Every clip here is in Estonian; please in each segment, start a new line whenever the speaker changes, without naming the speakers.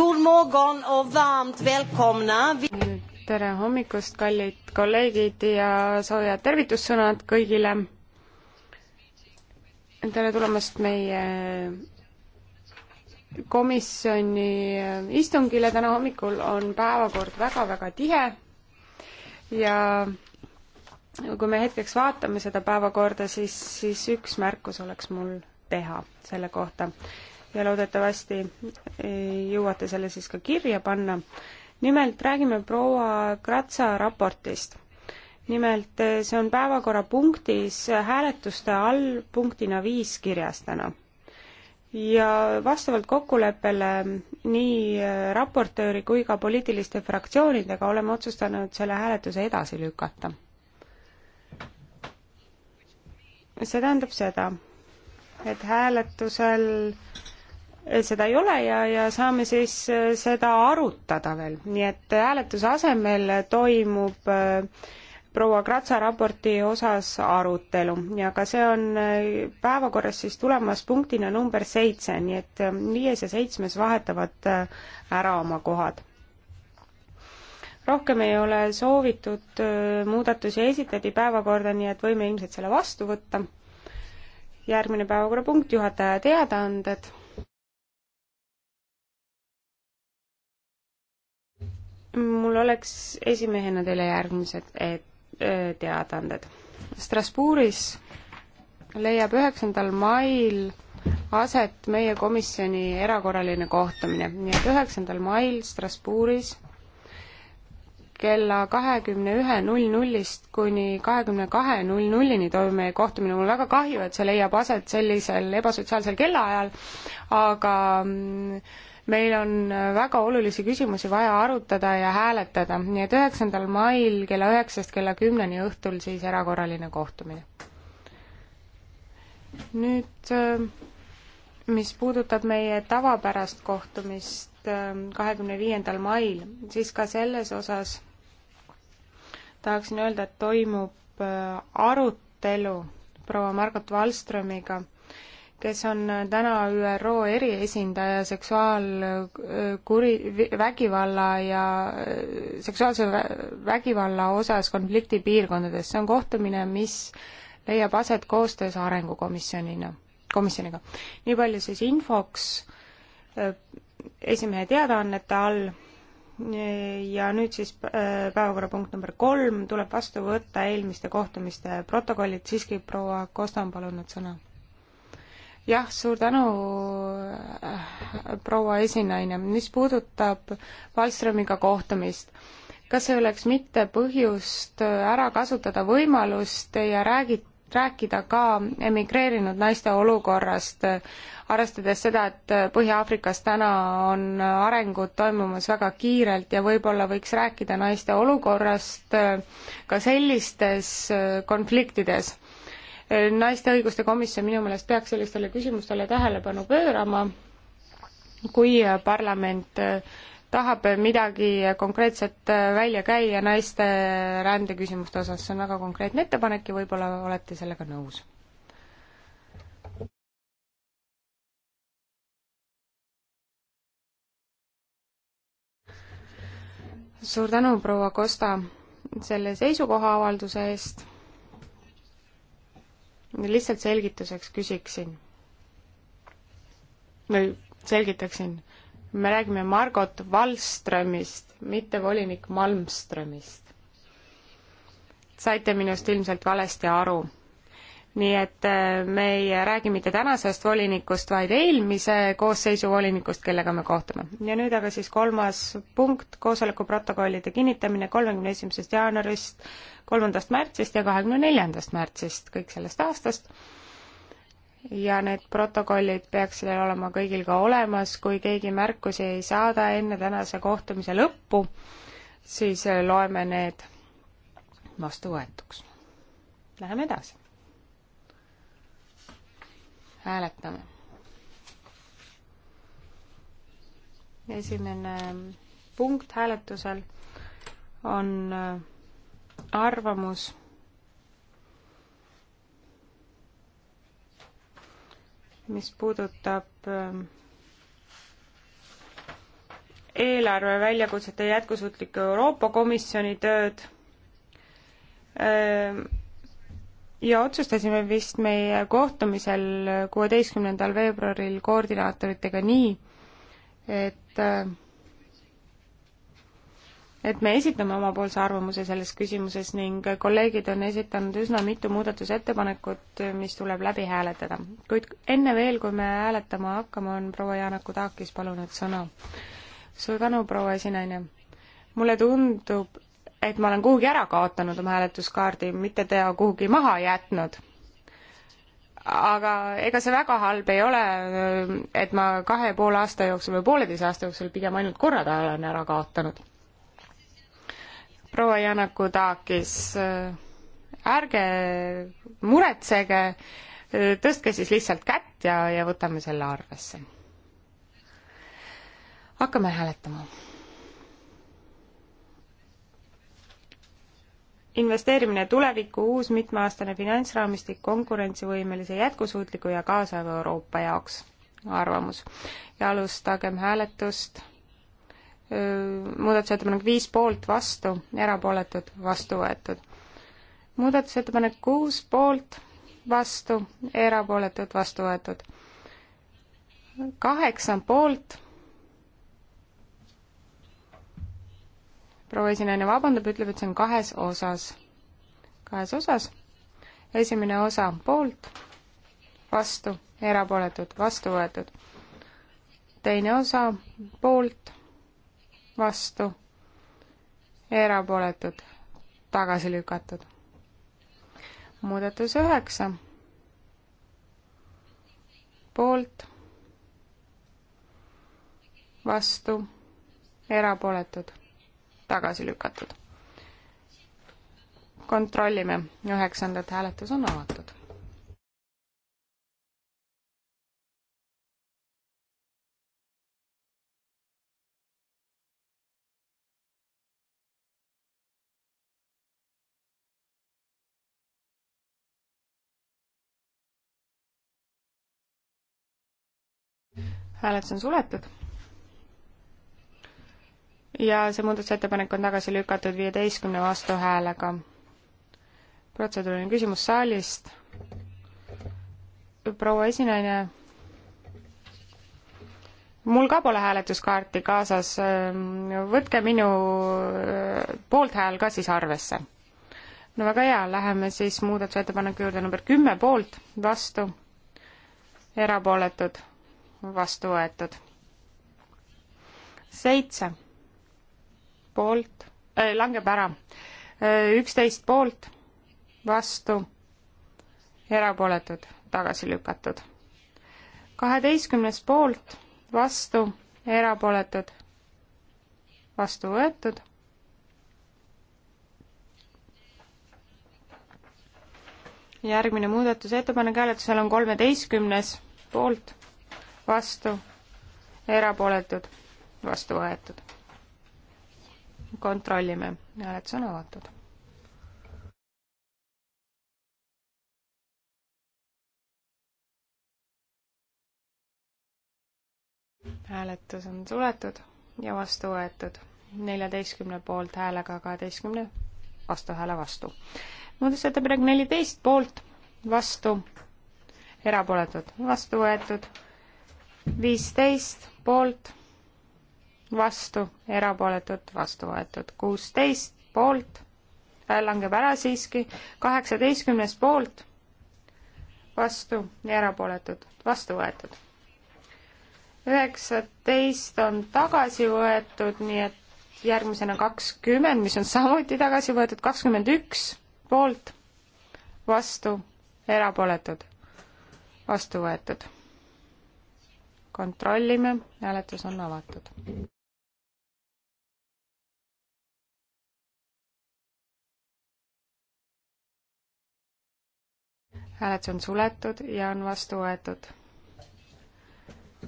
God morgon och varmt välkomna! tere hommikust, kallid kolleegid ja soojad tervitussõnad kõigile! tere tulemast meie komisjoni istungile, täna hommikul on päevakord väga-väga tihe ja kui me hetkeks vaatame seda päevakorda, siis, siis üks märkus oleks mul teha selle kohta ja loodetavasti jõuate selle siis ka kirja panna. nimelt räägime proua Kratsa raportist. nimelt see on päevakorrapunktis hääletuste all punktina viis kirjas täna ja vastavalt kokkuleppele nii raportööri kui ka poliitiliste fraktsioonidega oleme otsustanud selle hääletuse edasi lükata. see tähendab seda, et hääletusel seda ei ole ja, ja saame siis äh, seda arutada veel, nii et hääletuse asemel toimub äh, proua Kratsa raporti osas arutelu ja ka see on äh, päevakorras siis tulemas punktina number seitse, nii et viies ja seitsmes vahetavad ära oma kohad rohkem ei ole soovitud muudatusi esitati päevakorda, nii et võime ilmselt selle vastu võtta. järgmine päevakorrapunkt, juhataja teadaanded mul oleks esimehena teile järgmised teadaanded. Strasbourgis leiab üheksandal mail aset meie komisjoni erakorraline kohtumine, nii et üheksandal mail Strasbourgis kella kahekümne ühe null nullist kuni kahekümne kahe null nullini toimub meie kohtumine, mul väga kahju, et see leiab aset sellisel ebasotsiaalsel kellaajal, aga mm, meil on äh, väga olulisi küsimusi vaja arutada ja hääletada, nii et üheksandal mail kella üheksast kella kümneni õhtul siis erakorraline kohtumine. nüüd, äh, mis puudutab meie tavapärast kohtumist äh, kahekümne viiendal mail, siis ka selles osas tahaksin öelda, et toimub arutelu proua Margot Wallströmiga kes on täna ÜRO eriesindaja seksuaalkuri, vägivalla ja seksuaalse vägivalla osas konfliktipiirkondades. see on kohtumine, mis leiab aset koostöös Arengukomisjonina, komisjoniga. nii palju siis infoks äh, esimehe teadaannete all ja nüüd siis äh, päevakorrapunkt number kolm, tuleb vastu võtta eelmiste kohtumiste protokollid, siiski proua Kosta on palunud sõna jah, suur tänu, äh, proua esinaine. mis puudutab Wallströmiga kohtumist, kas ei oleks mitte põhjust äh, ära kasutada võimalust ja räägid, rääkida ka emigreerinud naiste olukorrast, äh, arvestades seda, et Põhja-Aafrikas täna on arengud toimumas väga kiirelt ja võib-olla võiks rääkida naiste olukorrast ka sellistes konfliktides naiste õiguste komisjon minu meelest peaks sellistele küsimustele tähelepanu pöörama, kui parlament äh, tahab midagi konkreetset äh, välja käia naiste rändeküsimuste osas, see on väga konkreetne ettepanek ja võib-olla olete sellega nõus. suur tänu, proua Kosta, selle seisukohaavalduse eest lihtsalt selgituseks küsiksin või selgitaksin, me räägime Margot Wallströmist, mitte volinik Malmströmist. saite minust ilmselt valesti aru nii et äh, me ei räägi mitte tänasest volinikust, vaid eelmise koosseisu volinikust, kellega me kohtume. ja nüüd aga siis kolmas punkt, koosoleku protokollide kinnitamine kolmekümne esimesest jaanuarist, kolmandast märtsist ja kahekümne neljandast märtsist, kõik sellest aastast. ja need protokollid peaksid olema kõigil ka olemas, kui keegi märkusi ei saada enne tänase kohtumise lõppu, siis loeme need vastu võetuks. Läheme edasi hääletame. esimene ähm, punkt hääletusel on äh, arvamus mis puudutab ähm, eelarve väljakutsete jätkusuutliku Euroopa Komisjoni tööd. Ähm, ja otsustasime vist meie kohtumisel kuueteistkümnendal veebruaril koordinaatoritega nii, et et me esitame omapoolse arvamuse selles küsimuses ning kolleegid on esitanud üsna mitu muudatusettepanekut, mis tuleb läbi hääletada. kuid enne veel, kui me hääletama hakkame, on proua Jaanaku Taakis palunud sõna. suur tänu, proua esinaine. mulle tundub, et ma olen kuhugi ära kaotanud oma hääletuskaardi, mitte teda kuhugi maha jätnud. aga ega see väga halb ei ole, et ma kahe poole aasta jooksul või pooleteise aasta jooksul pigem ainult korra ta olen ära kaotanud. proua Janaku Taakis, ärge muretsege, tõstke siis lihtsalt kätt ja, ja võtame selle arvesse. hakkame hääletama investeerimine tulevikku, uus mitmeaastane finantsraamistik konkurentsivõimelise, jätkusuutliku ja kaasava Euroopa jaoks, arvamus. ja alustagem hääletust. muudatusettepanek viis poolt, vastu, erapooletud, vastu võetud. muudatusettepanek kuus poolt, vastu, erapooletud, vastu võetud. kaheksa poolt proua esinaine vabandab, ütleb, et see on kahes osas. kahes osas. esimene osa poolt, vastu, erapooletud, vastu võetud. teine osa poolt, vastu, erapooletud, tagasi lükatud. muudatus üheksa. poolt, vastu, erapooletud tagasi lükatud. kontrollime, üheksandat hääletus on avatud. hääletus on suletud ja see muudatusettepanek on tagasi lükatud viieteistkümne vastuhäälega. protseduuriline küsimus saalist. proua esinaine, mul ka pole hääletuskaarti kaasas, võtke minu poolthääl ka siis arvesse. no väga hea, läheme siis muudatusettepaneku juurde number kümme poolt, vastu, erapooletud, vastu võetud. seitse poolt äh,, langeb ära. Äh, üksteist poolt, vastu, erapooletud, tagasi lükatud. kaheteistkümnes poolt, vastu, erapooletud, vastu võetud järgmine muudatusettepanek hääletusel on kolmeteistkümnes, poolt, vastu, erapooletud, vastu võetud kontrollime. hääletus on avatud. hääletus on suletud ja vastu võetud neljateistkümne poolthäälega, kaheteistkümne vastuhääle vastu. muudatusettepanek neliteist poolt, vastu, erapooletud, vastu võetud, viisteist poolt vastu, erapooletud, vastu võetud. kuusteist poolt, langeb ära siiski, kaheksateistkümnes poolt, vastu ja erapooletud, vastu võetud. üheksateist on tagasi võetud, nii et järgmisena kakskümmend, mis on samuti tagasi võetud, kakskümmend üks poolt, vastu, erapooletud, vastu võetud. kontrollime, hääletus on avatud. hääletus on suletud ja on vastu võetud.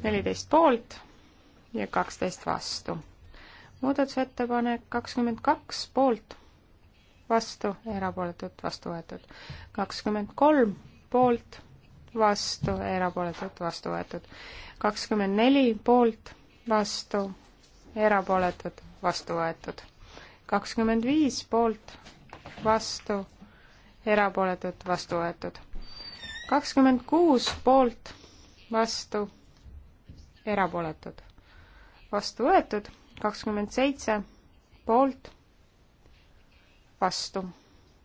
neliteist poolt ja kaksteist vastu. muudatusettepanek kakskümmend kaks poolt, vastu ja erapooletult vastu võetud. kakskümmend kolm poolt, vastu ja erapooletult vastu võetud. kakskümmend neli poolt, vastu, erapooletud, vastu võetud. kakskümmend viis poolt, vastu, erapooletud, vastu võetud kakskümmend kuus poolt, vastu, erapooletud. vastu võetud, kakskümmend seitse poolt, vastu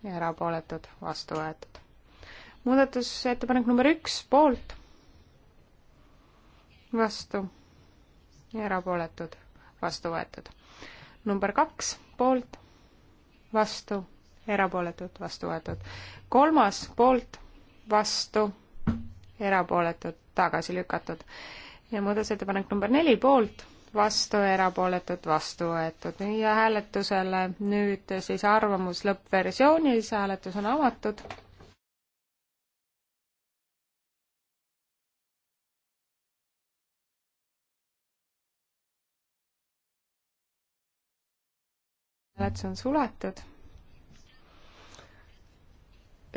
ja erapooletud, vastu võetud. muudatusettepanek number üks poolt, vastu ja erapooletud, vastu võetud. number kaks poolt, vastu, erapooletud, vastu võetud. kolmas poolt vastu, erapooletud, tagasi lükatud. ja muudatusettepanek number neli poolt, vastu, erapooletud, vastu võetud. ja hääletusele nüüd siis arvamus lõppversioonis, hääletus on avatud. hääletus on suletud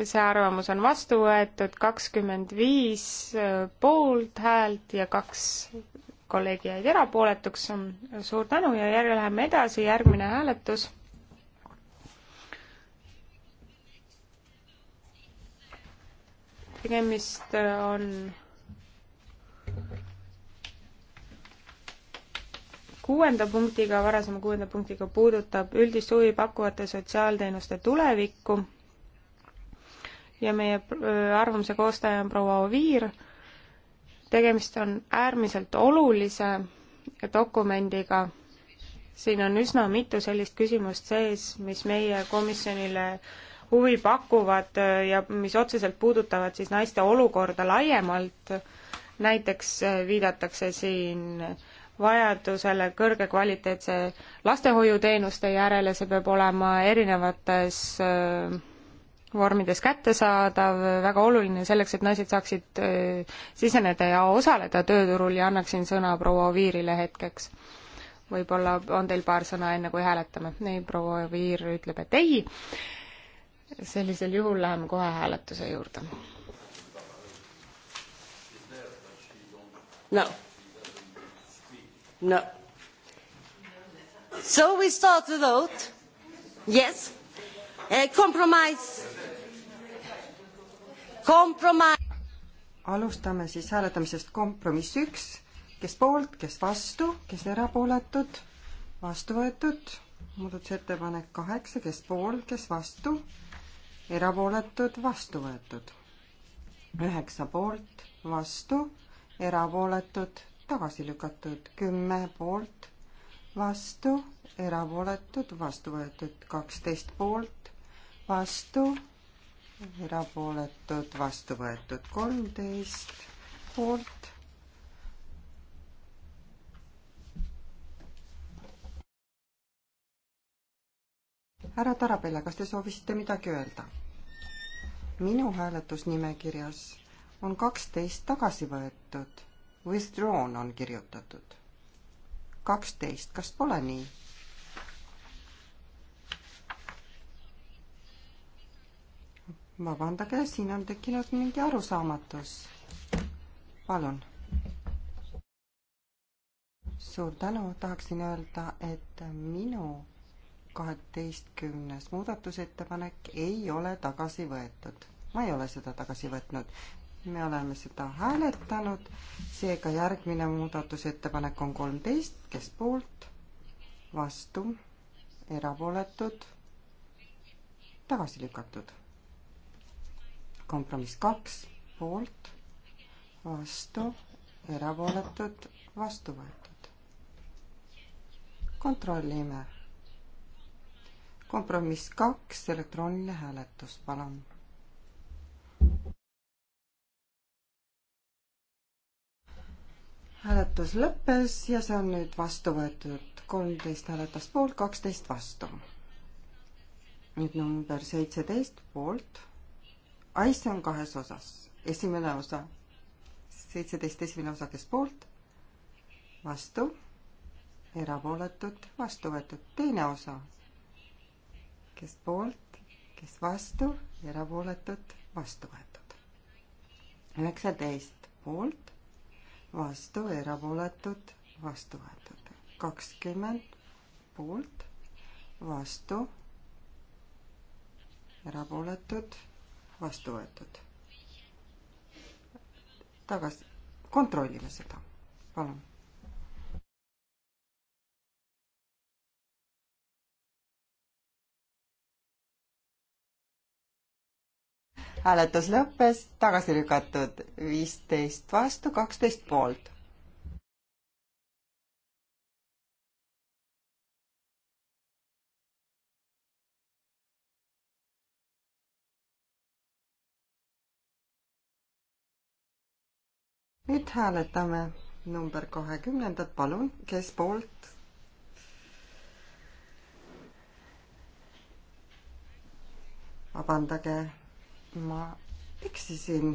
see arvamus on vastu võetud, kakskümmend viis äh, poolthäält ja kaks kolleegi jäid erapooletuks. suur tänu ja järje läheme edasi, järgmine hääletus. tegemist äh, on kuuenda punktiga, varasema kuuenda punktiga puudutab üldist huvi pakkuvate sotsiaalteenuste tulevikku ja meie äh, arvamuse koostaja on proua Oviir. tegemist on äärmiselt olulise dokumendiga. siin on üsna mitu sellist küsimust sees, mis meie komisjonile huvi pakuvad äh, ja mis otseselt puudutavad siis naiste olukorda laiemalt. näiteks äh, viidatakse siin vajadusele kõrge kvaliteetse lastehoiuteenuste järele, see peab olema erinevates äh, vormides kättesaadav, väga oluline selleks, et naised saaksid äh, siseneda ja osaleda tööturul ja annaksin sõna proua Oviirile hetkeks. võib-olla on teil paar sõna, enne kui hääletame. ei, proua Oviir ütleb, et ei. sellisel juhul läheme kohe hääletuse juurde.
no, no. So we start the vote. Yes. Uh, compromise
alustame siis hääletamisest kompromiss üks, kes poolt, kes vastu, kes erapooletud, vastu võetud, muudatusettepanek kaheksa, kes poolt, kes vastu, erapooletud, vastu võetud. üheksa poolt, vastu, erapooletud, tagasi lükatud, kümme poolt, vastu, erapooletud, vastu võetud, kaksteist poolt, vastu erapooletud, vastu võetud kolmteist poolt. härra Tarabella, kas te soovisite midagi öelda? minu hääletusnimekirjas on kaksteist tagasi võetud, withdrawn on kirjutatud. kaksteist, kas pole nii? vabandage, siin on tekkinud mingi arusaamatus. palun. suur tänu, tahaksin öelda, et minu kaheteistkümnes muudatusettepanek ei ole tagasi võetud. ma ei ole seda tagasi võtnud. me oleme seda hääletanud, seega järgmine muudatusettepanek on kolmteist, kes poolt, vastu, erapooletud, tagasi lükatud kompromiss kaks poolt, vastu, erapooletud, vastu võetud. kontrollime. kompromiss kaks, elektrooniline hääletus, palun. hääletus lõppes ja see on nüüd vastu võetud. kolmteist hääletas poolt, kaksteist vastu. nüüd number seitseteist poolt ICE on kahes osas. esimene osa, seitseteist esimene osa, kes poolt, vastu, erapooletud, vastu võetud. teine osa, kes poolt, kes vastu, erapooletud, vastu võetud. üheksateist poolt, vastu, erapooletud, vastu võetud. kakskümmend poolt, vastu, erapooletud vastu võetud. tagasi, kontrollime seda, palun. hääletus lõppes, tagasi lükatud viisteist vastu, kaksteist poolt nüüd hääletame number kahekümnendat, palun, kes poolt? vabandage, ma eksisin.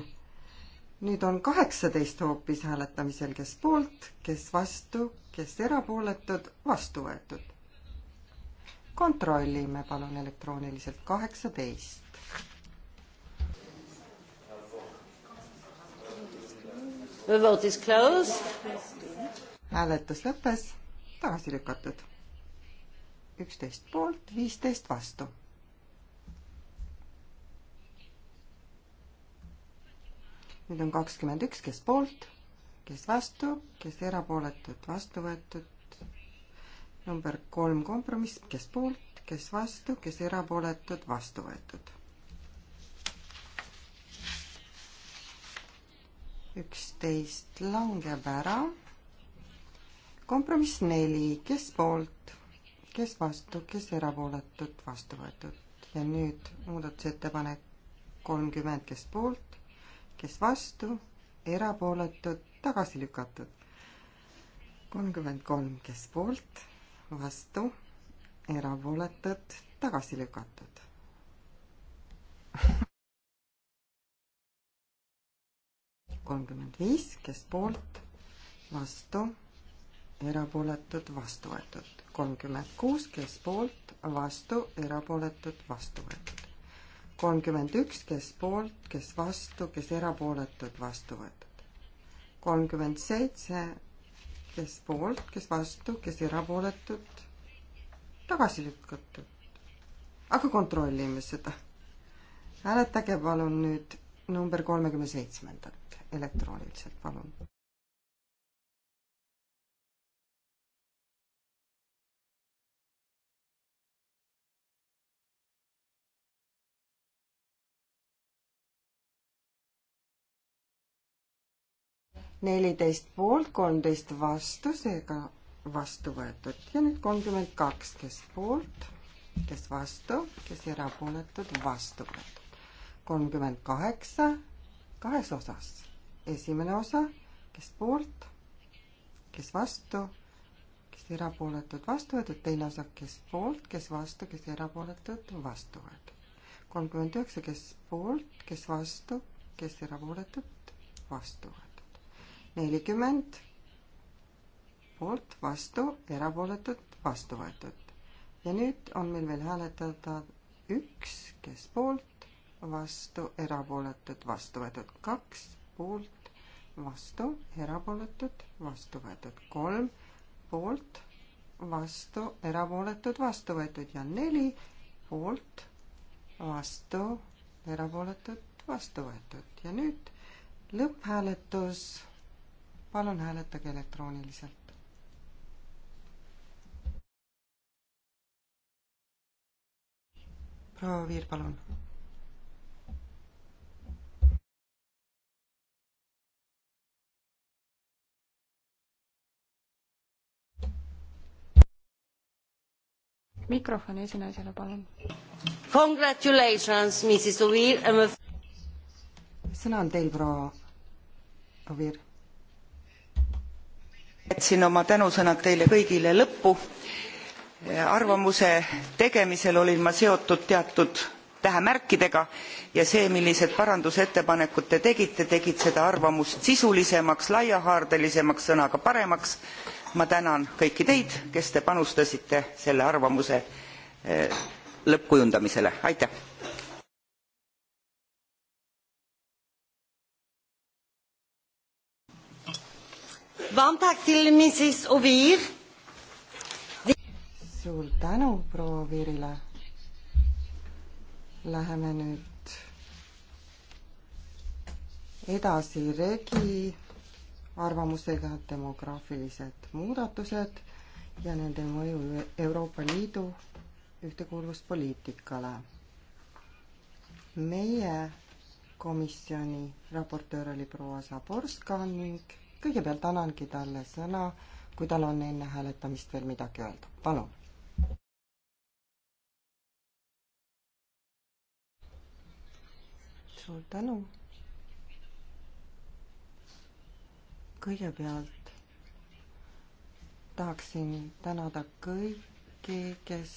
nüüd on kaheksateist hoopis hääletamisel, kes poolt, kes vastu, kes erapooletud, vastu võetud. kontrollime palun elektrooniliselt kaheksateist
The vote is closed.
hääletus lõppes, tagasi lükatud. üksteist poolt, viisteist vastu. nüüd on kakskümmend üks, kes poolt, kes vastu, kes erapooletud, vastu võetud. number kolm kompromiss, kes poolt, kes vastu, kes erapooletud, vastu võetud üksteist langeb ära. kompromiss neli, kes poolt, kes vastu, kes erapooletud, vastu võetud ja nüüd muudatusettepanek kolmkümmend, kes poolt, kes vastu, erapooletud, tagasi lükatud. kolmkümmend kolm, kes poolt, vastu, erapooletud, tagasi lükatud kolmkümmend viis, kes poolt, vastu, erapooletud, vastu võetud. kolmkümmend kuus, kes poolt, vastu, erapooletud, vastu võetud. kolmkümmend üks, kes poolt, kes vastu, kes erapooletud, vastu võetud. kolmkümmend seitse, kes poolt, kes vastu, kes erapooletud, tagasi lükatud. aga kontrollime seda. hääletage palun nüüd number kolmekümne seitsmendat elektrooniliselt, palun. neliteist poolt, kolmteist vastu, seega vastu võetud ja nüüd kolmkümmend kaks, kes poolt, kes vastu, kes erapooletud, vastu võetud kolmkümmend kaheksa kahes osas. esimene osa, kes poolt, kes vastu, kes erapooletud, vastu võetud, teine osa, kes poolt, kes vastu, kes erapooletud, vastu võetud. kolmkümmend üheksa, kes poolt, kes vastu, kes erapooletud, vastu võetud. nelikümmend poolt, vastu, erapooletud, vastu võetud. ja nüüd on meil veel hääletada üks, kes poolt, vastu, erapooletud, vastu võetud kaks, poolt, vastu, erapooletud, vastu võetud kolm, poolt, vastu, erapooletud, vastu võetud ja neli, poolt, vastu, erapooletud, vastu võetud ja nüüd lõpphääletus. palun hääletage elektrooniliselt. proua Viir, palun
mikrofoni esinaisele, palun.
Congratulations, Mrs Ovir. sõna on teil, proua Ovir.
jätsin oma tänusõnad teile kõigile lõppu. Äh, arvamuse tegemisel olin ma seotud teatud tähemärkidega ja see millised parandusettepanekud te tegite tegid seda arvamust sisulisemaks laiahaardelisemaks sõnaga paremaks ma tänan kõiki teid kes te panustasite selle arvamuse eh, lõppkujundamisele aitäh!
varmt tack till Mrs Ovir.
suur tänu proua Ovirile. Läheme nüüd edasi regi arvamusega demograafilised muudatused ja nende mõju Euroopa Liidu ühtekuuluvuspoliitikale. meie komisjoni raportöör oli proua Zaborska ning kõigepealt annangi talle sõna, kui tal on enne hääletamist veel midagi öelda. palun. suur tänu kõigepealt tahaksin tänada kõiki, kes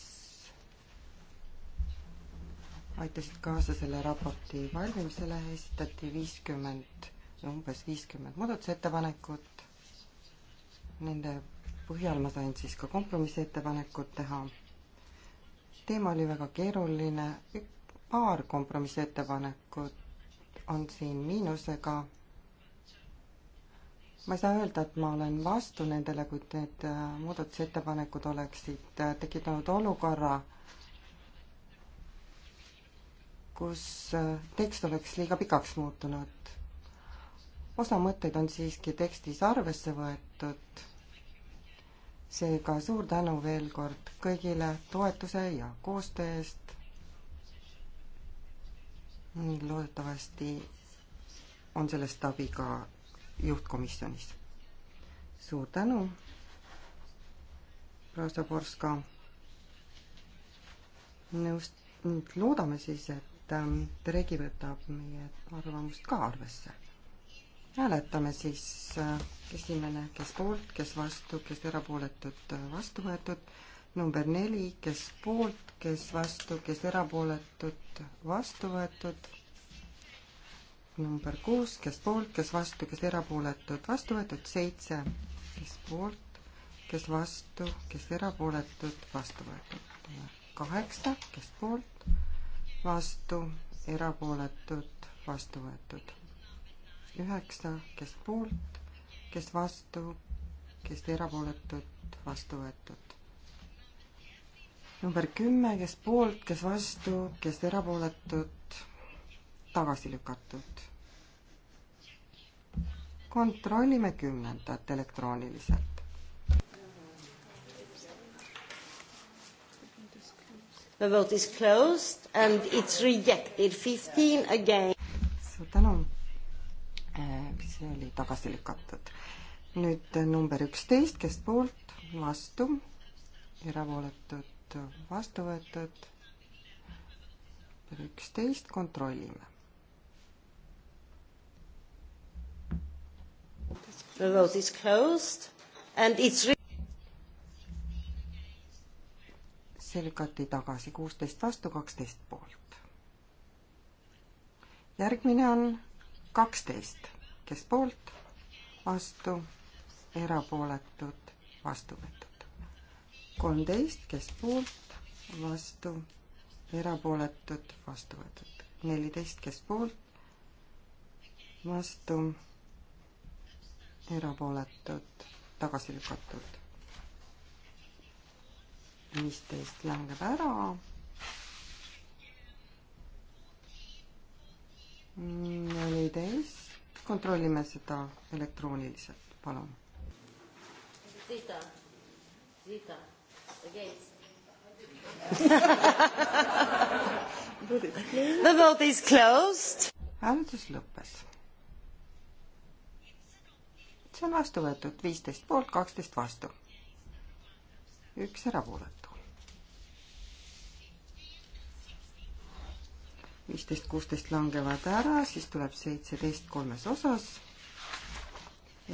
aitasid kaasa selle raporti valmimisele, esitati viiskümmend, umbes viiskümmend muudatusettepanekut. Nende põhjal ma sain siis ka kompromissettepanekud teha. teema oli väga keeruline, paar kompromissettepanekut on siin miinusega ma ei saa öelda, et ma olen vastu nendele, kuid need äh, muudatusettepanekud oleksid äh, tekitanud olukorra, kus äh, tekst oleks liiga pikaks muutunud. osa mõtteid on siiski tekstis arvesse võetud, seega suur tänu veel kord kõigile toetuse ja koostöö eest ning loodetavasti on sellest abi ka juhtkomisjonis. suur tänu, proua Zaborska. nõust-, nüüd loodame siis, et Teregi ähm, võtab meie arvamust ka arvesse. hääletame siis, äh, kes esimene, kes poolt, kes vastu, kes erapooletud, äh, vastu võetud, number neli, kes poolt, kes vastu, kes erapooletud, vastu võetud number kuus, kes poolt, kes vastu, kes erapooletud, vastu võetud seitse, kes poolt, kes vastu, kes erapooletud, vastu võetud kaheksa, kes poolt, vastu, erapooletud, vastu võetud üheksa, kes poolt, kes vastu, kes erapooletud, vastu võetud number kümme, kes poolt, kes vastu, kes erapooletud, tagasi lükatud. kontrollime kümnendat elektrooniliselt.
The vote is closed and it's rejected fifteen again. suur tänu. Äh, see oli tagasi lükatud.
nüüd äh, number üksteist, kes poolt, vastu, erapooletud, vastu võetud
üksteist kontrollime. The vote is closed and it's see lükati tagasi
kuusteist vastu, kaksteist poolt. järgmine on kaksteist, kes poolt, vastu, erapooletud, vastu võetud. kolmteist, kes poolt, vastu, erapooletud, vastu võetud. neliteist, kes poolt, vastu erapooletud, tagasi lükatud. viisteist langeb ära. neliteist, kontrollime seda elektrooniliselt, palun.
Zita, Zita, against. The vote is closed. hääletus lõppes
see on vastu võetud, viisteist poolt, kaksteist vastu. üks erapooletu. viisteist, kuusteist langevad ära, siis tuleb seitseteist kolmes osas.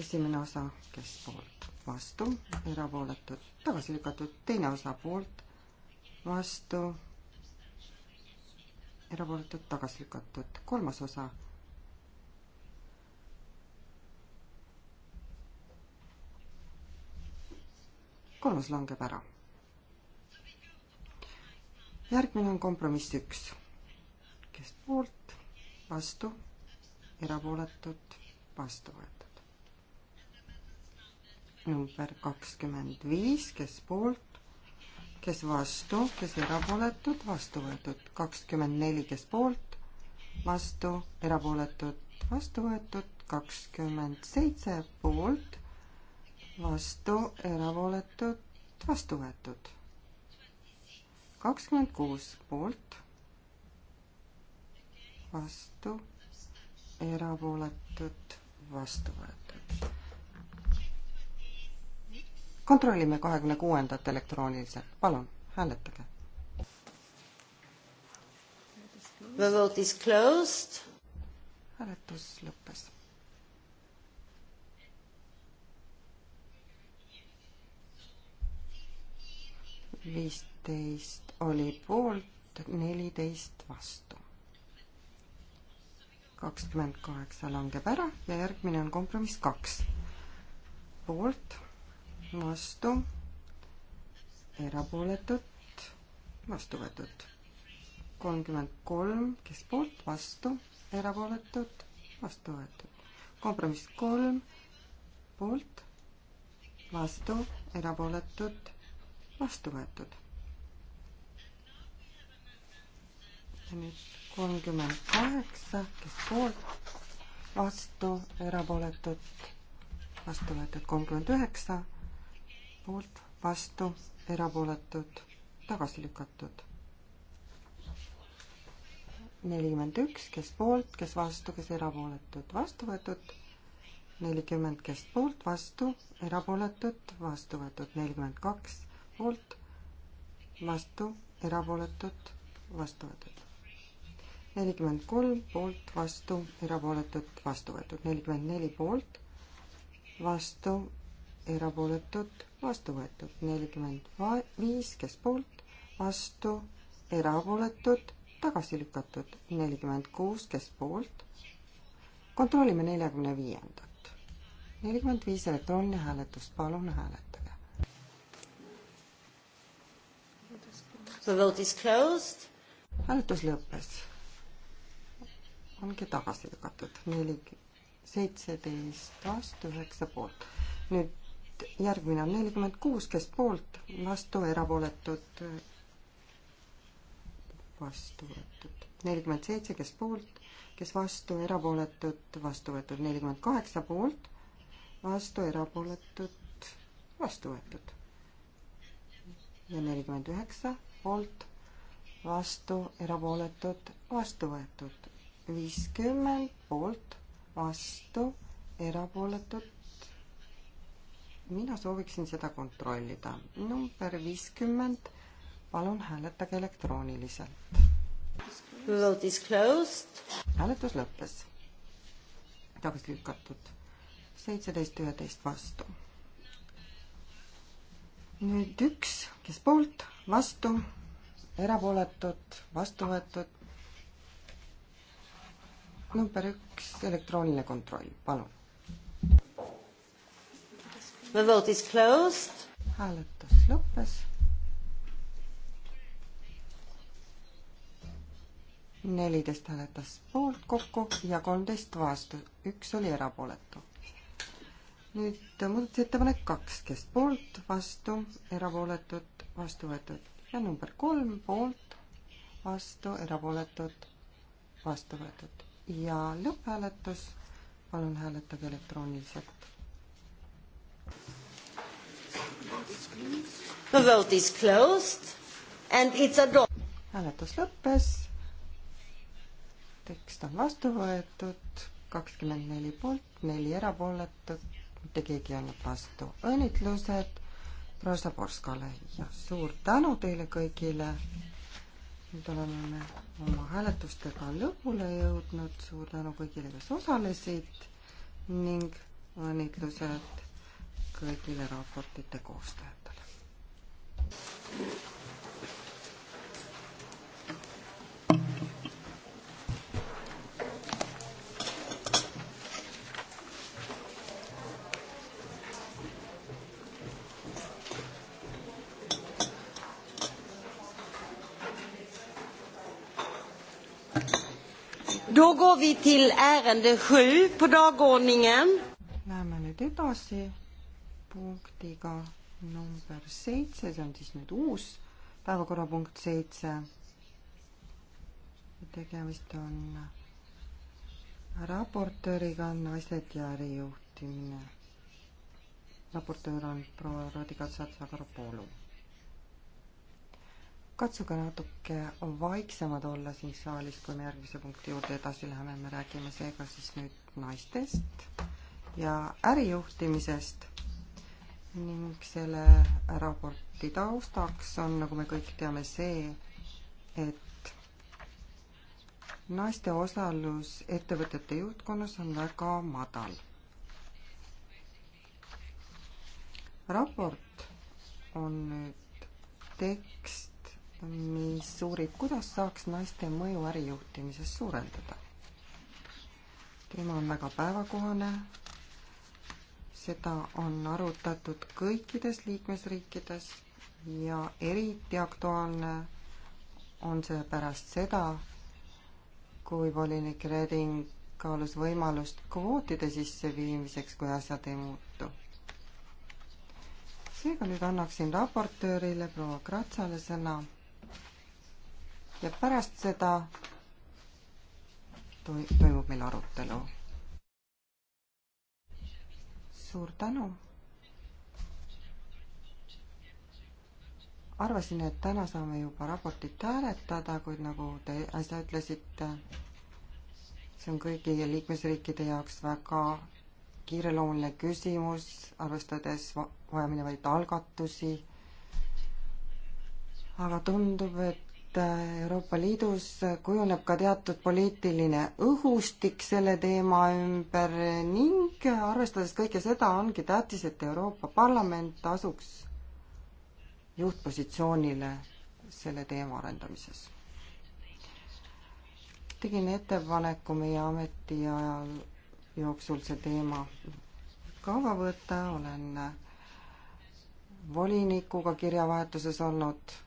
esimene osa, kes poolt, vastu, erapooletud, tagasi lükatud, teine osa poolt, vastu, erapooletud, tagasi lükatud, kolmas osa kolmas langeb ära. järgmine on kompromiss üks, kes poolt, vastu, erapooletud, vastu võetud. number kakskümmend viis, kes poolt, kes vastu, kes erapooletud, vastu võetud, kakskümmend neli, kes poolt, vastu, erapooletud, vastu võetud, kakskümmend seitse poolt vastu, erapooletud, vastu võetud. kakskümmend kuus poolt, vastu, erapooletud, vastu võetud. kontrollime kahekümne kuuendat elektrooniliselt, palun, hääletage.
The vote is closed. hääletus lõppes
viisteist oli poolt, neliteist vastu. kakskümmend kaheksa langeb ära ja järgmine on kompromiss kaks. poolt, vastu, erapooletut, vastu võetud. kolmkümmend kolm, kes poolt, vastu, erapooletut, vastu võetud. kompromiss kolm, poolt, vastu, erapooletut vastu võetud. ja nüüd kolmkümmend kaheksa, kes poolt, vastu, erapooletud, vastu võetud kolmkümmend üheksa, poolt, vastu, erapooletud, tagasi lükatud. nelikümmend üks, kes poolt, kes vastu, kes erapooletud, vastu võetud nelikümmend keskpoolt, vastu, erapooletud, vastu võetud nelikümmend kaks, poolt, vastu, erapooletud, vastu võetud. nelikümmend kolm poolt, vastu, erapooletud, vastu võetud. nelikümmend neli poolt, vastu, erapooletud, vastu võetud. nelikümmend viis, kes poolt, vastu, erapooletud, tagasi lükatud. nelikümmend kuus, kes poolt. kontrollime neljakümne viiendat. nelikümmend viis elektrooniline hääletus, palun hääletage.
The vote is closed. hääletus lõppes. ongi tagasi lükatud,
neli, seitseteist vastu, üheksa poolt. nüüd järgmine on nelikümmend kuus, kes poolt, vastu, erapooletud, vastu võetud. nelikümmend seitse, kes poolt, kes vastu, erapooletud, vastu võetud. nelikümmend kaheksa poolt, vastu, erapooletud, vastu võetud. ja nelikümmend üheksa poolt, vastu, erapooletud, vastu võetud. viiskümmend poolt, vastu, erapooletud. mina sooviksin seda kontrollida. number viiskümmend, palun hääletage elektrooniliselt. Vote is closed. hääletus lõppes. tagasi lükatud. seitseteist, üheteist vastu. nüüd üks, kes poolt vastu, erapooletud, vastu võetud. number üks, elektrooniline kontroll, palun. The vote is closed. hääletus lõppes. neliteist hääletas poolt kokku ja kolmteist vastu, üks oli erapooletu nüüd muudatusettepanek kaks, kes poolt, vastu, erapooletud, vastu võetud ja number kolm poolt, vastu, erapooletud, vastu võetud ja lõpphääletus.
palun hääletage elektrooniliselt. The vote is closed and it's a hääletus lõppes. tekst on vastu võetud,
kakskümmend neli poolt, neli erapooletut, mitte keegi ei olnud vastu. õnnitlused proua Zaborskale ja suur tänu teile kõigile. nüüd oleme oma hääletustega lõpule jõudnud, suur tänu kõigile, kes osalesid ning õnnitlused kõigile raportite koostajatele.
Då går vi till ärende 7 på dagordningen. Läheme nüüd edasi punktiga
number seitse, see on siis nüüd uus päevakorrapunkt seitse. tegemist on raportööriga naised ja ärijuhtimine. raportöör on proua Radika Tsatsa-Karpoolu katsuge natuke vaiksemad olla siin saalis, kui me järgmise punkti juurde edasi läheme, me räägime seega siis nüüd naistest ja ärijuhtimisest ning selle raporti taustaks on, nagu me kõik teame, see, et naiste osalus ettevõtete juhtkonnas on väga madal. raport on nüüd tekst, mis uurib, kuidas saaks naiste mõju ärijuhtimises suurendada. teema on väga päevakohane, seda on arutatud kõikides liikmesriikides ja eriti aktuaalne on see pärast seda, kui volinik Reding kaalus võimalust kvootide sisseviimiseks, kui asjad ei muutu. seega nüüd annaksin raportöörile proua Kratsale sõna ja pärast seda toimub meil arutelu. suur tänu. arvasin, et täna saame juba raportit hääletada, kuid nagu te äsja ütlesite, see on kõigi liikmesriikide jaoks väga kiireloomuline küsimus, arvestades vajaminevaid algatusi. aga tundub, et Äh, Euroopa Liidus kujuneb ka teatud poliitiline õhustik selle teema ümber ning arvestades kõike seda, ongi tähtis, et Euroopa Parlament asuks juhtpositsioonile selle teema arendamises. tegin ettepaneku meie ametiaja jooksul see teema kaua võtta, olen äh, volinikuga kirjavahetuses olnud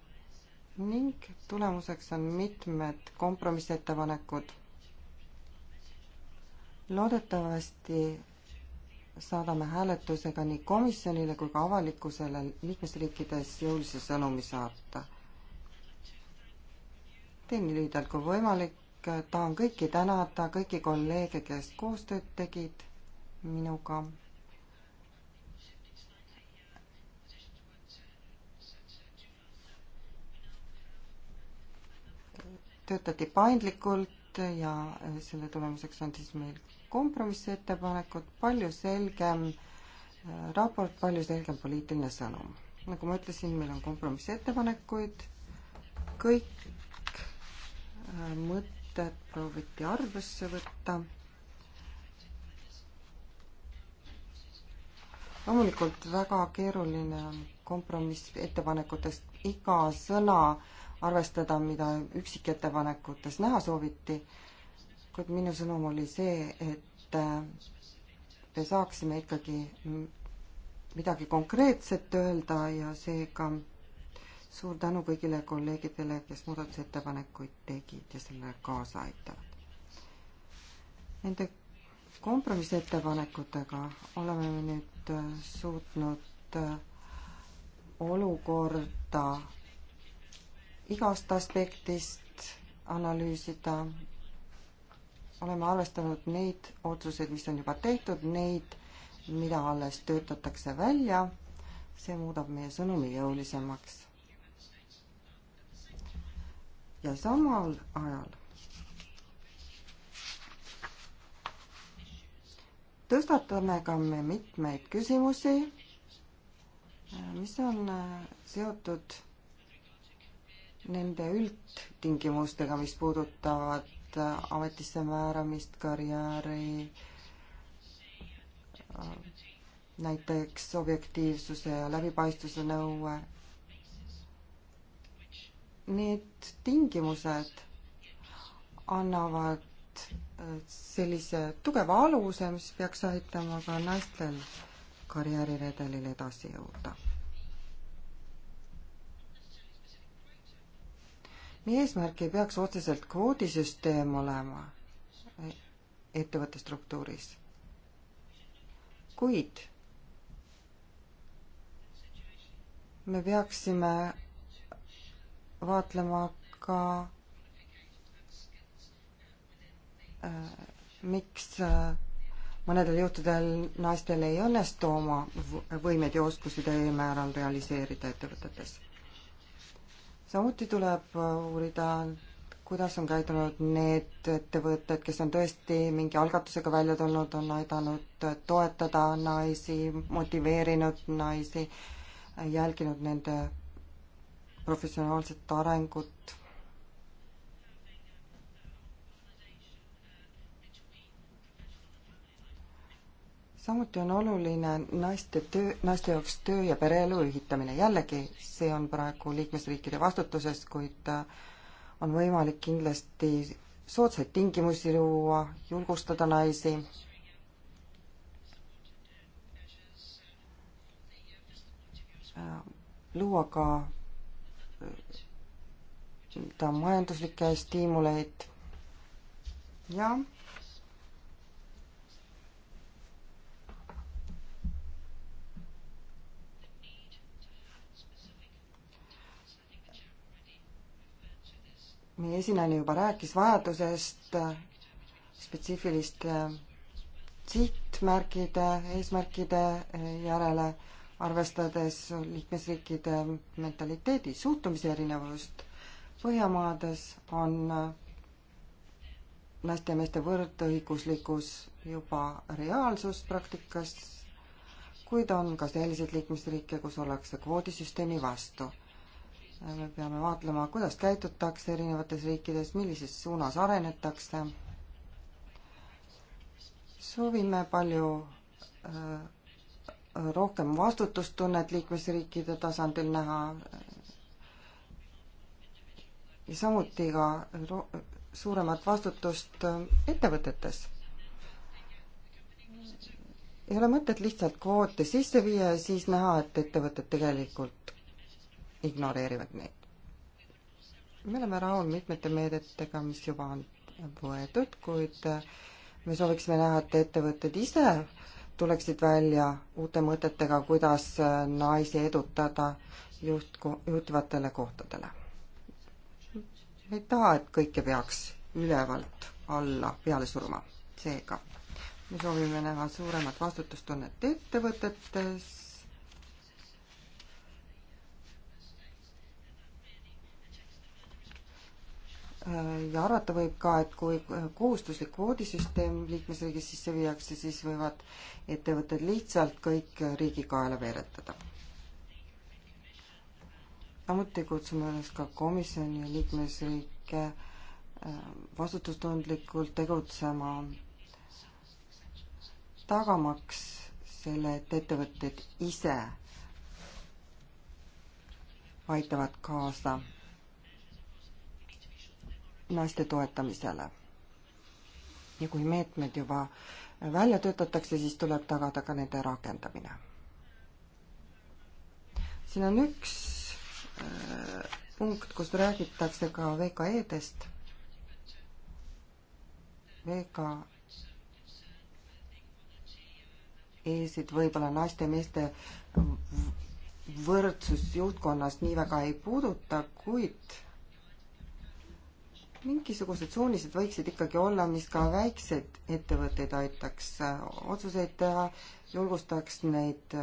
ning tulemuseks on mitmed kompromissettepanekud. loodetavasti saadame hääletusega nii komisjonile kui ka avalikkusele liikmesriikides jõulise sõnumi saata. teen nii lühidalt kui võimalik, tahan kõiki tänada, kõiki kolleege, kes koostööd tegid minuga töötati paindlikult ja selle tulemuseks on siis meil kompromissettepanekud, palju selgem äh, raport, palju selgem poliitiline sõnum. nagu ma ütlesin, meil on kompromissettepanekuid, kõik äh, mõtted prooviti arvesse võtta. loomulikult väga keeruline on kompromissettepanekutest iga sõna arvestada, mida üksikettepanekutes näha sooviti, kuid minu sõnum oli see, et äh, me saaksime ikkagi midagi konkreetset öelda ja seega suur tänu kõigile kolleegidele, kes muudatusettepanekuid tegid ja sellele kaasa aitavad. Nende kompromissettepanekutega oleme me nüüd äh, suutnud äh, olukorda igast aspektist analüüsida. oleme arvestanud neid otsuseid, mis on juba tehtud, neid, mida alles töötatakse välja. see muudab meie sõnumi jõulisemaks. ja samal ajal tõstatame ka me mitmeid küsimusi, mis on seotud nende üldtingimustega, mis puudutavad ametisse määramist, karjääri, näiteks objektiivsuse ja läbipaistvuse nõue. Need tingimused annavad sellise tugeva aluse, mis peaks aitama ka naistel karjääriredelil edasi jõuda meie eesmärk ei peaks otseselt kvoodisüsteem olema ettevõtte struktuuris, kuid me peaksime vaatlema ka äh, miks äh, mõnedel juhtudel naistel ei õnnestu oma võimeid ja oskusi täiel määral realiseerida ettevõtetes samuti tuleb äh, uurida, kuidas on käidunud need ettevõtted, kes on tõesti mingi algatusega välja tulnud, on aidanud äh, toetada naisi, motiveerinud naisi, jälginud nende professionaalset arengut samuti on oluline naiste töö, naiste jaoks töö ja pereelu ühitamine. jällegi, see on praegu liikmesriikide vastutuses, kuid äh, on võimalik kindlasti soodsaid tingimusi luua, julgustada naisi. Äh, luua ka nii-öelda äh, majanduslikke stiimuleid ja meie esinaine juba rääkis vajadusest spetsiifiliste äh, sihtmärkide, eesmärkide äh, järele, arvestades liikmesriikide mentaliteedi, suhtumise erinevust. Põhjamaades on äh, naiste ja meeste võrdõiguslikkus juba reaalsus praktikas, kuid on ka selliseid liikmesriike, kus ollakse kvoodisüsteemi vastu Äh, me peame vaatlema, kuidas käitutakse erinevates riikides, millises suunas arenetakse. soovime palju äh, rohkem vastutustunnet liikmesriikide tasandil näha ja samuti ka suuremat vastutust äh, ettevõtetes ei ole mõtet lihtsalt kvoote sisse viia ja siis näha, et ettevõtted tegelikult ignoreerivad neid. me oleme rahul mitmete meedetega, mis juba on võetud, kuid äh, me sooviksime näha, et ettevõtted ise tuleksid välja uute mõtetega, kuidas äh, naisi edutada juht, juhtivatele kohtadele.
me
ei taha, et kõike peaks ülevalt alla peale suruma, seega me soovime näha suuremat vastutustunnet ettevõtetes, ja arvata võib ka, et kui kohustuslik kvoodisüsteem liikmesriigis sisse viiakse, siis võivad ettevõtted lihtsalt kõik riigi kaela veeretada. samuti kutsume üles ka komisjoni ja liikmesriike äh, vastutustundlikult tegutsema, tagamaks selle, et ettevõtted ise aitavad kaasa naiste toetamisele. ja kui meetmed juba välja töötatakse, siis tuleb tagada ka nende rakendamine. siin on üks äh, punkt, kus räägitakse ka VKE-dest. VKE-sid võib-olla naiste ja meeste võrdsus juhtkonnas nii väga ei puuduta, kuid mingisugused suunised võiksid ikkagi olla, mis ka väikseid ettevõtteid aitaks otsuseid teha, julgustaks neid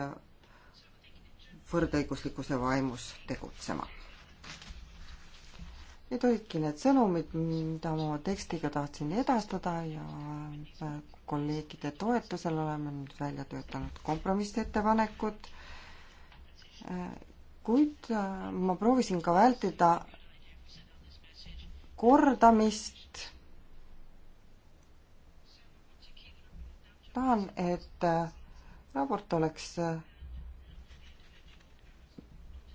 võrdõiguslikkuse vaimus tegutsema. Need olidki need sõnumid, mida ma oma tekstiga tahtsin edastada ja kolleegide toetusel oleme nüüd välja töötanud kompromissettepanekud kuid ma proovisin ka vältida kordamist. tahan, et äh, raport oleks äh,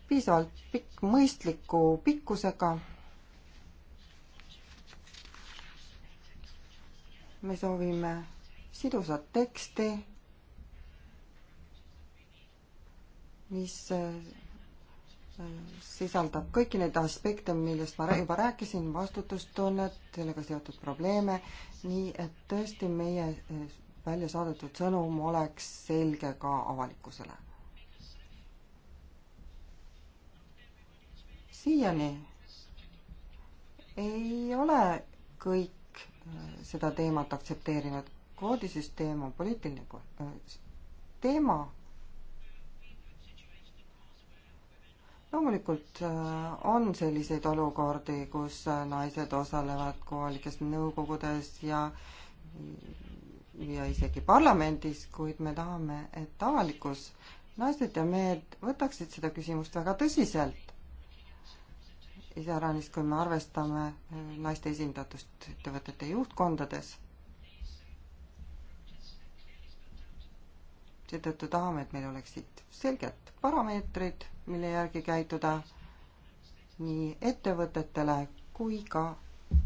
piisavalt pikk, mõistliku pikkusega. me soovime sidusat teksti, mis äh, sisaldab kõiki neid aspekte, millest ma juba rääkisin, vastutustunnet, sellega seotud probleeme, nii et tõesti meie eh, välja saadetud sõnum oleks selge ka avalikkusele. siiani ei ole kõik eh, seda teemat aktsepteerinud. koodisüsteem on poliitiline eh, teema loomulikult äh, on selliseid olukordi, kus äh, naised osalevad kohalikes nõukogudes ja ja isegi parlamendis, kuid me tahame, et avalikkus, naised ja mehed võtaksid seda küsimust väga tõsiselt. iseäranis, kui me arvestame äh, naiste esindatust ettevõtete juhtkondades seetõttu tahame, et meil oleksid selged parameetrid, mille järgi käituda nii ettevõtetele kui ka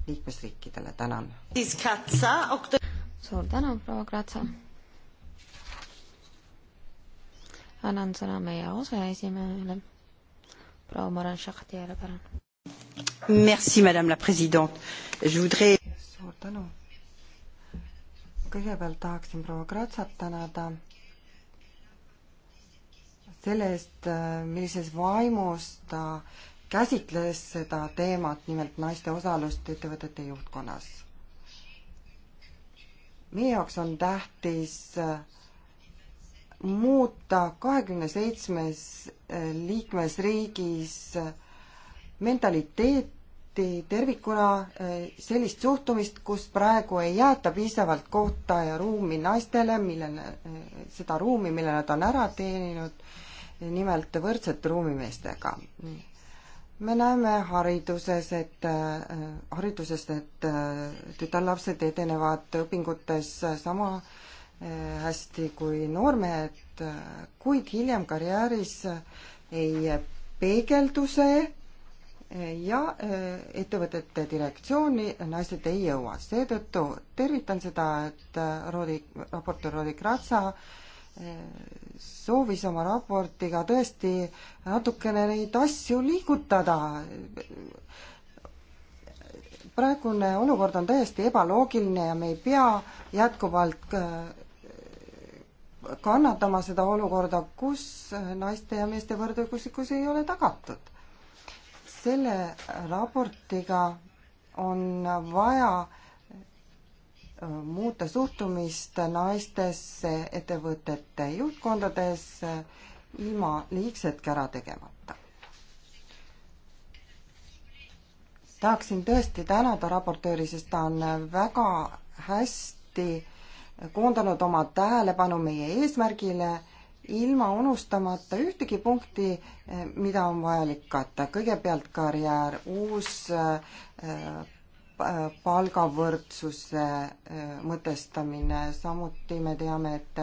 liikmesriikidele, tänan.
suur tänu, proua Kratsa. annan sõna meie aseesimehele, proua Maren Šahtjärve, palun.
Merci, madame la présidente. Je voudrais
suur tänu. kõigepealt tahaksin
proua Kratsat tänada selle eest, millises vaimus ta käsitles seda teemat, nimelt naiste osalust ettevõtete juhtkonnas. meie jaoks on tähtis äh, muuta kahekümne seitsmes äh, liikmesriigis äh, mentaliteeti tervikuna sellist suhtumist, kus praegu ei jäeta piisavalt kohta ja ruumi naistele, millele, seda ruumi, mille nad on ära teeninud nimelt võrdset ruumi meestega. me näeme hariduses, et äh, hariduses, et äh, tütarlapsed edenevad õpingutes sama äh, hästi kui noormehed, kuid hiljem karjääris ei peegeldu see ja ettevõtete direktsiooni naised ei jõua. seetõttu tervitan seda, et Roodi, raportöör Roodi Kratsa äh, soovis oma raportiga tõesti natukene neid asju liigutada. praegune olukord on täiesti ebaloogiline ja me ei pea jätkuvalt äh, kannatama seda olukorda, kus naiste ja meeste võrdõiguslikkus ei ole tagatud. selle raportiga on vaja muuta suhtumist naistesse ettevõtete juhtkondadesse ilma liigsetki ära tegemata. tahaksin tõesti tänada raportööri, sest ta on väga hästi koondanud oma tähelepanu meie eesmärgile ilma unustamata ühtegi punkti, eh, mida on vajalik katta. kõigepealt karjäär, uus eh, palgavõrdsuse eh, mõtestamine, samuti me teame, et,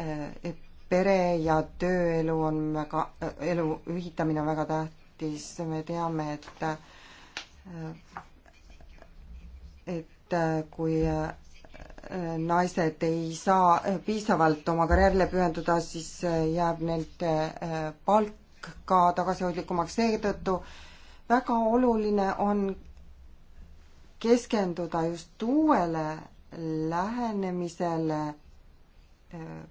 eh, et pere ja tööelu on väga, eh, elu ühitamine on väga tähtis, me teame, et et kui naised ei saa piisavalt oma karjäärile pühenduda, siis jääb neilt palk ka tagasihoidlikumaks, seetõttu väga oluline on keskenduda just uuele lähenemisele eh,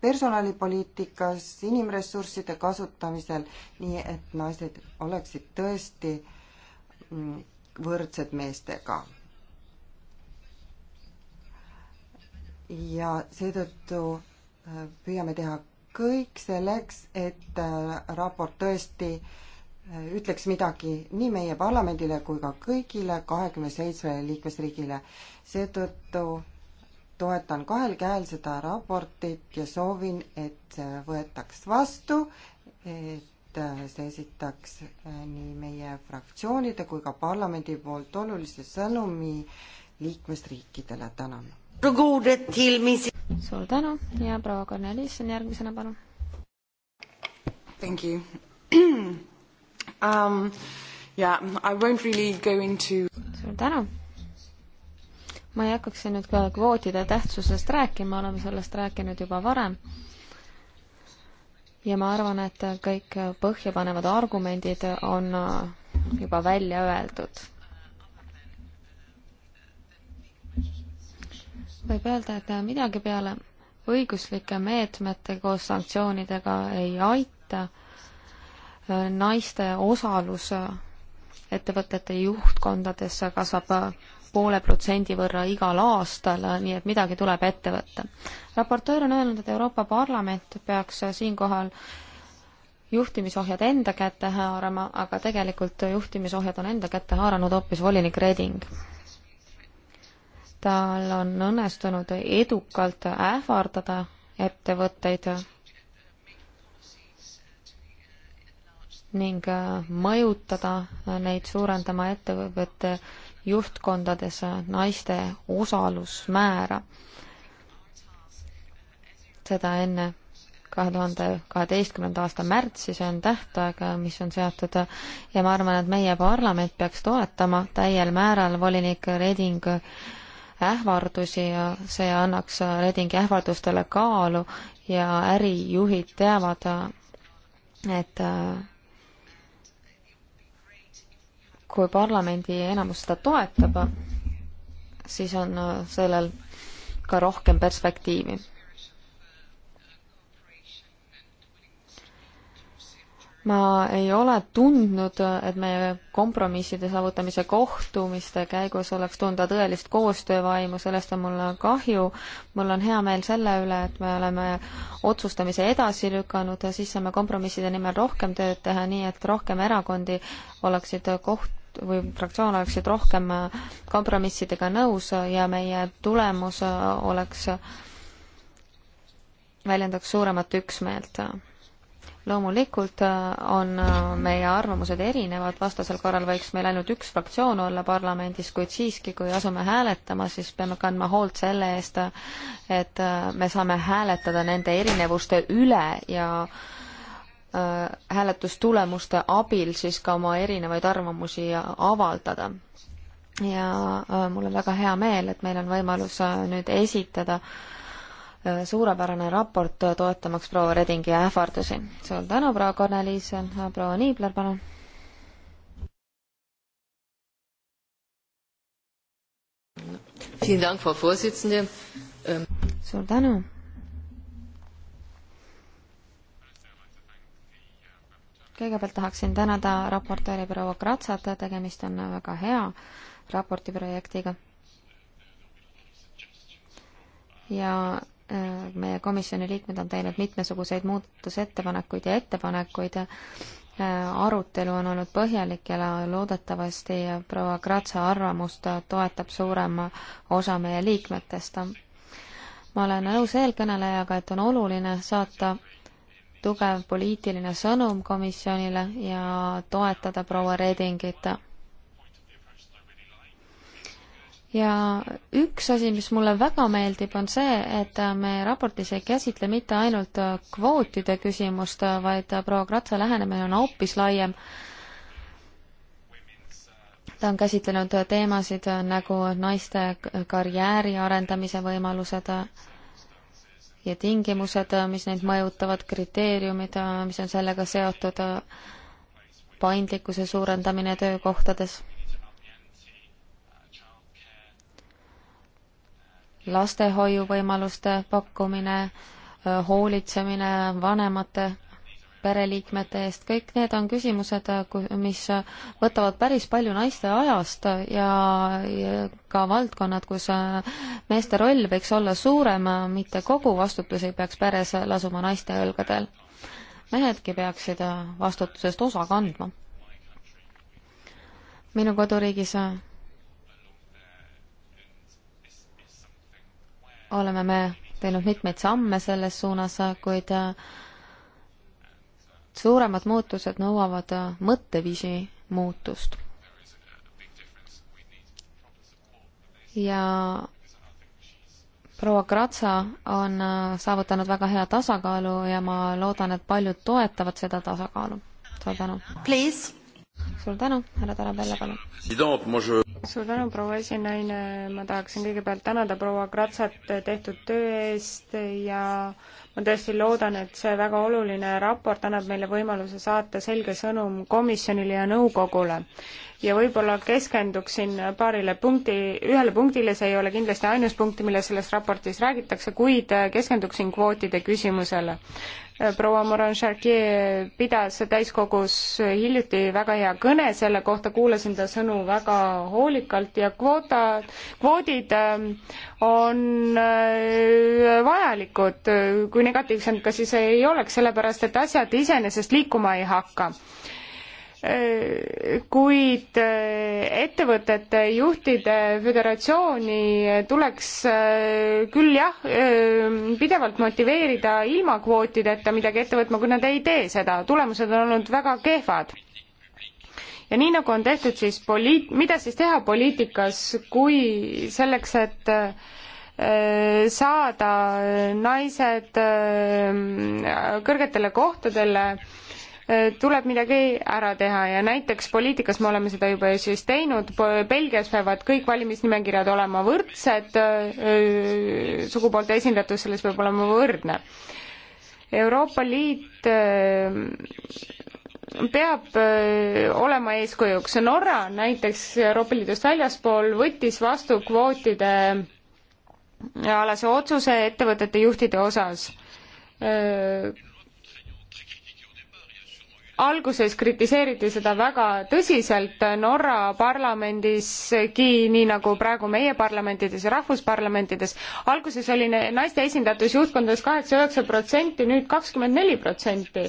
personalipoliitikas, inimressursside kasutamisel, nii et naised oleksid tõesti mm, võrdsed meestega. ja seetõttu eh, püüame teha kõik selleks, et eh, raport tõesti äh, ütleks midagi nii meie parlamendile kui ka kõigile kahekümne seitsmele liikmesriigile. seetõttu toetan kahel käel seda raportit ja soovin, et see võetaks vastu, et see esitaks nii meie fraktsioonide kui ka parlamendi poolt olulise sõnumi liikmesriikidele. tänan.
suur tänu ja proua Kornelis on järgmisena, palun. Thank you um,. Yeah, I won't really go into. suur tänu. ma ei hakkaks siin nüüd ka kvootide tähtsusest rääkima, oleme sellest rääkinud juba varem. ja ma arvan, et kõik põhjapanevad argumendid on äh, juba välja öeldud võib öelda, et midagi peale õiguslike meetmete koos sanktsioonidega ei aita naiste osalus ettevõtete juhtkondades kasvab poole protsendi võrra igal aastal, nii et midagi tuleb ette võtta. raportöör on öelnud, et Euroopa Parlament peaks siinkohal juhtimisohjad enda kätte haarama, aga tegelikult juhtimisohjad on enda kätte haaranud hoopis volinik Reding. tal on õnnestunud edukalt ähvardada ettevõtteid ning äh, mõjutada äh, neid suurendama ettevõtte juhtkondades äh, naiste osalusmäära. seda enne kahe tuhande kaheteistkümnenda aasta märtsi, see on tähtaeg, mis on seatud ja ma arvan, et meie parlament peaks toetama täiel määral volinik Reding ähvardusi ja see annaks Redingi ähvardustele kaalu ja ärijuhid teavad, et kui parlamendi enamus seda toetab, siis on äh, sellel ka rohkem perspektiivi. ma ei ole tundnud, et meie kompromisside saavutamise kohtumiste käigus oleks tunda tõelist koostöövaimu, sellest on mul kahju. mul on hea meel selle üle, et me oleme otsustamise edasi lükanud, siis saame kompromisside nimel rohkem tööd teha, nii et rohkem erakondi oleksid koht-, või fraktsioon oleksid rohkem äh, kompromissidega nõus äh, ja meie tulemus äh, oleks, väljendaks suuremat üksmeelt. loomulikult on meie arvamused erinevad, vastasel korral võiks meil ainult üks fraktsioon olla parlamendis, kuid siiski, kui asume hääletama, siis peame kandma hoolt selle eest, et me saame hääletada nende erinevuste üle ja äh, Äh, hääletustulemuste abil siis ka oma erinevaid arvamusi avaldada. ja äh, mul on väga hea meel, et meil on võimalus äh, nüüd esitada suurepärane raport toetamaks proua Redingi ähvardusi. suur tänu, proua Korneliis, proua Niibler, palun. Ähm, suur tänu kõigepealt tahaksin tänada raportööri proua Kratsat, tegemist on väga hea raporti projektiga. ja äh, meie komisjoni liikmed on teinud mitmesuguseid muutusettepanekuid ja ettepanekuid. Äh, arutelu on olnud põhjalik ja loodetavasti proua Kratsa arvamust toetab suurem osa meie liikmetest. ma olen nõus eelkõnelejaga, et on oluline saata tugev poliitiline sõnum komisjonile ja toetada proua Redingit. ja üks asi, mis mulle väga meeldib, on see, et me raportis ei käsitle mitte ainult kvootide küsimust, vaid proua Kratsa lähenemine on hoopis laiem ta on käsitlenud teemasid nagu naiste karjääri arendamise võimalused ja tingimused, mis neid mõjutavad, kriteeriumid, mis on sellega seotud, paindlikkuse suurendamine töökohtades, lastehoiuvõimaluste pakkumine, hoolitsemine vanemate pereliikmete eest, kõik need on küsimused, mis võtavad päris palju naiste ajast ja, ja ka valdkonnad, kus äh, meeste roll võiks olla suurem, mitte kogu vastutus ei peaks peres lasuma naiste õlgadel. mehedki peaksid äh, vastutusest osa kandma. minu koduriigis äh, oleme me teinud mitmeid samme selles suunas, kuid suuremad muutused nõuavad äh, mõtteviisi muutust. ja proua Kratsa on äh, saavutanud väga hea tasakaalu ja ma loodan, et paljud toetavad seda tasakaalu. suur tänu! suur tänu, härra Tarabella, palun!
suur tänu, proua esinaine, ma tahaksin kõigepealt tänada proua Kratsat tehtud töö eest ja ma tõesti loodan, et see väga oluline raport annab meile võimaluse saata selge sõnum komisjonile ja nõukogule. ja võib-olla keskenduksin paarile punkti, ühele punktile, see ei ole kindlasti ainus punkt, millest selles raportis räägitakse, kuid keskenduksin kvootide küsimusele proua Morin Chartier pidas täiskogus hiljuti väga hea kõne selle kohta, kuulasin ta sõnu väga hoolikalt ja kvoota, kvoodid on äh, vajalikud, äh, kui negatiivsem ka siis ei oleks, sellepärast et asjad iseenesest liikuma ei hakka äh, kuid ettevõtete juhtide föderatsiooni tuleks küll jah, pidevalt motiveerida ilma kvootideta midagi ette võtma, kui nad ei tee seda. tulemused on olnud väga kehvad ja nii nagu on tehtud siis poliit-, mida siis teha poliitikas, kui selleks, et äh, saada naised äh, kõrgetele kohtadele, äh, tuleb midagi ära teha ja näiteks poliitikas me oleme seda juba siis teinud, Belgias peavad kõik valimisnimekirjad olema võrdsed, sugupoolte esindatus selles peab olema võrdne. Euroopa Liit peab äh, olema eeskujuks. Norra näiteks Euroopa Liidust väljaspool võttis vastu kvootide äh, alase otsuse ettevõtete juhtide osas. Äh, alguses kritiseeriti seda väga tõsiselt Norra parlamendiski, nii nagu praegu meie parlamentides ja rahvusparlamentides. alguses oli naiste esindatus juhtkondades kaheksa-üheksa protsenti, nüüd kakskümmend neli protsenti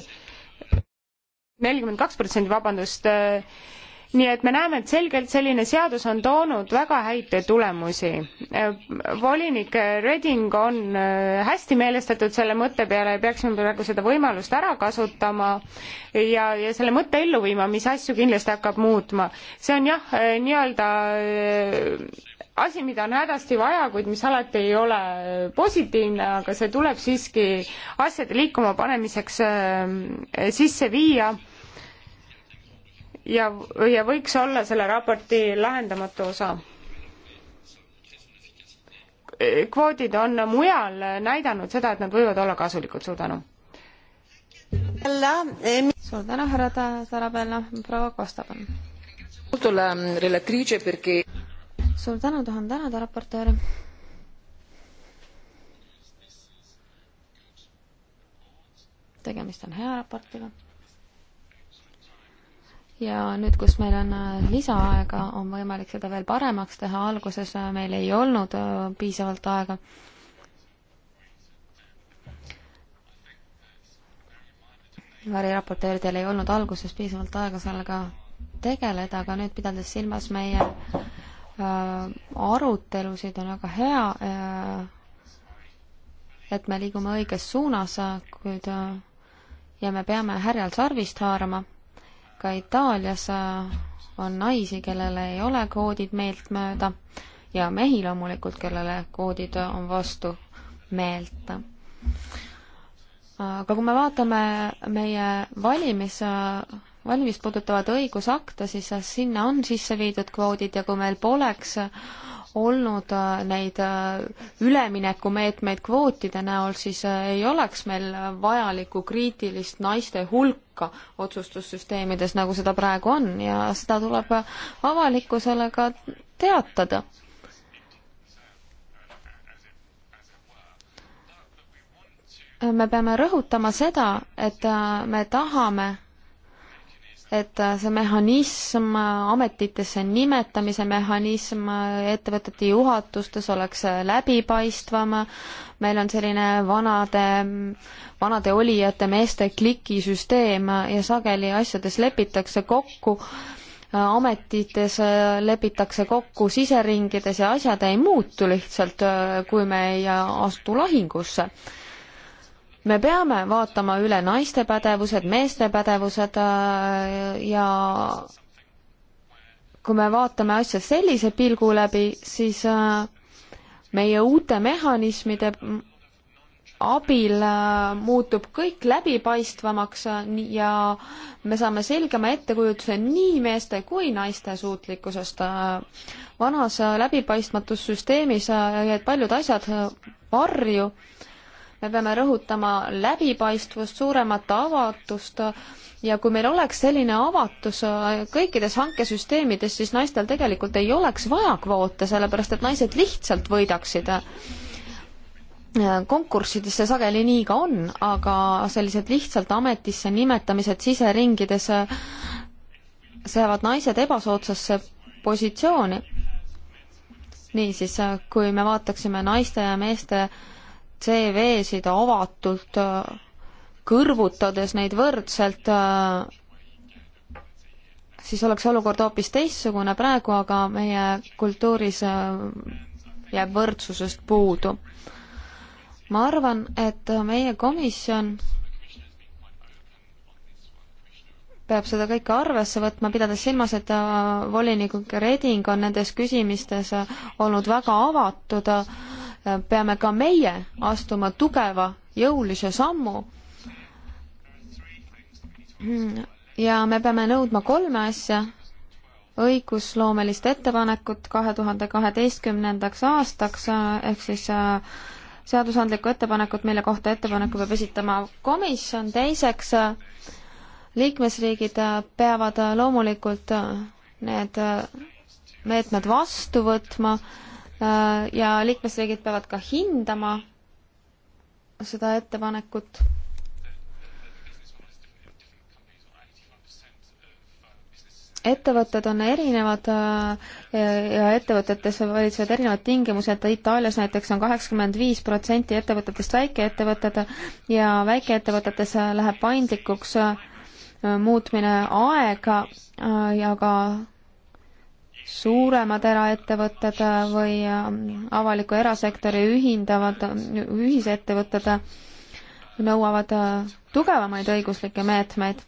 nelikümmend kaks protsenti, vabandust, äh, nii et me näeme, et selgelt selline seadus on toonud väga häid tulemusi. Äh, volinik Reding on äh, hästi meelestatud selle mõtte peale ja peaksime praegu seda võimalust ära kasutama ja, ja selle mõtte ellu viima, mis asju kindlasti hakkab muutma. see on jah, nii-öelda asi, mida on hädasti vaja, kuid mis alati ei ole positiivne, aga see tuleb siiski asjade liikuma panemiseks sisse viia ja, ja võiks olla selle raporti lahendamatu osa. kvoodid on mujal näidanud seda, et nad võivad olla kasulikud, suur tänu.
suur tänu, härra Tarabella, proua Kosta, palun. suur tänu, tahan tänada raportööri. tegemist on hea raportiga ja nüüd, kus meil on äh, lisaaega, on võimalik seda veel paremaks teha, alguses äh, meil ei olnud äh, piisavalt aega. variraportööridel ei olnud alguses piisavalt aega sellega tegeleda, aga nüüd pidades silmas meie äh, arutelusid, on väga hea äh,, et me liigume õiges suunas, kuid äh, ja me peame härjal sarvist haarama ka Itaalias äh, on naisi, kellele ei ole koodid meeltmööda ja mehi loomulikult, kellele koodid on vastu meelt. aga kui me vaatame meie valimis, äh, valimist puudutavad õigusakte, siis äh, sinna on sisse viidud kvoodid ja kui meil poleks olnud äh, neid äh, üleminekumeetmeid kvootide näol, siis äh, ei oleks meil vajalikku kriitilist naiste hulka otsustussüsteemides, nagu seda praegu on ja seda tuleb avalikkusele ka teatada. me peame rõhutama seda, et me tahame et äh, see mehhanism, äh, ametitesse nimetamise mehhanism äh, ettevõtete juhatustes oleks läbipaistvam, meil on selline vanade, vanade olijate meeste klikisüsteem ja sageli asjades lepitakse kokku, ametites lepitakse kokku siseringides ja asjad ei muutu lihtsalt, kui me ei astu lahingusse me peame vaatama üle naiste pädevused, meeste pädevused äh, ja kui me vaatame asja sellise pilgu läbi, siis äh, meie uute mehhanismide abil äh, muutub kõik läbipaistvamaks ja me saame selgema ettekujutuse nii meeste kui naiste suutlikkusest. vanas läbipaistmatus süsteemis jäid paljud asjad varju me peame rõhutama läbipaistvust, suuremat avatust ja kui meil oleks selline avatus äh, kõikides hankesüsteemides, siis naistel tegelikult ei oleks vaja kvoote, sellepärast et naised lihtsalt võidaksid äh, konkurssidesse sageli nii ka on, aga sellised lihtsalt ametisse nimetamised siseringides seavad naised ebasoodsasse positsiooni. niisiis, äh, kui me vaataksime naiste ja meeste äh, CV-sid avatult äh, kõrvutades neid võrdselt, äh, siis oleks olukord hoopis teistsugune, praegu aga meie kultuuris äh, jääb võrdsusest puudu. ma arvan, et meie komisjon peab seda kõike arvesse võtma, pidades silmas, et volinik Reding on nendes küsimistes olnud väga avatud peame ka meie astuma tugeva jõulise sammu. ja me peame nõudma kolme asja. õigusloomelist ettepanekut kahe tuhande kaheteistkümnendaks aastaks ehk siis äh, seadusandlikku ettepanekut, mille kohta ettepaneku peab esitama komisjon, teiseks äh, liikmesriigid äh, peavad loomulikult need meetmed vastu võtma Äh, ja liikmesriigid peavad ka hindama seda ettepanekut. ettevõtted on erinevad äh, ja ettevõtetes valitsevad erinevad tingimused, Itaalias näiteks on kaheksakümmend viis protsenti ettevõtetest väikeettevõtted ja väikeettevõtetes läheb paindlikuks äh, muutmine aega ja ka suuremad eraettevõtted või ähm, avaliku erasektori ühindavad, ühisettevõtted nõuavad äh, tugevamaid õiguslikke meetmeid.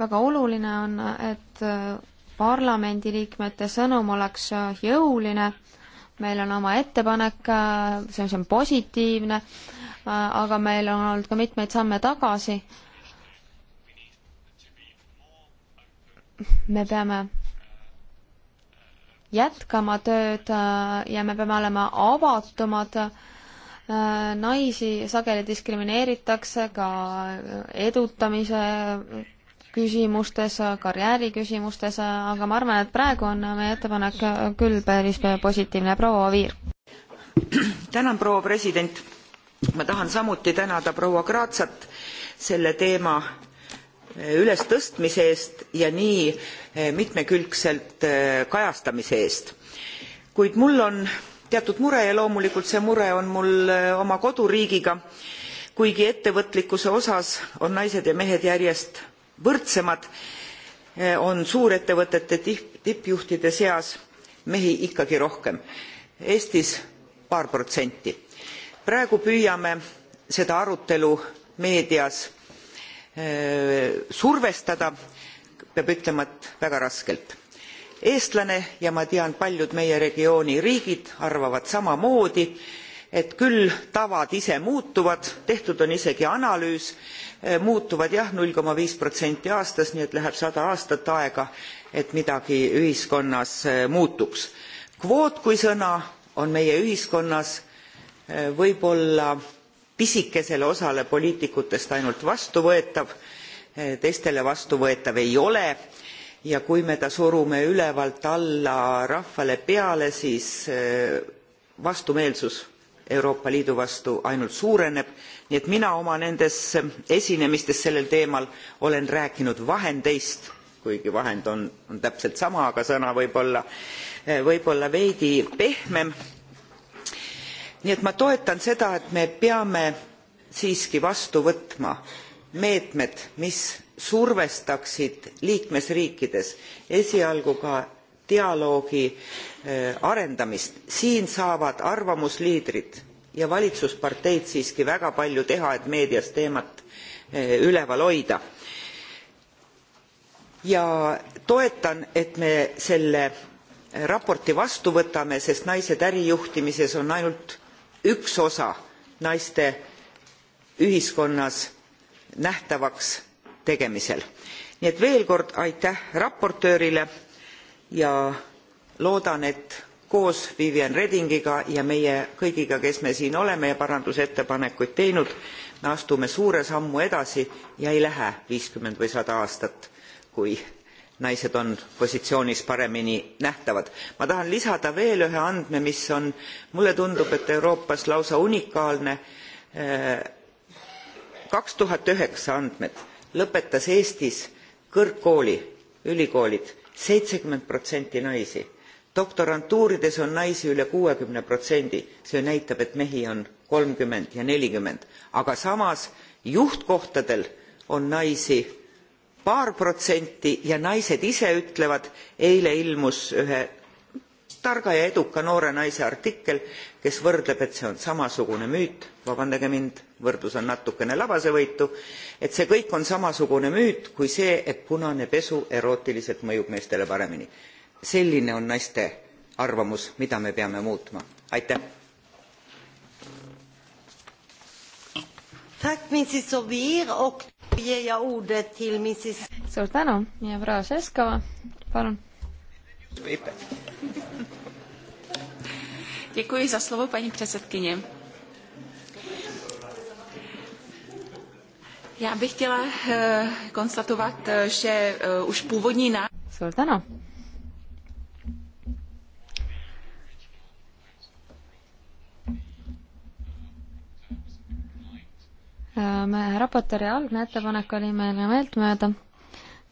väga oluline on, et äh, parlamendiliikmete sõnum oleks äh, jõuline, meil on oma ettepanek, see on positiivne, aga meil on olnud ka mitmeid samme tagasi me peame jätkama tööd äh, ja me peame olema avatumad. Äh, naisi sageli diskrimineeritakse ka edutamise küsimustes, karjääri küsimustes, aga ma arvan, et praegu on meie ettepanek küll päris positiivne. proua Oviir.
tänan, proua president. ma tahan samuti tänada proua Kraatsat selle teema ülestõstmise eest ja nii eh, mitmekülgselt eh, kajastamise eest kuid mul on teatud mure ja loomulikult see mure on mul eh, oma koduriigiga kuigi ettevõtlikkuse osas on naised ja mehed järjest võrdsemad on suurettevõtete tippjuhtide seas mehi ikkagi rohkem eestis paar protsenti. praegu püüame seda arutelu meedias Eh, survestada peab ütlema et väga raskelt. eestlane ja ma tean paljud meie regiooni riigid arvavad samamoodi et küll tavad ise muutuvad tehtud on isegi analüüs eh, muutuvad jah aastas nii et läheb sada aastat aega et midagi ühiskonnas eh, muutuks. kvoot kui sõna on meie ühiskonnas võib olla pisikesele osale poliitikutest ainult vastuvõetav eh, teistele vastuvõetav ei ole ja kui me ta surume ülevalt alla rahvale peale siis eh, vastumeelsus euroopa liidu vastu ainult suureneb nii et mina oma nendes esinemistes sellel teemal olen rääkinud vahendist kuigi vahend on, on täpselt sama aga sõna võib olla eh, võib olla veidi pehmem nii et ma toetan seda et me peame siiski vastu võtma meetmed mis survestaksid liikmesriikides esialgu ka dialoogi äh, arendamist siin saavad arvamusliidrid ja valitsusparteid siiski väga palju teha et meedias teemat äh, üleval hoida ja toetan et me selle raporti vastu võtame sest naised ärijuhtimises on ainult üks osa naiste ühiskonnas nähtavaks tegemisel. nii et veel kord aitäh raportöörile ja loodan et koos viviane redingiga ja meie kõigiga kes me siin oleme ja parandusettepanekuid teinud me astume suure sammu edasi ja ei lähe 50 või 100 aastat kui naised on positsioonis paremini nähtavad. ma tahan lisada veel ühe andme mis on mulle tundub et euroopas lausa unikaalne 2009 äh, andmed lõpetas eestis kõrgkooli ülikoolid 70 naisi doktorantuurides on naisi üle 60 see näitab et mehi on 30 ja 40 aga samas juhtkohtadel on naisi paar protsenti ja naised ise ütlevad eile ilmus ühe targa ja eduka noore naise artikkel kes võrdleb et see on samasugune müüt vabandage mind võrdlus on natukene labasevõitu et see kõik on samasugune müüt kui see et punane pesu erootiliselt mõjub meestele paremini selline on naiste arvamus mida me peame muutma aitäh
Tack Mrs. Ovir och
suur tänu ja proua Seskova, palun.
Děkuji za slovo, paní předsedkyně. Já bych chtěla eh, konstatovat, eh, že eh, už původní návrh... Suur tänu.
Äh, me raportööri algne ettepanek oli meile meeltmööda.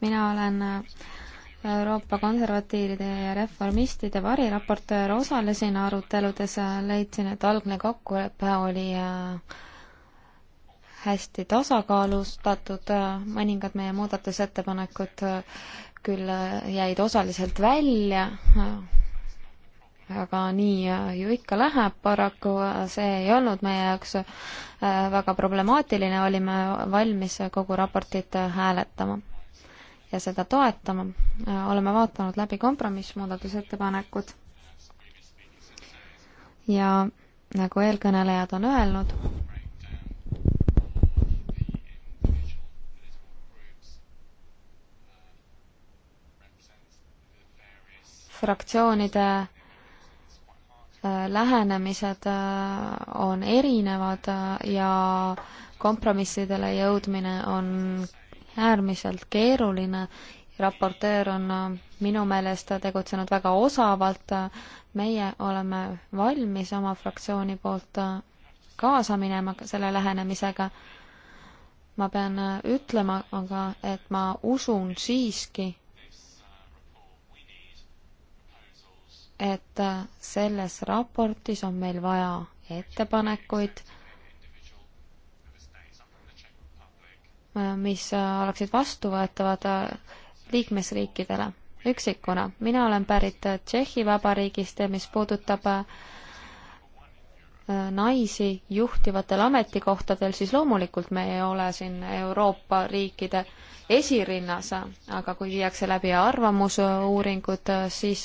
mina olen äh, Euroopa konservatiivide ja reformistide variraportöör, osalesin aruteludes, äh, leidsin, et algne kokkulepe oli hästi tasakaalustatud, mõningad meie muudatusettepanekud küll jäid osaliselt välja, aga nii äh, ju ikka läheb, paraku äh, see ei olnud meie jaoks äh, väga problemaatiline, olime valmis kogu raportit hääletama ja seda toetama. oleme vaatanud läbi kompromissmuudatusettepanekud ja nagu eelkõnelejad on öelnud, fraktsioonide Äh, lähenemised äh, on erinevad äh, ja kompromissidele jõudmine on äärmiselt keeruline. raportöör on minu meelest tegutsenud väga osavalt. meie oleme valmis oma fraktsiooni poolt kaasa minema selle lähenemisega. ma pean ütlema aga, et ma usun siiski, et äh, selles raportis on meil vaja ettepanekuid, äh, mis äh, oleksid vastuvõetavad liikmesriikidele üksikuna. mina olen pärit Tšehhi Vabariigist ja mis puudutab naisi juhtivatel ametikohtadel, siis loomulikult me ei ole siin Euroopa riikide äh, esirinnas, aga kui viiakse läbi arvamusuuringud, siis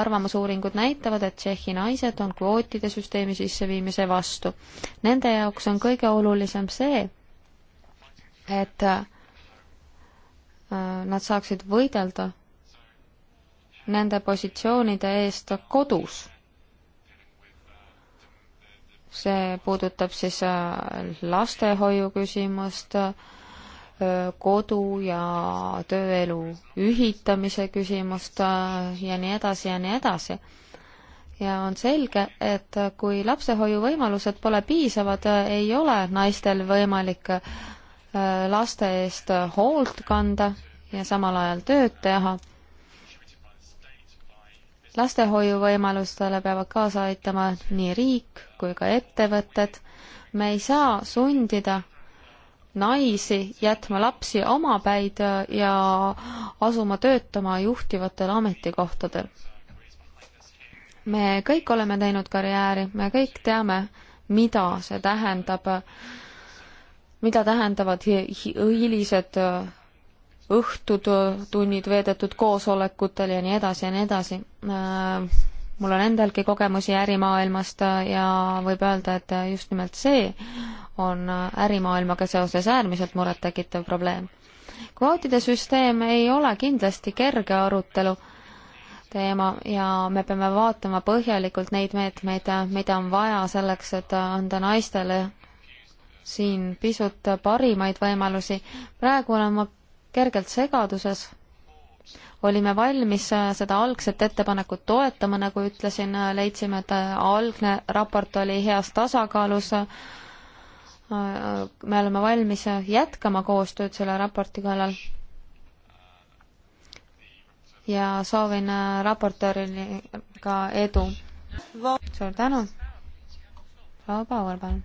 arvamusuuringud näitavad, et Tšehhi naised on kvootide süsteemi sisseviimise vastu. Nende jaoks on kõige olulisem see, et äh, nad saaksid võidelda nende positsioonide eest kodus. see puudutab siis äh, lastehoiu küsimust, kodu ja tööelu ühitamise küsimust ja nii edasi ja nii edasi. ja on selge, et kui lapsehoiuvõimalused pole piisavad, ei ole naistel võimalik laste eest hoolt kanda ja samal ajal tööd teha. lastehoiuvõimalustele peavad kaasa aitama nii riik kui ka ettevõtted. me ei saa sundida naisi jätma lapsi omapäid ja asuma töötama juhtivatel ametikohtadel. me kõik oleme teinud karjääri, me kõik teame, mida see tähendab, mida tähendavad hilised õhtud, tunnid veedetud koosolekutel ja nii edasi ja nii edasi äh, mul on endalgi kogemusi ärimaailmast ja võib öelda, et just nimelt see on ärimaailmaga seoses äärmiselt murettekitav probleem. kvootide süsteem ei ole kindlasti kerge arutelu teema ja me peame vaatama põhjalikult neid meetmeid, mida on vaja selleks, et anda naistele siin pisut parimaid võimalusi. praegu olen ma kergelt segaduses olime valmis äh, seda algset ettepanekut toetama, nagu ütlesin, äh, leidsime, et äh, algne raport oli heas tasakaalus. me oleme valmis jätkama koostööd selle raporti kallal. ja soovin raportöörile ka edu. suur tänu. proua Paul, palun.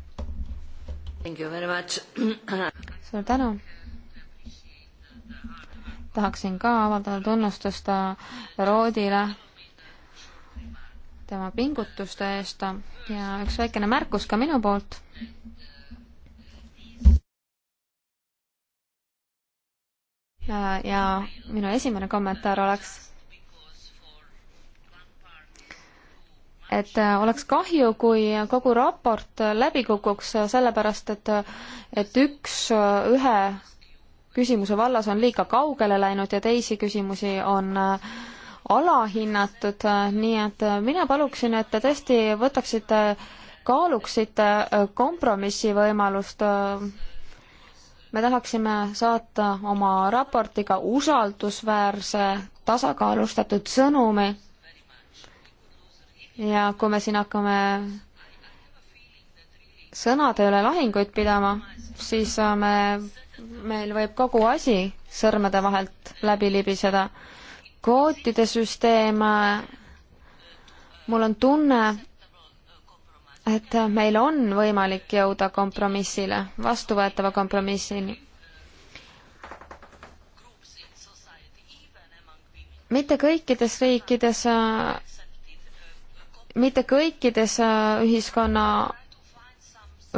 suur tänu tahaksin ka avaldada tunnustust äh, Roodile tema pingutuste eest ja üks väikene märkus ka minu poolt. ja minu esimene kommentaar oleks, et äh, oleks kahju, kui kogu raport läbi kukuks, äh, sellepärast et, et üks, ühe küsimuse vallas on liiga kaugele läinud ja teisi küsimusi on äh, alahinnatud, äh, nii et äh, mina paluksin, et te tõesti võtaksite, kaaluksite kompromissi võimalust. me tahaksime saata oma raportiga usaldusväärse tasakaalustatud sõnumi ja kui me siin hakkame sõnade üle lahinguid pidama, siis me meil võib kogu asi sõrmede vahelt läbi libiseda. kvootide süsteem, mul on tunne, et meil on võimalik jõuda kompromissile, vastuvõetava kompromissini. mitte kõikides riikides, mitte kõikides äh, ühiskonna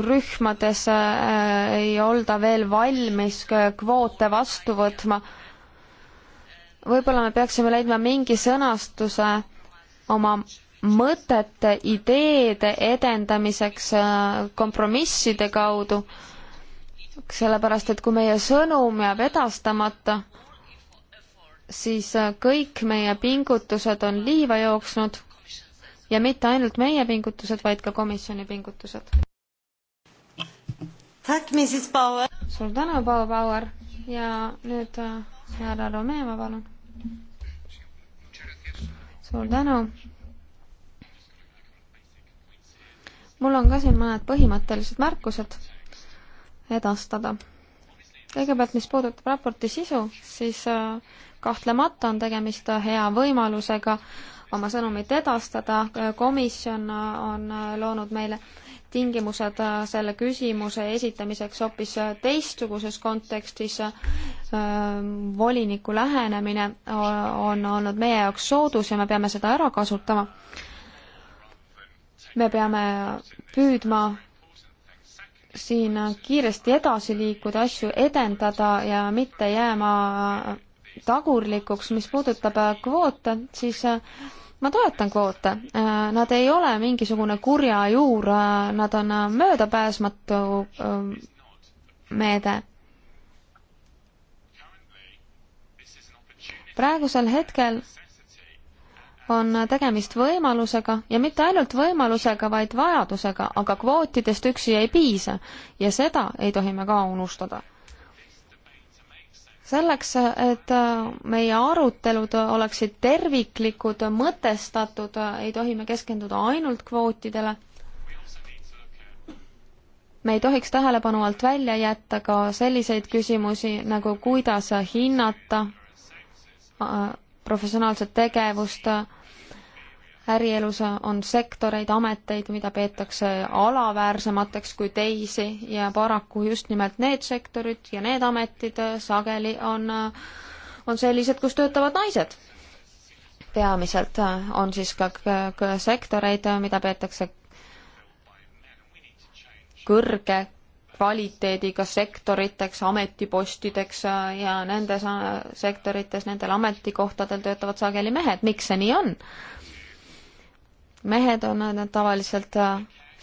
rühmades äh, ei olda veel valmis kvoote vastu võtma. võib-olla me peaksime leidma mingi sõnastuse oma mõtete, ideede edendamiseks äh, kompromisside kaudu, sellepärast et kui meie sõnum jääb edastamata, siis äh, kõik meie pingutused on liiva jooksnud ja mitte ainult meie pingutused, vaid ka komisjoni pingutused suur tänu, Paul Bauer ja nüüd äh, härra Romeva, palun. suur tänu. mul on ka siin mõned põhimõttelised märkused edastada. kõigepealt, mis puudutab raporti sisu, siis äh, kahtlemata on tegemist hea võimalusega oma sõnumit edastada, komisjon äh, on loonud meile äh, tingimused äh, selle küsimuse esitamiseks hoopis äh, teistsuguses kontekstis. Äh, voliniku lähenemine on olnud meie jaoks soodus ja me peame seda ära kasutama. me peame püüdma siin kiiresti edasi liikuda, asju edendada ja mitte jääma tagurlikuks, mis puudutab kvoote, siis ma toetan kvoote, äh, nad ei ole mingisugune kurja juur, äh, nad on äh, möödapääsmatu meede. praegusel hetkel on tegemist võimalusega ja mitte ainult võimalusega, vaid vajadusega, aga kvootidest üksi ei piisa ja seda ei tohi me ka unustada selleks, et äh, meie arutelud oleksid terviklikud, mõtestatud, äh, ei tohi me keskenduda ainult kvootidele. me ei tohiks tähelepanu alt välja jätta ka selliseid küsimusi nagu kuidas hinnata äh, professionaalset tegevust ärielus on sektoreid, ameteid, mida peetakse alaväärsemateks kui teisi ja paraku just nimelt need sektorid ja need ametid sageli on, on sellised, kus töötavad naised peamiselt on siis ka sektoreid, mida peetakse kõrge kvaliteediga sektoriteks, ametipostideks ja nendes sektorites, nendel ametikohtadel töötavad sageli mehed. miks see nii on? mehed on äh, nad tavaliselt äh,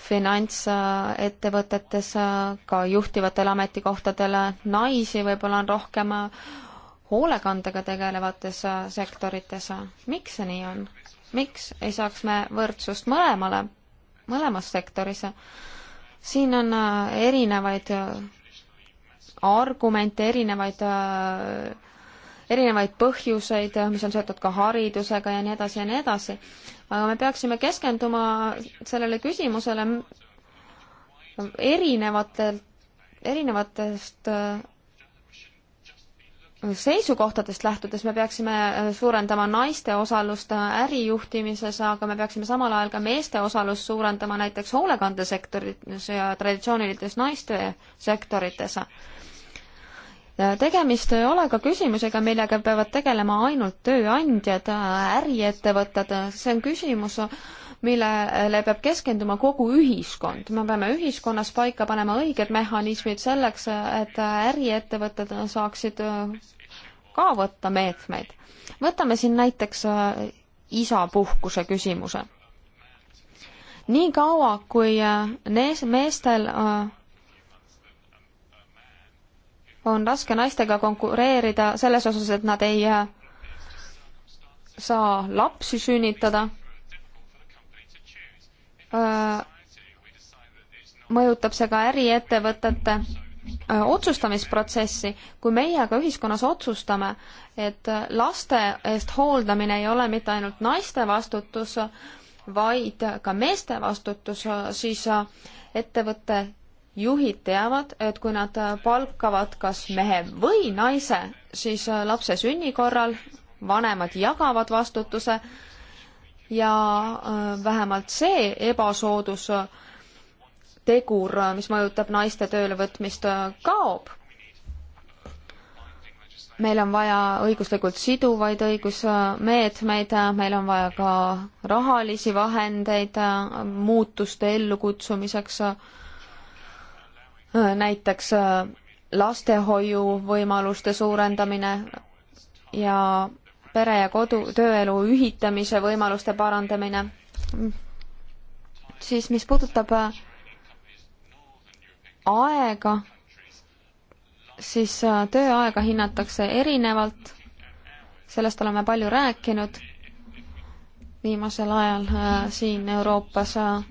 finantsettevõtetes, äh, ka juhtivatel ametikohtadel, naisi võib-olla on rohkem hoolekandega tegelevates sektorites. miks see nii on? miks ei saaks me võrdsust mõlemale, mõlemas sektoris? siin on erinevaid argumente, erinevaid erinevaid põhjuseid, mis on seotud ka haridusega ja nii edasi ja nii edasi. aga me peaksime keskenduma sellele küsimusele erinevatelt, erinevatest äh, seisukohtadest lähtudes me peaksime äh, suurendama naiste osalust äh, ärijuhtimises, aga me peaksime samal ajal ka meeste osalust suurendama näiteks hoolekandesektorites ja traditsioonilistes naistesektorites tegemist ei ole ka küsimusega, millega peavad tegelema ainult tööandjad, äriettevõtted, see on küsimus, millele peab keskenduma kogu ühiskond. me peame ühiskonnas paika panema õiged mehhanismid selleks, et äriettevõtted saaksid ka võtta meetmeid. võtame siin näiteks äh, isapuhkuse küsimuse. niikaua, kui äh, meestel äh, on raske naistega konkureerida selles osas, et nad ei äh, saa lapsi sünnitada, äh, mõjutab see ka äriettevõtete äh, otsustamisprotsessi, kui meie aga ühiskonnas otsustame, et laste eest hooldamine ei ole mitte ainult naiste vastutus, vaid ka meeste vastutus, siis ettevõte juhid teavad, et kui nad palkavad kas mehe või naise, siis lapse sünni korral vanemad jagavad vastutuse ja äh, vähemalt see ebasoodus tegur, mis mõjutab naiste töölevõtmist, äh, kaob. meil on vaja õiguslikult siduvaid õigusmeetmeid, meil on vaja ka rahalisi vahendeid äh, muutuste ellukutsumiseks Äh, näiteks äh, lastehoiu võimaluste suurendamine ja pere ja kodu, tööelu ühitamise võimaluste parandamine. siis mis puudutab äh, aega, siis tööaega hinnatakse erinevalt, sellest oleme palju rääkinud viimasel ajal äh, siin Euroopas äh,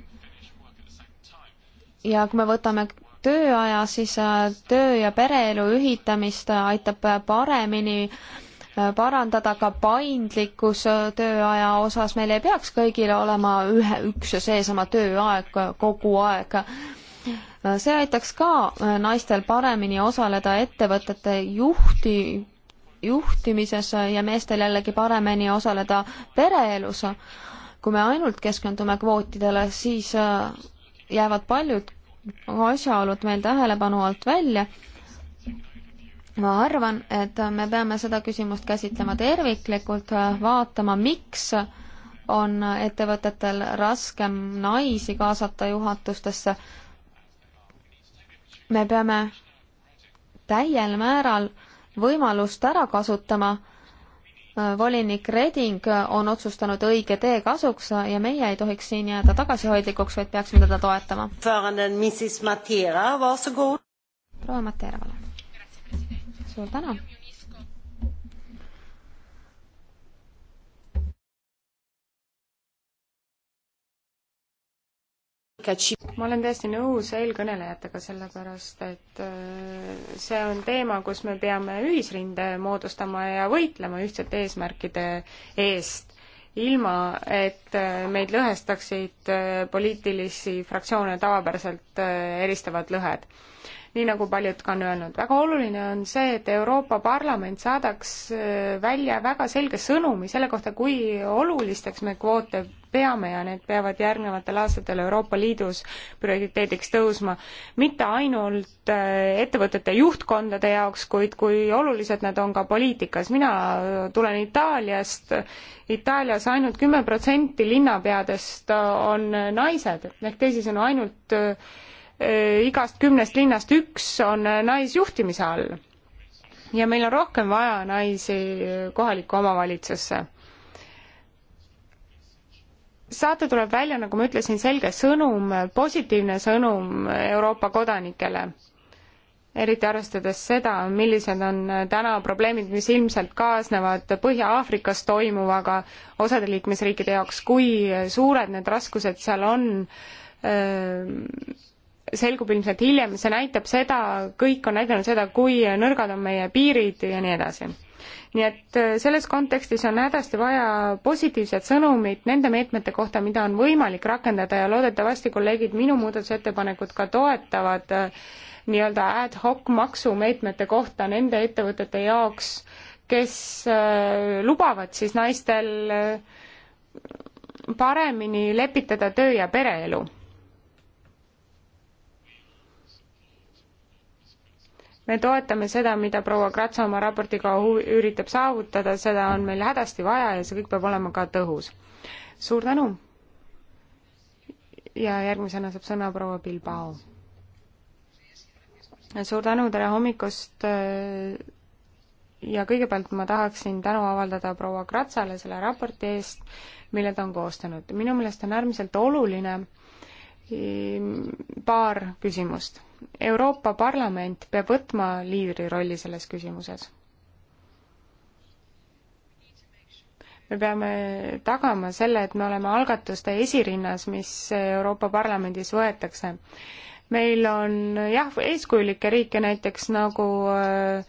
ja kui me võtame tööaja, siis äh, töö- ja pereelu ühitamist äh, aitab äh, paremini parandada ka paindlikkus tööaja osas, meil ei peaks kõigil olema ühe, üks ja seesama tööaeg kogu aeg. see aitaks ka naistel paremini osaleda ettevõtete juhti, juhtimises ja meestel jällegi paremini osaleda pereelus. kui me ainult keskendume kvootidele, siis jäävad paljud asjaolud meil tähelepanu alt välja. ma arvan, et me peame seda küsimust käsitlema terviklikult, vaatama, miks on ettevõtetel raskem naisi kaasata juhatustesse. me peame täiel määral võimalust ära kasutama volinik Reding on otsustanud õige tee kasuks ja meie ei tohiks siin jääda tagasihoidlikuks, vaid peaksime teda toetama. proua Matera, palun. suur tänu
ma olen täiesti nõus eelkõnelejatega, sellepärast et äh, see on teema, kus me peame ühisrinde moodustama ja võitlema ühtsete eesmärkide eest, ilma et äh, meid lõhestaksid äh, poliitilisi fraktsioone tavapäraselt eristavad lõhed. nii nagu paljud ka on öelnud, väga oluline on see, et Euroopa Parlament saadaks välja väga selge sõnumi selle kohta, kui olulisteks me kvoote peame ja need peavad järgnevatel aastatel Euroopa Liidus prioriteediks tõusma. mitte ainult äh, ettevõtete juhtkondade jaoks, kuid kui olulised nad on ka poliitikas. mina tulen Itaaliast, Itaalias ainult kümme protsenti linnapeadest äh, on äh, naised, ehk teisisõnu ainult igast kümnest linnast üks on naisjuhtimise all ja meil on rohkem vaja naisi kohalikku omavalitsusse saate tuleb välja, nagu ma ütlesin, selge sõnum, positiivne sõnum Euroopa kodanikele. eriti arvestades seda, millised on täna probleemid, mis ilmselt kaasnevad Põhja-Aafrikas toimuvaga osade liikmesriikide jaoks, kui suured need raskused seal on, selgub ilmselt hiljem, see näitab seda, kõik on näidanud seda, kui nõrgad on meie piirid ja nii edasi nii et äh, selles kontekstis on hädasti vaja positiivset sõnumit nende meetmete kohta, mida on võimalik rakendada ja loodetavasti kolleegid minu muudatusettepanekud ka toetavad äh, nii-öelda ad hoc maksumeetmete kohta nende ettevõtete jaoks, kes äh, lubavad siis naistel paremini lepitada töö ja pereelu me toetame seda, mida proua Kratsa oma raportiga üritab saavutada, seda on meil hädasti vaja ja see kõik peab olema ka tõhus. suur tänu! ja järgmisena saab sõna proua Bilbao. suur tänu, tere hommikust! ja kõigepealt ma tahaksin tänu avaldada proua Kratsale selle raporti eest, mille ta on koostanud. minu meelest on äärmiselt oluline hm, paar küsimust Euroopa Parlament peab võtma liidri rolli selles küsimuses. me peame tagama selle, et me oleme algatuste esirinnas, mis Euroopa Parlamendis võetakse. meil on jah, eeskujulikke riike näiteks nagu äh,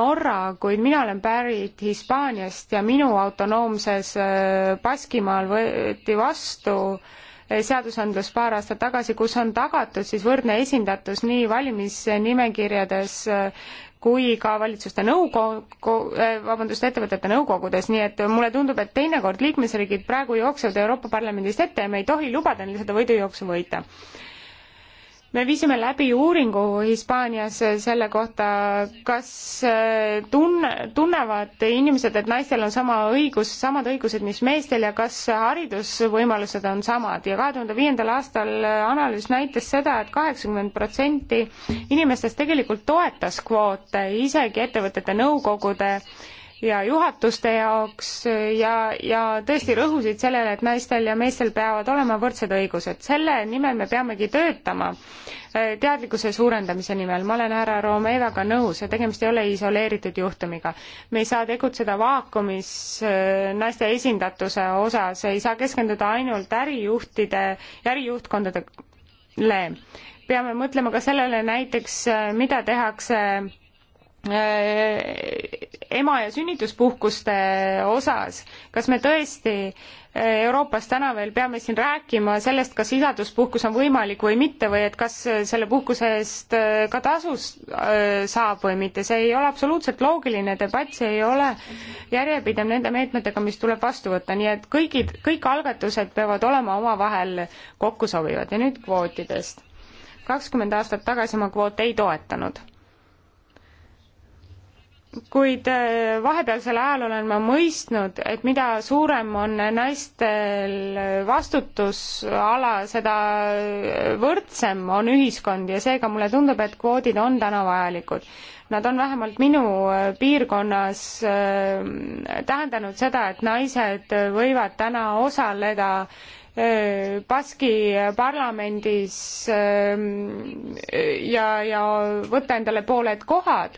Norra, kuid mina olen pärit Hispaaniast ja minu autonoomses äh, Baskimaal võeti vastu äh, seadusandlus paar aastat tagasi, kus on tagatud siis võrdne esindatus nii valimisnimekirjades äh, kui ka valitsuste nõukogu, äh, vabandust, ettevõtete nõukogudes, nii et mulle tundub, et teinekord liikmesriigid praegu jooksevad Euroopa Parlamendist ette ja me ei tohi lubada neil seda võidujooksu võita me viisime läbi uuringu Hispaanias selle kohta, kas äh, tunne, tunnevad inimesed, et naistel on sama õigus, samad õigused, mis meestel ja kas haridusvõimalused on samad ja kahe tuhande viiendal aastal analüüs näitas seda et, et kaheksakümmend protsenti inimestest tegelikult toetas kvoote, isegi ettevõtete nõukogude ja juhatuste jaoks ja, ja tõesti rõhusid sellele, et naistel ja meestel peavad olema võrdsed õigused. selle nimel me peamegi töötama, eh, teadlikkuse suurendamise nimel. ma olen härra Romevaga nõus ja tegemist ei ole isoleeritud juhtumiga. me ei saa tegutseda vaakumis eh, naiste esindatuse osas, ei saa keskenduda ainult ärijuhtide, ärijuhtkondadele. peame mõtlema ka sellele näiteks, eh, mida tehakse Äh, ema- ja sünnituspuhkuste osas, kas me tõesti äh, Euroopas täna veel peame siin rääkima sellest, kas isaduspuhkus on võimalik või mitte või et kas äh, selle puhkuse eest ka tasu saab või mitte, see ei ole absoluutselt loogiline debatt, see ei ole järjepidev nende meetmetega, mis tuleb vastu võtta, nii et kõigid, kõik algatused peavad olema omavahel kokku sobivad ja nüüd kvootidest. kakskümmend aastat tagasi ma kvoote ei toetanud kuid äh, vahepealsel ajal olen ma mõistnud, et mida suurem on naistel vastutusala, seda võrdsem on ühiskond ja seega mulle tundub, et kvoodid on täna vajalikud. Nad on vähemalt minu äh, piirkonnas äh, tähendanud seda, et naised võivad täna osaleda Baski parlamendis ja, ja võtta endale pooled kohad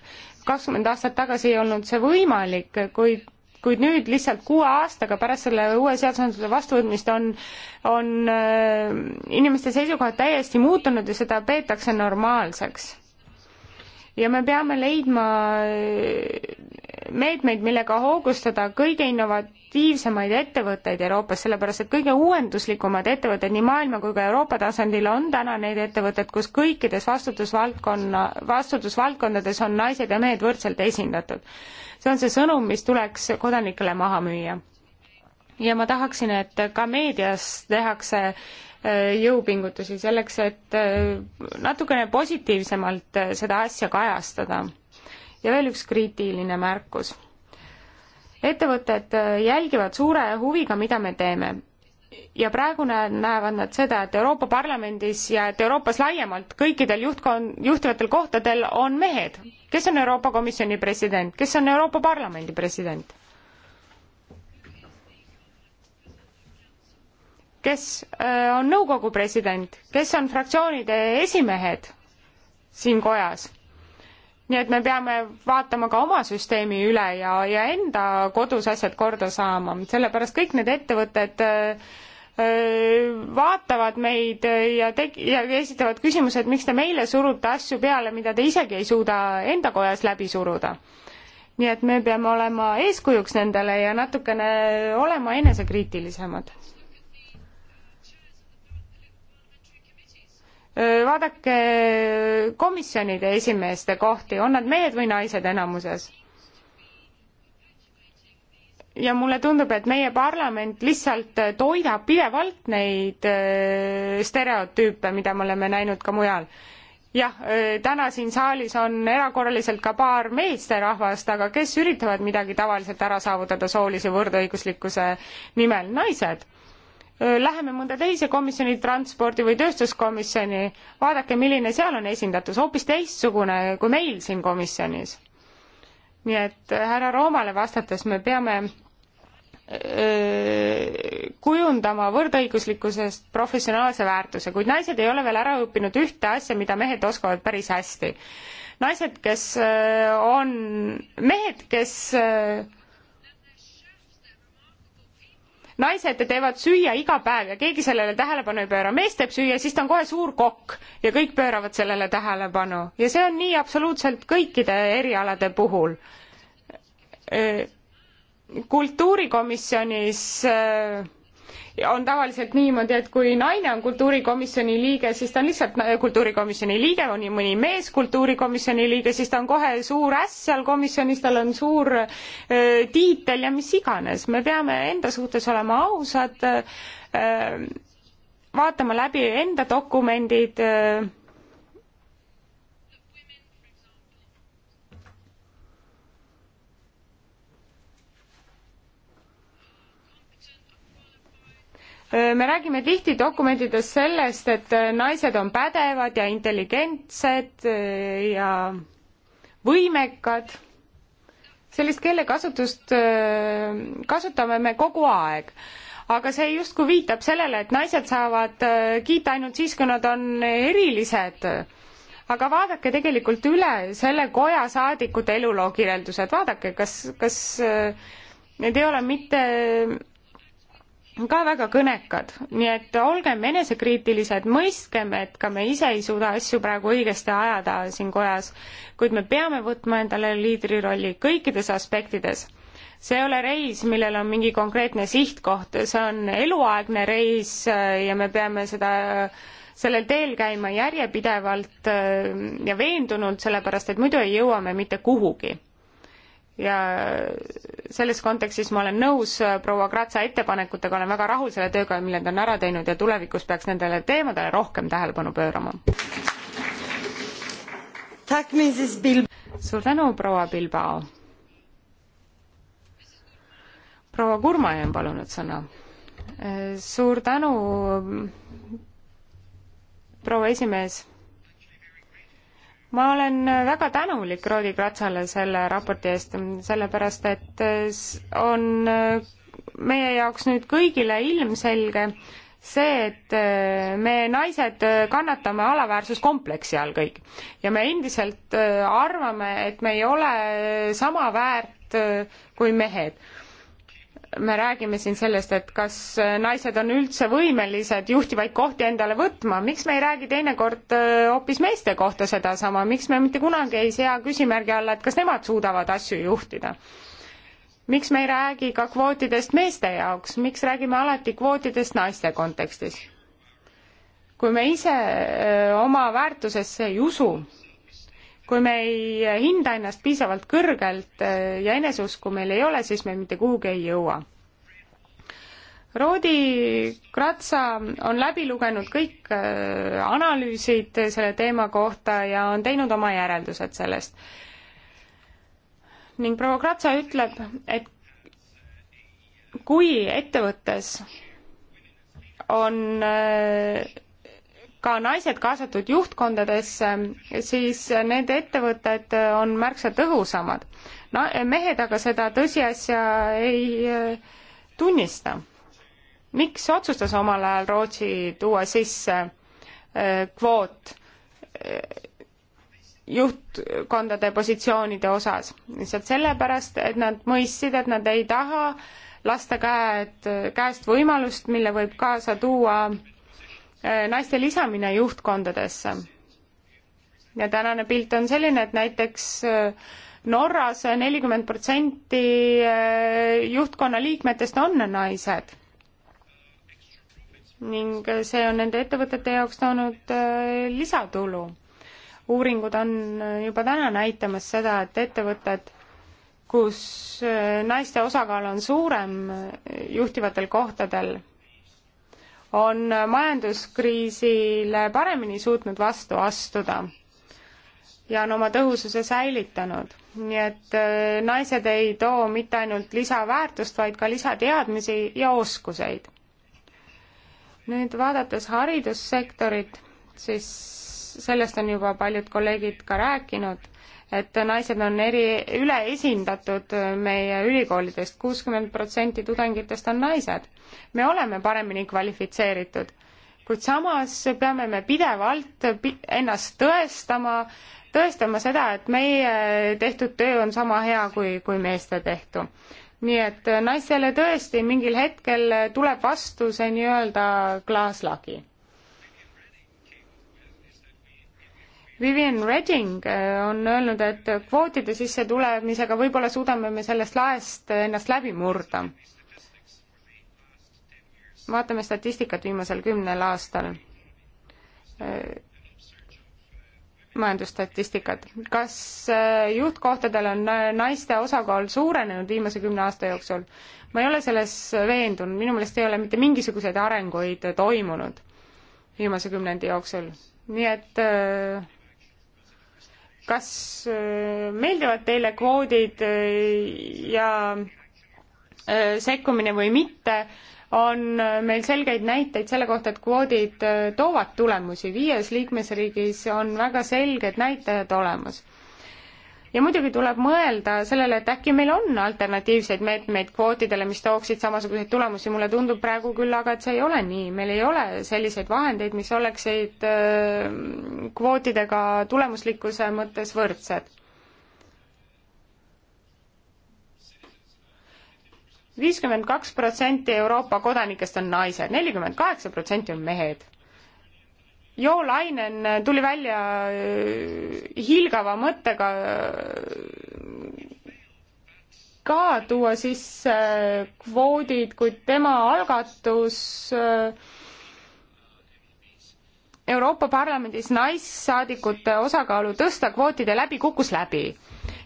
kakskümmend aastat tagasi ei olnud see võimalik, kuid kuid nüüd lihtsalt kuue aastaga pärast selle uue seadusandluse vastuvõtmist on, on äh, inimeste seisukohad täiesti muutunud ja seda peetakse normaalseks. ja me peame leidma meetmeid, millega hoogustada kõige innovatiivsemaid ettevõtteid Euroopas, sellepärast et kõige uuenduslikumad ettevõtted nii maailma kui ka Euroopa tasandil on täna need ettevõtted, kus kõikides vastutusvaldkonna, vastutusvaldkondades on naised ja mehed võrdselt esindatud. see on see sõnum, mis tuleks kodanikele maha müüa. ja ma tahaksin, et ka meedias tehakse äh, jõupingutusi selleks, et äh, natukene positiivsemalt äh, seda asja kajastada ja veel üks kriitiline märkus. ettevõtted äh, jälgivad suure huviga, mida me teeme ja praegu näevad nad seda, et Euroopa Parlamendis ja et Euroopas laiemalt kõikidel juhtkon-, juhtivatel kohtadel on mehed. kes on Euroopa Komisjoni president, kes on Euroopa Parlamendi president? kes äh, on nõukogu president, kes on fraktsioonide esimehed siin kojas? nii et me peame vaatama ka oma süsteemi üle ja, ja enda kodus asjad korda saama, sellepärast kõik need ettevõtted äh, äh, vaatavad meid ja teg-, ja esitavad küsimuse, et miks te meile surute asju peale, mida te isegi ei suuda enda kojas läbi suruda. nii et me peame olema eeskujuks nendele ja natukene olema enesekriitilisemad vaadake komisjonide esimeeste kohti, on nad mehed või naised enamuses? ja mulle tundub, et meie parlament lihtsalt toidab pidevalt neid stereotüüpe, mida me oleme näinud ka mujal. jah, täna siin saalis on erakorraliselt ka paar meesterahvast, aga kes üritavad midagi tavaliselt ära saavutada soolise võrdõiguslikkuse nimel, naised läheme mõnda teise komisjoni, transpordi või tööstuskomisjoni, vaadake, milline seal on esindatus, hoopis teistsugune kui meil siin komisjonis. nii et äh, härra Roomale vastates me peame öö, kujundama võrdõiguslikkusest professionaalse väärtuse, kuid naised ei ole veel ära õppinud ühte asja, mida mehed oskavad päris hästi. naised, kes on, mehed, kes öö, naised teevad süüa iga päev ja keegi sellele tähelepanu ei pööra. mees teeb süüa, siis ta on kohe suur kokk ja kõik pööravad sellele tähelepanu ja see on nii absoluutselt kõikide erialade puhul. kultuurikomisjonis on tavaliselt niimoodi, et kui naine on kultuurikomisjoni liige, siis ta on lihtsalt äh, kultuurikomisjoni liige, on ju mõni mees kultuurikomisjoni liige, siis ta on kohe suur äss seal komisjonis, tal on suur öö, äh, tiitel ja mis iganes. me peame enda suhtes olema ausad, äh, vaatama läbi enda dokumendid öö, Äh, me räägime tihti dokumentides sellest, et äh, naised on pädevad ja intelligentsed äh, ja võimekad. sellist keelekasutust kasutame me kogu aeg, aga see justkui viitab sellele, et naised saavad kiita ainult siis, kui nad on erilised aga vaadake tegelikult üle selle koja saadikute elulookirjeldused, vaadake, kas, kas need ei ole mitte ka väga kõnekad, nii et olgem enesekriitilised, mõistkem, et ka me ise ei suuda asju praegu õigesti ajada siin kojas, kuid me peame võtma endale liidrirolli kõikides aspektides. see ei ole reis, millel on mingi konkreetne sihtkoht, see on eluaegne reis ja me peame seda sellel teel käima järjepidevalt ja veendunult, sellepärast et muidu ei jõua me mitte kuhugi ja selles kontekstis ma olen nõus äh, proua Kratsa ettepanekutega, olen väga rahul selle tööga, mille ta on ära teinud ja tulevikus peaks nendele teemadele rohkem tähelepanu pöörama. suur tänu, proua Bilbao. proua Kurmai on palunud sõna. Äh, suur tänu, proua esimees ma olen väga tänulik Roodi Kratsale selle raporti eest, sellepärast et on äh, meie jaoks nüüd kõigile ilmselge see, et äh, me naised äh, kannatame alaväärsuskompleksi all kõik ja me endiselt arvame, et me ei ole sama väärt kui mehed me räägime siin sellest, et kas naised on üldse võimelised juhtivaid kohti endale võtma, miks me ei räägi teinekord äh, hoopis meeste kohta sedasama, miks me mitte kunagi ei sea küsimärgi alla, et kas nemad suudavad asju juhtida? miks me ei räägi ka kvootidest meeste jaoks, miks räägime alati kvootidest naiste kontekstis? kui me ise öö, äh, oma väärtusesse ei usu, kui me ei hinda ennast piisavalt kõrgelt eh, ja eneseusku meil ei ole, siis me mitte kuhugi ei jõua. Roodi Kratsa on läbi lugenud kõik eh, analüüsid selle teema kohta ja on teinud oma järeldused sellest. ning proua Kratsa ütleb, et kui ettevõttes on eh, ka naised kaasatud juhtkondadesse, siis need ettevõtted on märksa tõhusamad. no mehed aga seda tõsiasja ei eh, tunnista. miks otsustas omal ajal Rootsi tuua sisse eh, kvoot eh, juhtkondade positsioonide osas? lihtsalt sellepärast, et nad mõistsid, et nad ei taha lasta käed, käest võimalust, mille võib kaasa tuua Äh, naiste lisamine juhtkondadesse. ja tänane pilt on selline, et näiteks äh, Norras nelikümmend protsenti äh, juhtkonna liikmetest on naised. ning see on nende ettevõtete jaoks toonud lisatulu. uuringud on juba täna näitamas seda, et ettevõtted kus naiste osakaal on suurem juhtivatel kohtadel on majanduskriisile paremini suutnud vastu astuda ja on oma tõhususe säilitanud. nii et äh, naised ei too mitte ainult lisaväärtust, vaid ka lisateadmisi ja oskuseid. nüüd vaadates haridussektorit, siis sellest on juba paljud kolleegid ka rääkinud et naised on eri, üleesindatud meie ülikoolidest, kuuskümmend protsenti tudengitest on naised. me oleme paremini kvalifitseeritud, kuid samas peame me pidevalt ennast tõestama, tõestama seda, et meie tehtud töö on sama hea kui, kui meeste tehtu. nii et naistele tõesti mingil hetkel tuleb vastu see nii-öelda klaaslagi Vivian Redding äh, on öelnud, et kvootide sissetulemisega võib-olla suudame me sellest laest ennast läbi murda. vaatame statistikat viimasel kümnel aastal, äh, majandusstatistikat. kas äh, juhtkohtadel on naiste osakaal suurenenud viimase kümne aasta jooksul? ma ei ole selles veendunud, minu meelest ei ole mitte mingisuguseid arenguid toimunud viimase kümnendi jooksul, nii et äh, kas äh, meeldivad teile kvoodid äh, ja äh, sekkumine või mitte, on meil selgeid näiteid selle kohta, et kvoodid toovad tulemusi. viies liikmesriigis on väga selged näitajad olemas ja muidugi tuleb mõelda sellele, et äkki meil on alternatiivseid meetmeid kvootidele, mis tooksid samasuguseid tulemusi, mulle tundub praegu küll aga, et see ei ole nii, meil ei ole selliseid vahendeid, mis oleksid kvootidega tulemuslikkuse mõttes võrdsed. viiskümmend kaks protsenti Euroopa kodanikest on naised, nelikümmend kaheksa protsenti on mehed Jo Lainen tuli välja hilgava äh, mõttega äh, ka tuua sisse äh, kvoodid, kuid tema algatus Euroopa Parlamendis naissaadikute osakaalu tõsta kvootide läbi kukkus läbi.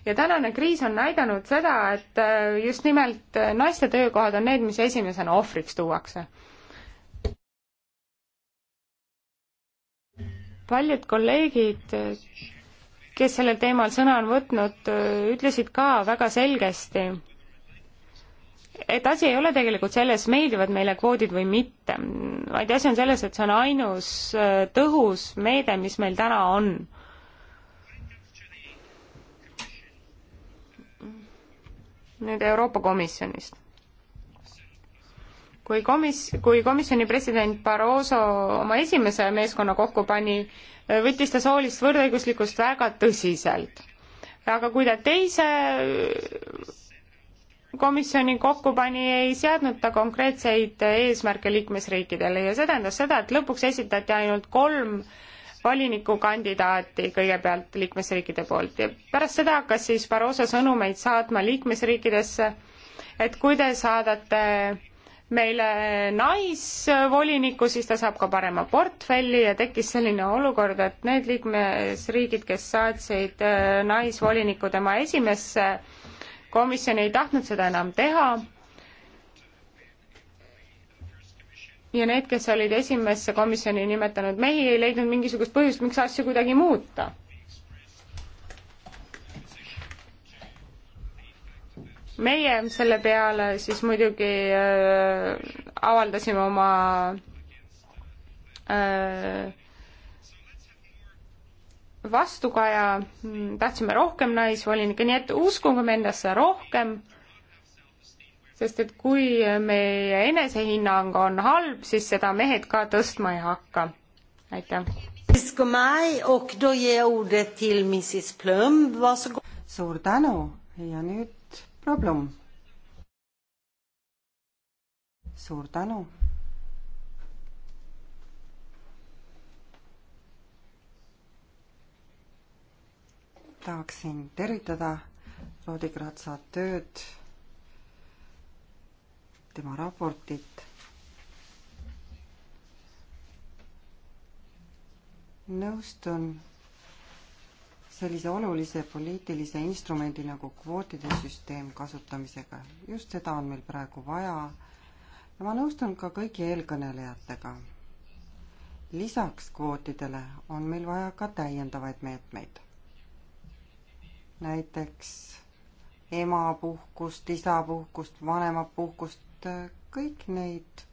ja tänane kriis on näidanud seda, et just nimelt naiste töökohad on need, mis esimesena ohvriks tuuakse paljud kolleegid, kes sellel teemal sõna on võtnud, ütlesid ka väga selgesti, et asi ei ole tegelikult selles, meeldivad meile kvoodid või mitte, vaid asi on selles, et see on ainus äh, tõhus meede, mis meil täna on. nüüd Euroopa Komisjonist kui komis-, kui komisjoni president Barroso oma esimese meeskonna kokku pani, võttis ta soolist võrdõiguslikkust väga tõsiselt. aga kui ta teise komisjoni kokku pani, ei seadnud ta konkreetseid eesmärke liikmesriikidele ja see tähendas seda, et lõpuks esitati ainult kolm volinikukandidaati kõigepealt liikmesriikide poolt ja pärast seda hakkas siis Barroso sõnumeid saatma liikmesriikidesse, et kui te saadate meile naisvoliniku, siis ta saab ka parema portfelli ja tekkis selline olukord, et need liikmesriigid, kes saatsid äh, naisvoliniku tema esimesse komisjoni, ei tahtnud seda enam teha ja need, kes olid esimesse komisjoni nimetanud mehi, ei leidnud mingisugust põhjust, miks asju kuidagi muuta. meie selle peale siis muidugi äh, avaldasime oma äh, vastukaja, tahtsime rohkem naisvolinikke, nii et uskume endasse rohkem, sest et kui meie enesehinnang on halb, siis seda
mehed ka tõstma ei hakka. aitäh. suur tänu ja nüüd proua Blum.
suur tänu. tahaksin tervitada Loodi Kratsa tööd, tema raportit nõustun sellise olulise poliitilise instrumendi nagu kvootide süsteem kasutamisega. just seda on meil praegu vaja. ja ma nõustun ka kõigi eelkõnelejatega. lisaks kvootidele on meil vaja ka täiendavaid meetmeid. näiteks emapuhkust, isapuhkust, vanemapuhkust, kõik neid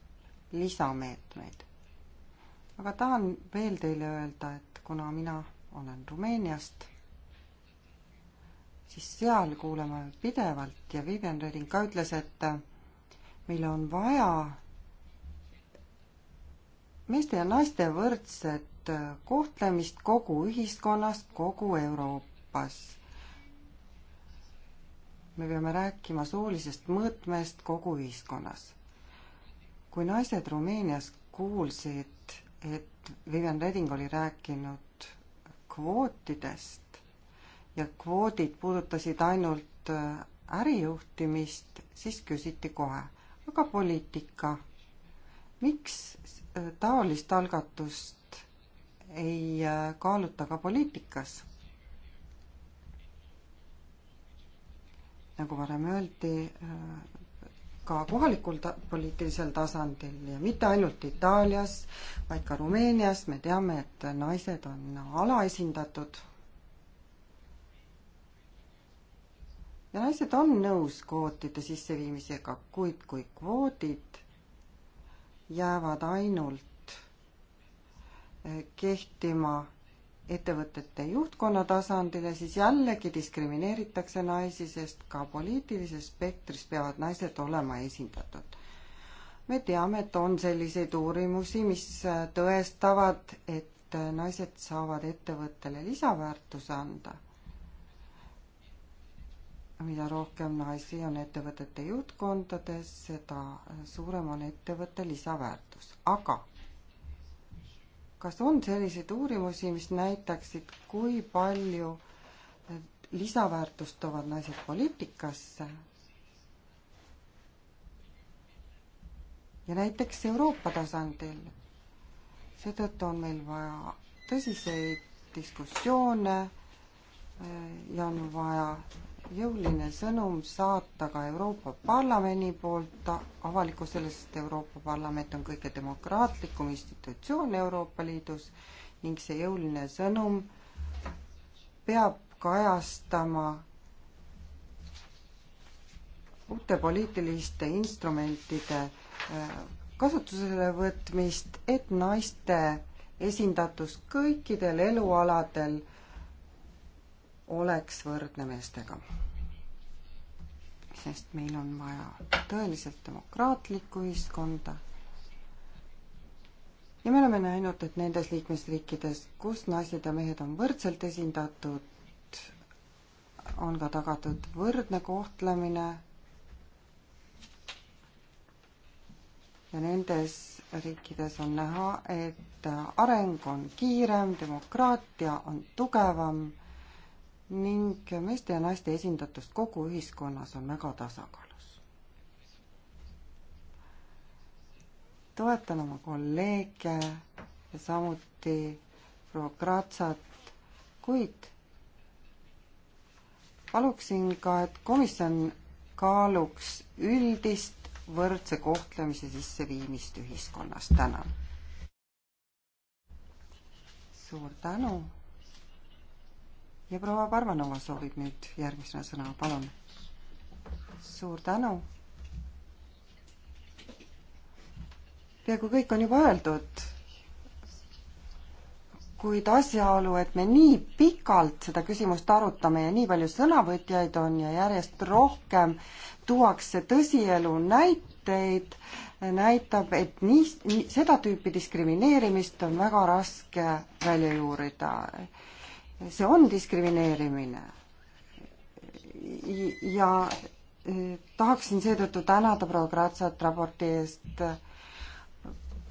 lisameetmeid. aga tahan veel teile öelda, et kuna mina olen Rumeeniast siis seal kuuleme pidevalt ja Vivian Reding ka ütles, et äh, meil on vaja meeste ja naiste võrdset äh, kohtlemist kogu ühiskonnas, kogu Euroopas. me peame rääkima soolisest mõõtmest kogu ühiskonnas. kui naised Rumeenias kuulsid, et Vivian Reding oli rääkinud kvootidest, ja kvoodid puudutasid ainult äh, ärijuhtimist, siis küsiti kohe, aga poliitika, miks äh, taolist algatust ei äh, kaaluta ka poliitikas? nagu varem öeldi, ka kohalikul ta-, poliitilisel tasandil ja mitte ainult Itaalias, vaid ka Rumeenias me teame, et naised on alaesindatud ja naised on nõus kvootide sisseviimisega, kuid kui kvoodid jäävad ainult eh, kehtima ettevõtete juhtkonna tasandile, siis jällegi diskrimineeritakse naisi, sest ka poliitilises spektris peavad naised olema esindatud. me teame, et on selliseid uurimusi, mis eh, tõestavad, et eh, naised saavad ettevõttele lisaväärtuse anda mida rohkem naisi on ettevõtete juhtkondades, seda suurem on ettevõtte lisaväärtus, aga kas on selliseid uurimusi, mis näitaksid, kui palju lisaväärtust toovad naised poliitikasse? ja näiteks Euroopa tasandil. seetõttu on meil vaja tõsiseid diskussioone ja on vaja jõuline sõnum saata ka Euroopa Parlamendi poolt avalikkusele, sest Euroopa Parlament on kõige demokraatlikum institutsioon Euroopa Liidus ning see jõuline sõnum peab kajastama uute poliitiliste instrumentide äh, kasutusele võtmist, et naiste esindatus kõikidel elualadel äh, oleks võrdne meestega. sest meil on vaja tõeliselt demokraatlikku ühiskonda. ja me oleme näinud, et nendes liikmesriikides, kus naised ja mehed on võrdselt esindatud, on ka tagatud võrdne kohtlemine ja nendes riikides on näha, et areng on kiirem, demokraatia on tugevam ning meeste ja naiste esindatust kogu ühiskonnas on väga
tasakaalus.
toetan oma kolleege ja samuti proua Kratsat, kuid paluksin ka, et komisjon kaaluks üldist võrdse kohtlemise sisseviimist ühiskonnas. tänan. suur tänu ja proua Parvanova soovib nüüd järgmisena sõna, palun. suur tänu. peaaegu kõik on juba öeldud, kuid asjaolu, et me nii pikalt seda küsimust arutame ja nii palju sõnavõtjaid on ja järjest rohkem tuuakse tõsielu näiteid, näitab, et nii, nii, seda tüüpi diskrimineerimist on väga raske välja juurida see on diskrimineerimine. ja e, tahaksin seetõttu tänada proua Kratsat raporti eest.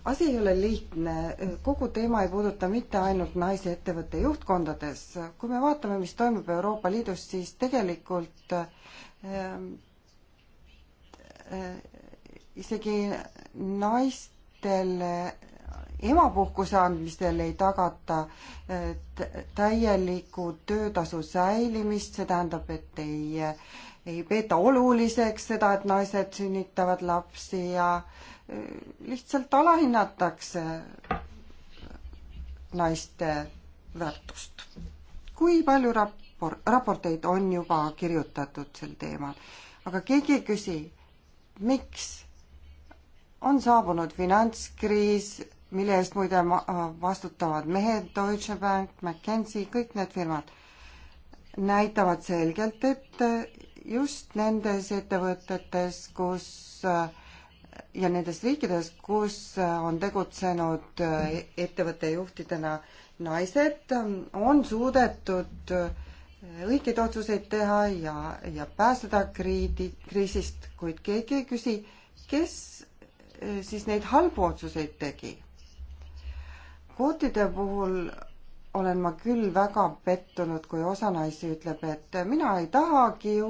asi ei ole lihtne, kogu teema ei puuduta mitte ainult naisi ettevõtte juhtkondades. kui me vaatame, mis toimub Euroopa Liidus, siis tegelikult äh, äh, isegi naistele emapuhkuse andmistel ei tagata eh, täielikku töötasu säilimist, see tähendab, et ei, eh, ei peeta oluliseks seda, et naised sünnitavad lapsi ja eh, lihtsalt alahinnatakse naiste väärtust. kui palju rapor-, raporteid on juba kirjutatud sel teemal, aga keegi ei küsi, miks on saabunud finantskriis, mille eest muide äh, vastutavad mehed, Deutsche Bank, McKenzie, kõik need firmad, näitavad selgelt, et äh, just nendes ettevõtetes, kus äh, ja nendes riikides, kus on tegutsenud ettevõtte juhtidena naised, on suudetud õigeid otsuseid teha ja, ja pääseda kriidi, kriisist, kuid keegi ei küsi, kes siis neid halbu otsuseid tegi kvootide puhul olen ma küll väga pettunud, kui osa naisi ütleb, et mina ei tahagi ju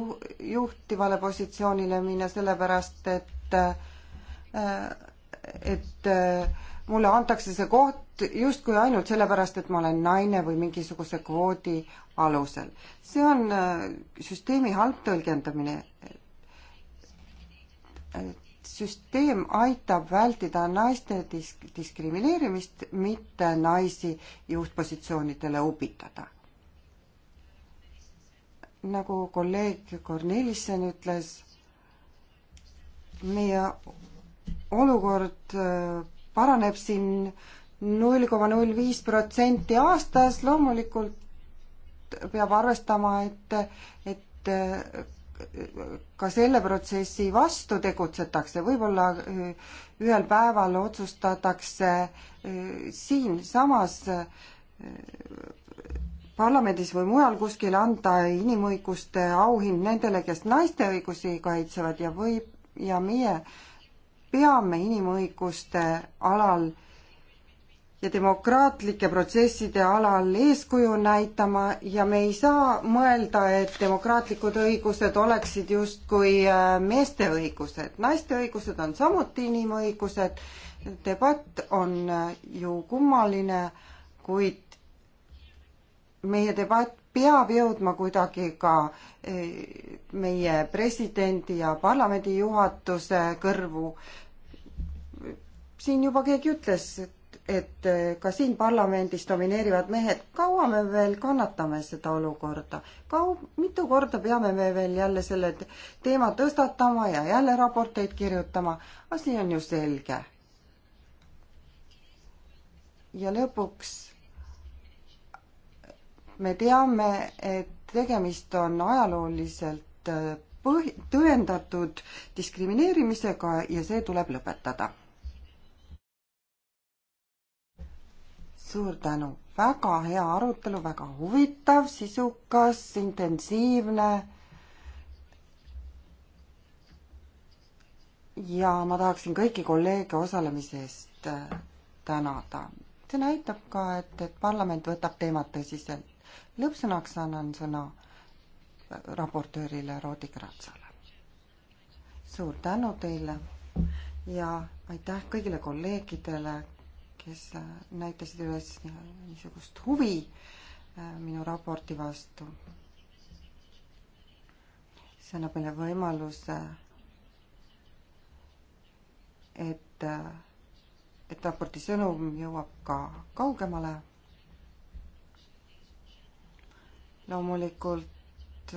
juhtivale positsioonile minna, sellepärast et äh, et äh, mulle antakse see koht justkui ainult sellepärast, et ma olen naine või mingisuguse kvoodi alusel. see on äh, süsteemi halb tõlgendamine. et süsteem aitab vältida naiste disk-, diskrimineerimist, mitte naisi juhtpositsioonidele upitada. nagu kolleeg Kornelissen ütles, meie olukord äh, paraneb siin null koma null viis protsenti aastas, loomulikult peab arvestama, et, et äh, ka selle protsessi vastu tegutsetakse, võib-olla äh, ühel päeval otsustatakse äh, siinsamas äh, parlamendis või mujal kuskil anda inimõiguste auhind nendele, kes naiste õigusi kaitsevad ja võib, ja meie peame inimõiguste alal äh, ja demokraatlike protsesside alal eeskuju näitama ja me ei saa mõelda, et demokraatlikud õigused oleksid justkui äh, meeste õigused. naiste õigused on samuti inimõigused. debatt on äh, ju kummaline, kuid meie debatt peab jõudma kuidagi ka äh, meie presidendi ja parlamendi juhatuse kõrvu. siin juba keegi ütles, et et eh, ka siin parlamendis domineerivad mehed, kaua me veel kannatame seda olukorda? Kau-, mitu korda peame me veel jälle selle teema tõstatama ja jälle raporteid kirjutama? asi on ju selge. ja lõpuks me teame, et tegemist on ajalooliselt eh, põh-, tõendatud diskrimineerimisega ja see tuleb lõpetada suur tänu, väga hea arutelu, väga huvitav, sisukas, intensiivne. ja ma tahaksin kõiki kolleege osalemise eest äh, tänada. see näitab ka, et, et parlament võtab teemat tõsiselt. lõppsõnaks annan sõna raportöörile Roodi Kratsale. suur tänu teile ja aitäh kõigile kolleegidele, kes äh, näitasid üles niisugust huvi äh, minu raporti vastu. see annab meile võimaluse, et, äh, et raporti sõnum jõuab ka kaugemale. loomulikult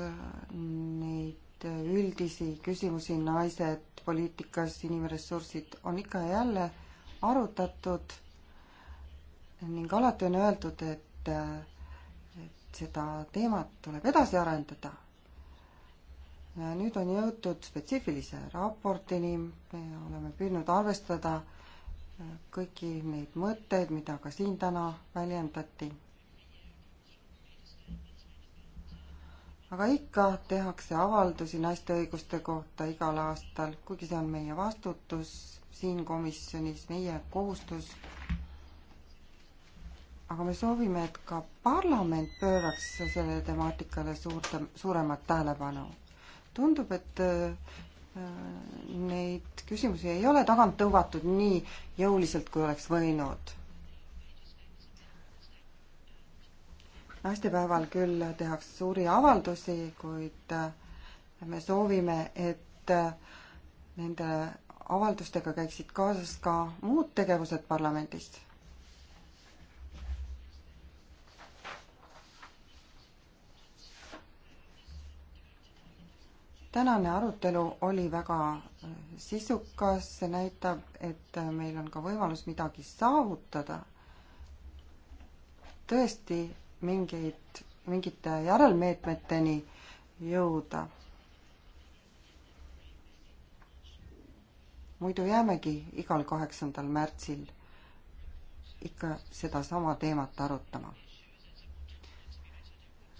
neid üldisi küsimusi naised poliitikas, inimressursid on ikka ja jälle arutatud ning alati on öeldud, et, et seda teemat tuleb edasi arendada. nüüd on jõutud spetsiifilise raportini, me oleme püüdnud arvestada äh, kõiki neid mõtteid, mida ka siin täna väljendati. aga ikka tehakse avaldusi naiste õiguste kohta igal aastal, kuigi see on meie vastutus siin komisjonis, meie kohustus aga me soovime, et ka parlament pööraks sellele temaatikale suurt, suuremat tähelepanu. tundub, et äh, neid küsimusi ei ole tagant tõugatud nii jõuliselt, kui oleks võinud. naistepäeval küll tehakse suuri avaldusi, kuid äh, me soovime, et äh, nende avaldustega käiksid kaasas ka muud tegevused parlamendis tänane arutelu oli väga äh, sisukas, see näitab, et äh, meil on ka võimalus midagi saavutada. tõesti mingeid, mingite järelmeetmeteni jõuda. muidu jäämegi igal kaheksandal märtsil ikka sedasama teemat arutama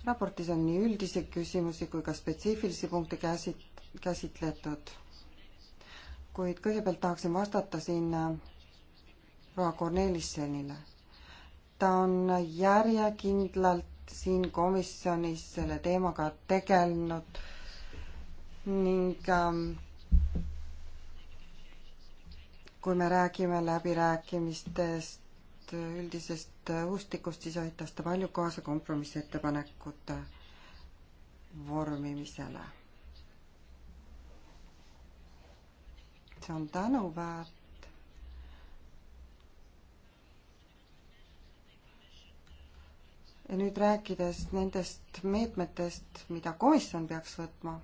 raportis on nii üldisi küsimusi kui ka spetsiifilisi punkte käsit-, käsitletud. kuid kõigepealt tahaksin vastata siin äh, proua Kornelissenile. ta on järjekindlalt siin komisjonis selle teemaga tegelenud ning ähm, kui me räägime läbirääkimistest üldisest õhustikust, siis aitas ta palju kaasa kompromissettepanekute vormimisele. see on tänuväärt. ja nüüd rääkides nendest meetmetest, mida komisjon peaks võtma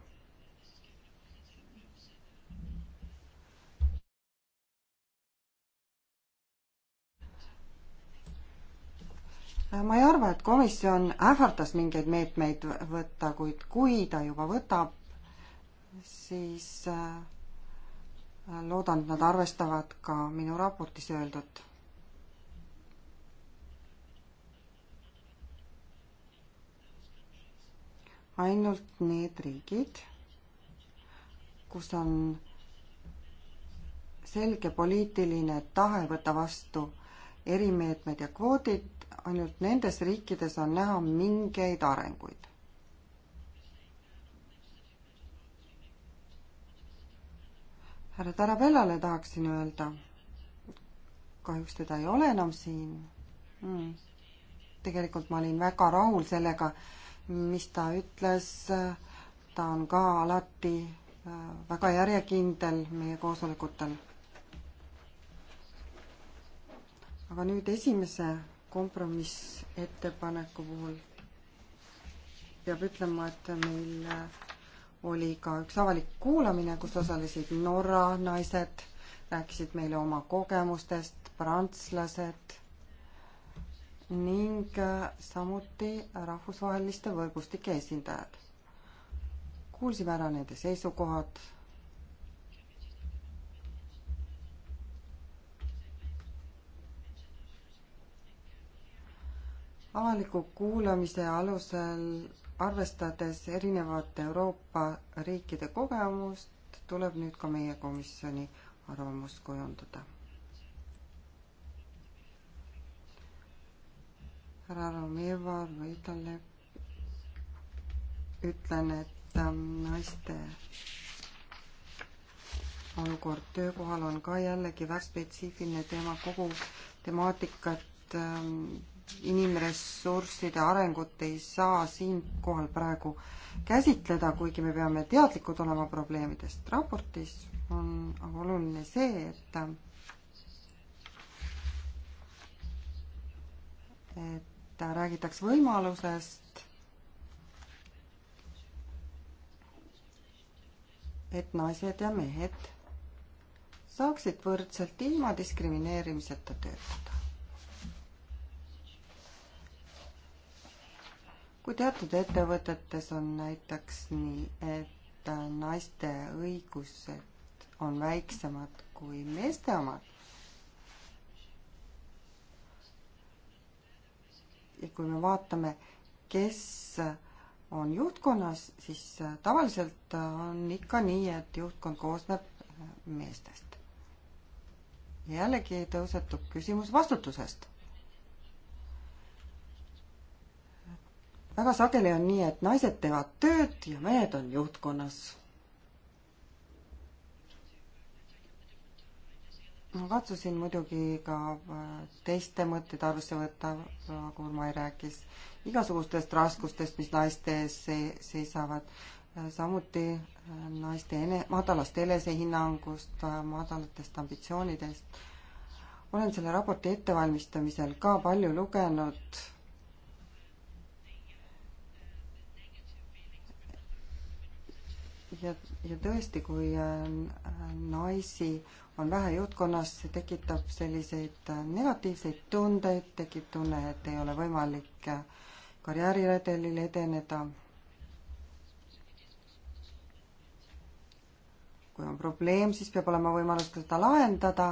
ma ei arva, et komisjon ähvardas mingeid meetmeid võtta, kuid kui ta juba võtab, siis äh, loodan, et nad arvestavad ka minu raportis öeldut. ainult need riigid, kus on selge poliitiline tahe võtta vastu erimeetmed ja kvoodid, ainult nendes riikides on näha mingeid arenguid. härra Tarabellale tahaksin öelda, kahjuks teda ei ole enam siin mm.. tegelikult ma olin väga rahul sellega, mis ta ütles. ta on ka alati äh, väga järjekindel meie koosolekutel aga nüüd esimese kompromissettepaneku puhul peab ütlema, et meil oli ka üks avalik kuulamine, kus osalesid Norra naised, rääkisid meile oma kogemustest, prantslased ning samuti rahvusvaheliste võrgustike esindajad. kuulsime ära nende seisukohad avaliku kuulamise alusel, arvestades erinevate Euroopa riikide kogemust, tuleb nüüd ka meie komisjoni arvamus kujundada. härra Romeva Rõidale ütlen, et ähm, naiste olukord töökohal on ka jällegi väga spetsiifiline teema, kogu temaatikat ähm, inimressursside arengut ei saa siinkohal praegu käsitleda, kuigi me peame teadlikud olema probleemidest. raportis on aga oluline see, et et räägitakse võimalusest, et naised ja mehed saaksid võrdselt ilma diskrimineerimiseta töötada. kui teatud ettevõtetes on näiteks nii, et naiste õigused on väiksemad kui meeste omad, ja kui me vaatame, kes on juhtkonnas, siis tavaliselt on ikka nii, et juhtkond koosneb meestest. jällegi tõusetub küsimus vastutusest. väga sageli on nii, et naised teevad tööd ja mehed on juhtkonnas. ma katsusin muidugi ka äh, teiste mõtteid arvesse võtta, nagu Urmai rääkis, igasugustest raskustest, mis naiste ees seisavad, äh, samuti äh, naiste ene-, madalast enesehinnangust, madalatest ambitsioonidest. olen selle raporti ettevalmistamisel ka palju lugenud ja, ja tõesti, kui äh, naisi on vähe juhtkonnas, see tekitab selliseid äh, negatiivseid tundeid, tekib tunne, et ei ole võimalik äh, karjääriredelil edeneda. kui on probleem, siis peab olema võimalus seda lahendada.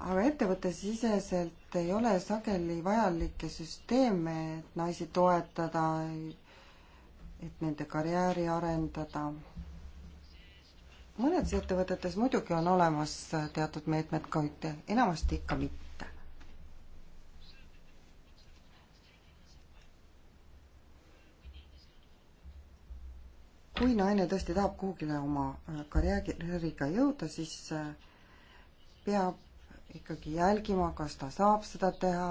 aga ettevõttesiseselt ei ole sageli vajalikke süsteeme, et naisi toetada, et nende karjääri arendada. mõnedes ettevõtetes muidugi on olemas teatud meetmed ka ühte, enamasti ikka mitte. kui naine tõesti tahab kuhugile oma karjääriga jõuda, siis äh, peab ikkagi jälgima, kas ta saab seda teha,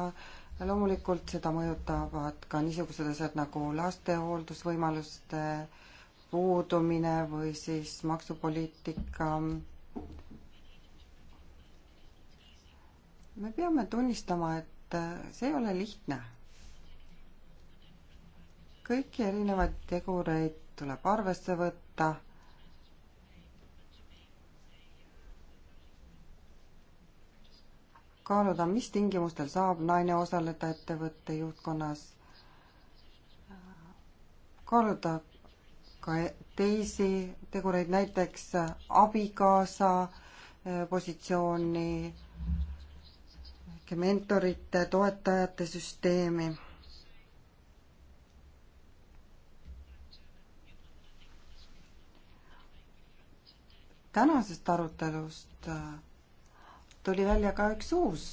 loomulikult seda mõjutavad ka niisugused asjad nagu lastehooldusvõimaluste puudumine või siis maksupoliitika. me peame tunnistama, et see ei ole lihtne. kõiki erinevaid tegureid tuleb arvesse võtta kaaluda, mis tingimustel saab naine osaleda ettevõtte juhtkonnas, kaaluda ka teisi tegureid, näiteks abikaasa eh, positsiooni, mentorite, toetajate süsteemi tänasest arutelust eh, tuli välja ka üks uus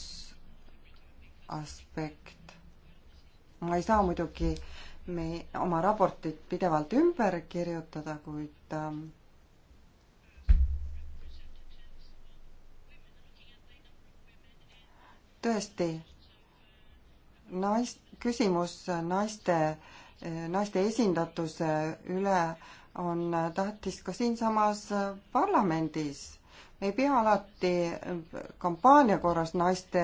aspekt. ma ei saa muidugi me oma raportit pidevalt ümber kirjutada, kuid ähm, tõesti, nais-, küsimus naiste, naiste esindatuse üle on tähtis ka siinsamas parlamendis me ei pea alati kampaania korras naiste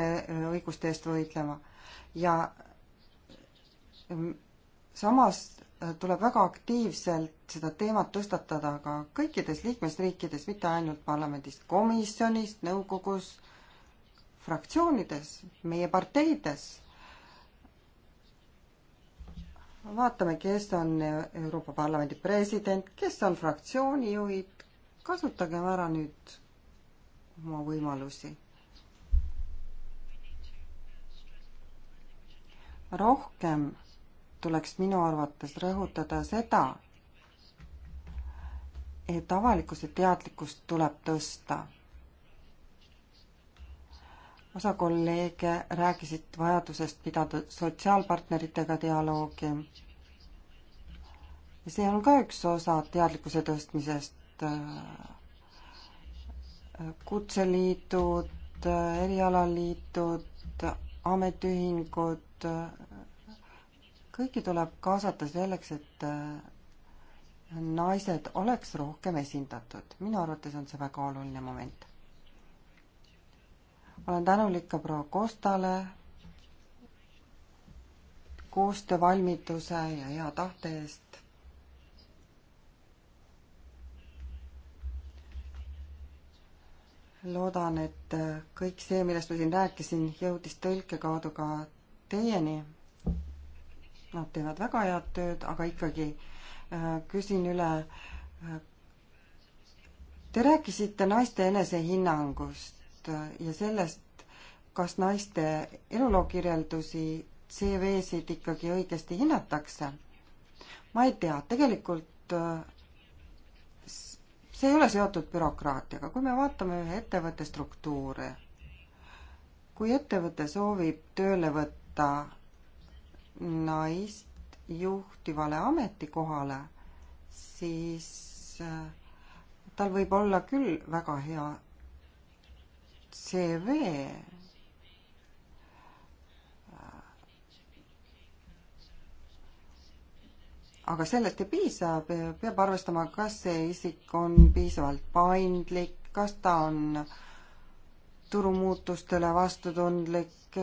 õiguste eest võitlema ja samas tuleb väga aktiivselt seda teemat tõstatada ka kõikides liikmesriikides, mitte ainult parlamendis, komisjonis, nõukogus, fraktsioonides, meie parteides. vaatame, kes on Euroopa Parlamendi president, kes on fraktsiooni juhid, kasutagem ära nüüd oma võimalusi. rohkem tuleks minu arvates rõhutada seda, et avalikkuse teadlikkust tuleb tõsta. osa kolleege rääkisid vajadusest pidada sotsiaalpartneritega dialoogi. ja see on ka üks osa teadlikkuse tõstmisest kutseliitud, erialaliitud, ametiühingud, kõiki tuleb kaasata selleks, et äh, naised oleks rohkem esindatud. minu arvates on see väga oluline moment. olen tänulik ka proua Kostale koostöövalmiduse ja hea tahte eest loodan, et äh, kõik see, millest ma siin rääkisin, jõudis tõlke kaudu ka teieni. Nad teevad väga head tööd, aga ikkagi äh, küsin üle. Äh, te rääkisite naiste enesehinnangust ja sellest, kas naiste elulookirjeldusi, CV-sid ikkagi õigesti hinnatakse. ma ei tea, tegelikult see ei ole seotud bürokraatiaga, kui me vaatame ühe ettevõtte struktuure, kui ettevõte soovib tööle võtta naist juhtivale ametikohale, siis äh, tal võib olla küll väga hea CV, aga sellest ei piisa, peab arvestama, kas see isik on piisavalt paindlik, kas ta on turumuutustele vastutundlik,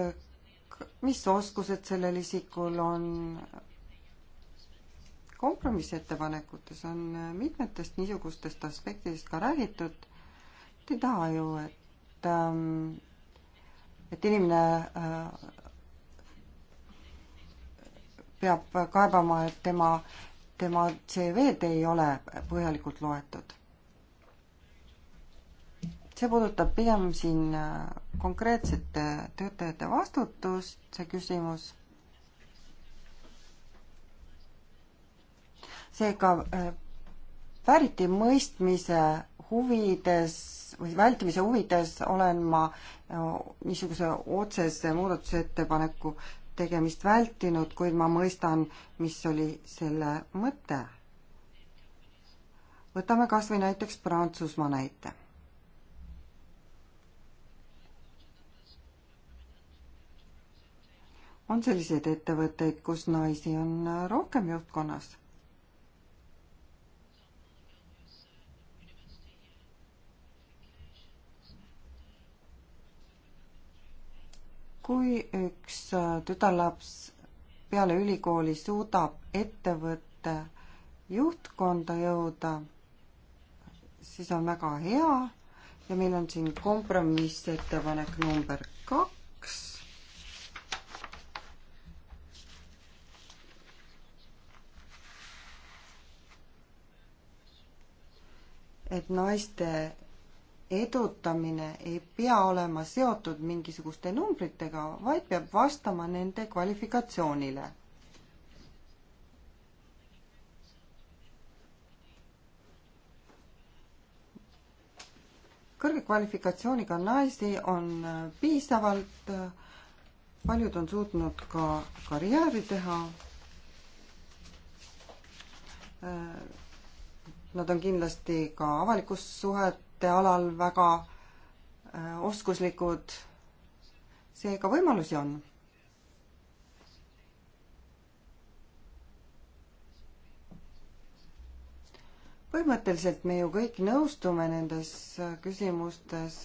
mis oskused sellel isikul on. kompromissettepanekutes on mitmetest niisugustest aspektidest ka räägitud. Te ei taha ju, et, ähm, et inimene äh, peab kaebama, et tema, tema CV-d ei ole põhjalikult loetud. see puudutab pigem siin äh, konkreetsete töötajate vastutust, see küsimus. seega äh, vääritimõistmise huvides või vältimise huvides olen ma äh, niisuguse otsese muudatusettepaneku tegemist vältinud, kuid ma mõistan, mis oli selle mõte. võtame kas või näiteks Prantsusmaa näite. on selliseid ettevõtteid, kus naisi on rohkem juhtkonnas kui üks äh, tütarlaps peale ülikooli suudab ettevõtte juhtkonda jõuda, siis on väga hea ja meil on siin kompromissettepanek number kaks. et naiste edutamine ei pea olema seotud mingisuguste numbritega, vaid peab vastama nende kvalifikatsioonile. kõrge kvalifikatsiooniga naisi on piisavalt, paljud on suutnud ka karjääri teha. Nad on kindlasti ka avalikus suhet andmete alal väga äh, oskuslikud. seega võimalusi on. põhimõtteliselt me ju kõik nõustume nendes äh, küsimustes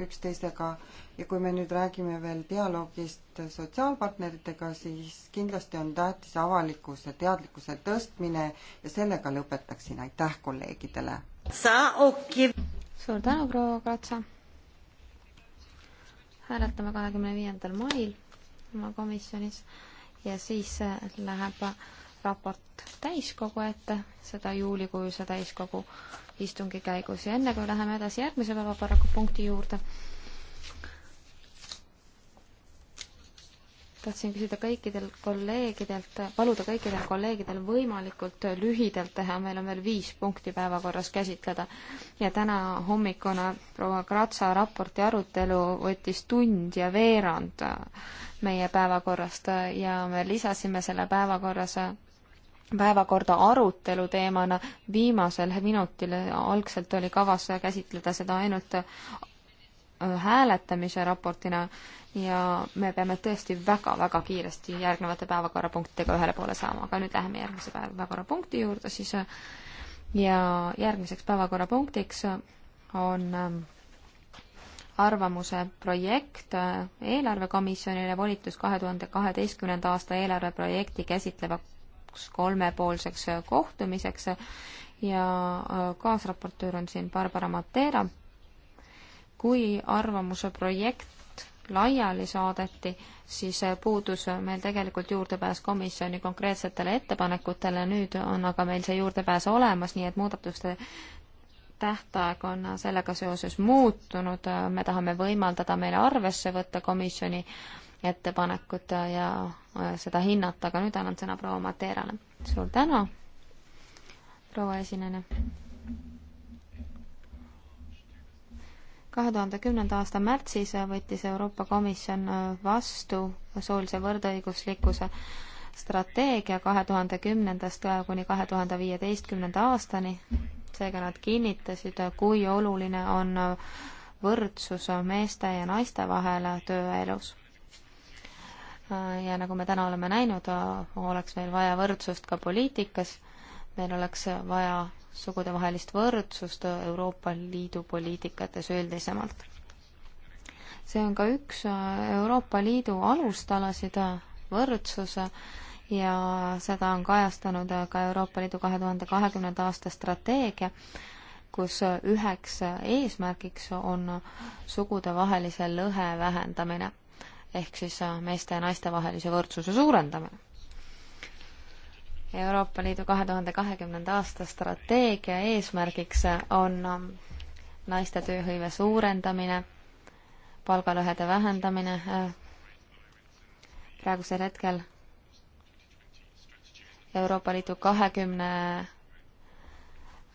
üksteisega ja kui me nüüd räägime veel dialoogist sotsiaalpartneritega, siis kindlasti on tähtis avalikkuse teadlikkuse tõstmine ja sellega lõpetaksin. aitäh kolleegidele
suur tänu, proua Katsa. hääletame kahekümne viiendal mail oma komisjonis ja siis eh, läheb raport täiskogu ette, seda juulikuise täiskogu istungi käigus ja enne kui läheme edasi järgmise päevakorrapunkti juurde, tahtsin küsida kõikidel kolleegidelt, paluda kõikidel kolleegidel võimalikult lühidalt teha, meil on veel viis punkti päevakorras käsitleda. ja täna hommikune proua Kratsa raporti arutelu võttis tund ja veerand meie päevakorrast ja me lisasime selle päevakorras päevakorda arutelu teemana viimasel minutil, algselt oli kavas käsitleda seda ainult Äh, hääletamise raportina ja me peame tõesti väga-väga kiiresti järgnevate päevakorrapunktidega ühele poole saama, aga nüüd läheme järgmise päevakorrapunkti juurde siis äh, ja järgmiseks päevakorrapunktiks äh, on arvamuse projekt eelarvekomisjonile volitus kahe tuhande kaheteistkümnenda aasta eelarveprojekti käsitlevaks kolmepoolseks kohtumiseks ja kaasraportöör on siin Barbara Matera kui arvamuse projekt laiali saadeti, siis puudus meil tegelikult juurdepääs komisjoni konkreetsetele ettepanekutele, nüüd on aga meil see juurdepääs olemas, nii et muudatuste tähtaeg on sellega seoses muutunud, me tahame võimaldada meile arvesse võtta komisjoni ettepanekut ja seda hinnata, aga nüüd annan sõna proua Mateerale. suur tänu, proua esineja. kahe tuhande kümnenda aasta märtsis võttis Euroopa Komisjon äh, vastu soolise võrdõiguslikkuse strateegia kahe tuhande kümnendast äh, kuni kahe tuhande viieteistkümnenda aastani. seega nad kinnitasid, äh, kui oluline on võrdsus meeste ja naiste vahel tööelus. ja nagu me täna oleme näinud, oleks meil vaja võrdsust ka poliitikas, meil oleks vaja sugudevahelist võrdsust Euroopa Liidu poliitikates üldisemalt. see on ka üks äh, Euroopa Liidu alustalasid, äh, võrdsus, ja seda on kajastanud äh, ka Euroopa Liidu kahe tuhande kahekümnenda aasta strateegia, kus üheks eesmärgiks on sugudevahelise lõhe vähendamine ehk siis meeste ja naiste vahelise võrdsuse suurendamine Euroopa Liidu kahe tuhande kahekümnenda aasta strateegia eesmärgiks on um, naiste tööhõive suurendamine, palgalõhede vähendamine. Äh, praegusel hetkel Euroopa Liidu kahekümne,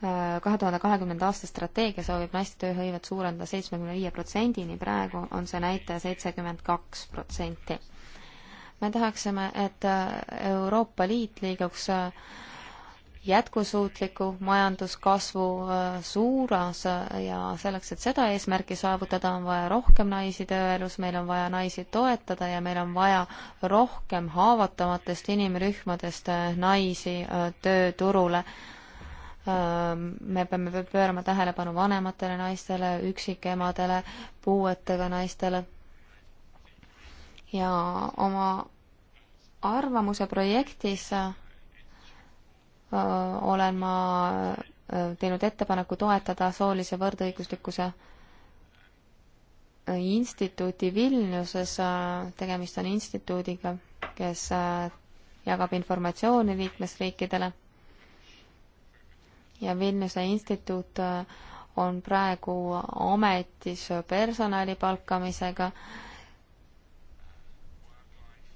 äh, kahe tuhande kahekümnenda aasta strateegia soovib naiste tööhõivet suurendada seitsmekümne viie protsendini, praegu on see näitaja seitsekümmend kaks protsenti me tahaksime, et äh, Euroopa Liit liiguks äh, jätkusuutliku majanduskasvu äh, suuras ja selleks, et seda eesmärki saavutada, on vaja rohkem naisi tööelus, meil on vaja naisi toetada ja meil on vaja rohkem haavatavamatest inimrühmadest naisi tööturule. me peame pöörama tähelepanu vanematele naistele, üksikemadele, puuetega naistele ja oma arvamuse projektis äh, olen ma äh, teinud ettepaneku toetada soolise võrdõiguslikkuse äh, instituuti Vilniuses, tegemist on instituudiga, kes jagab informatsiooni liikmesriikidele ja Vilniuse instituut on praegu ametis personali palkamisega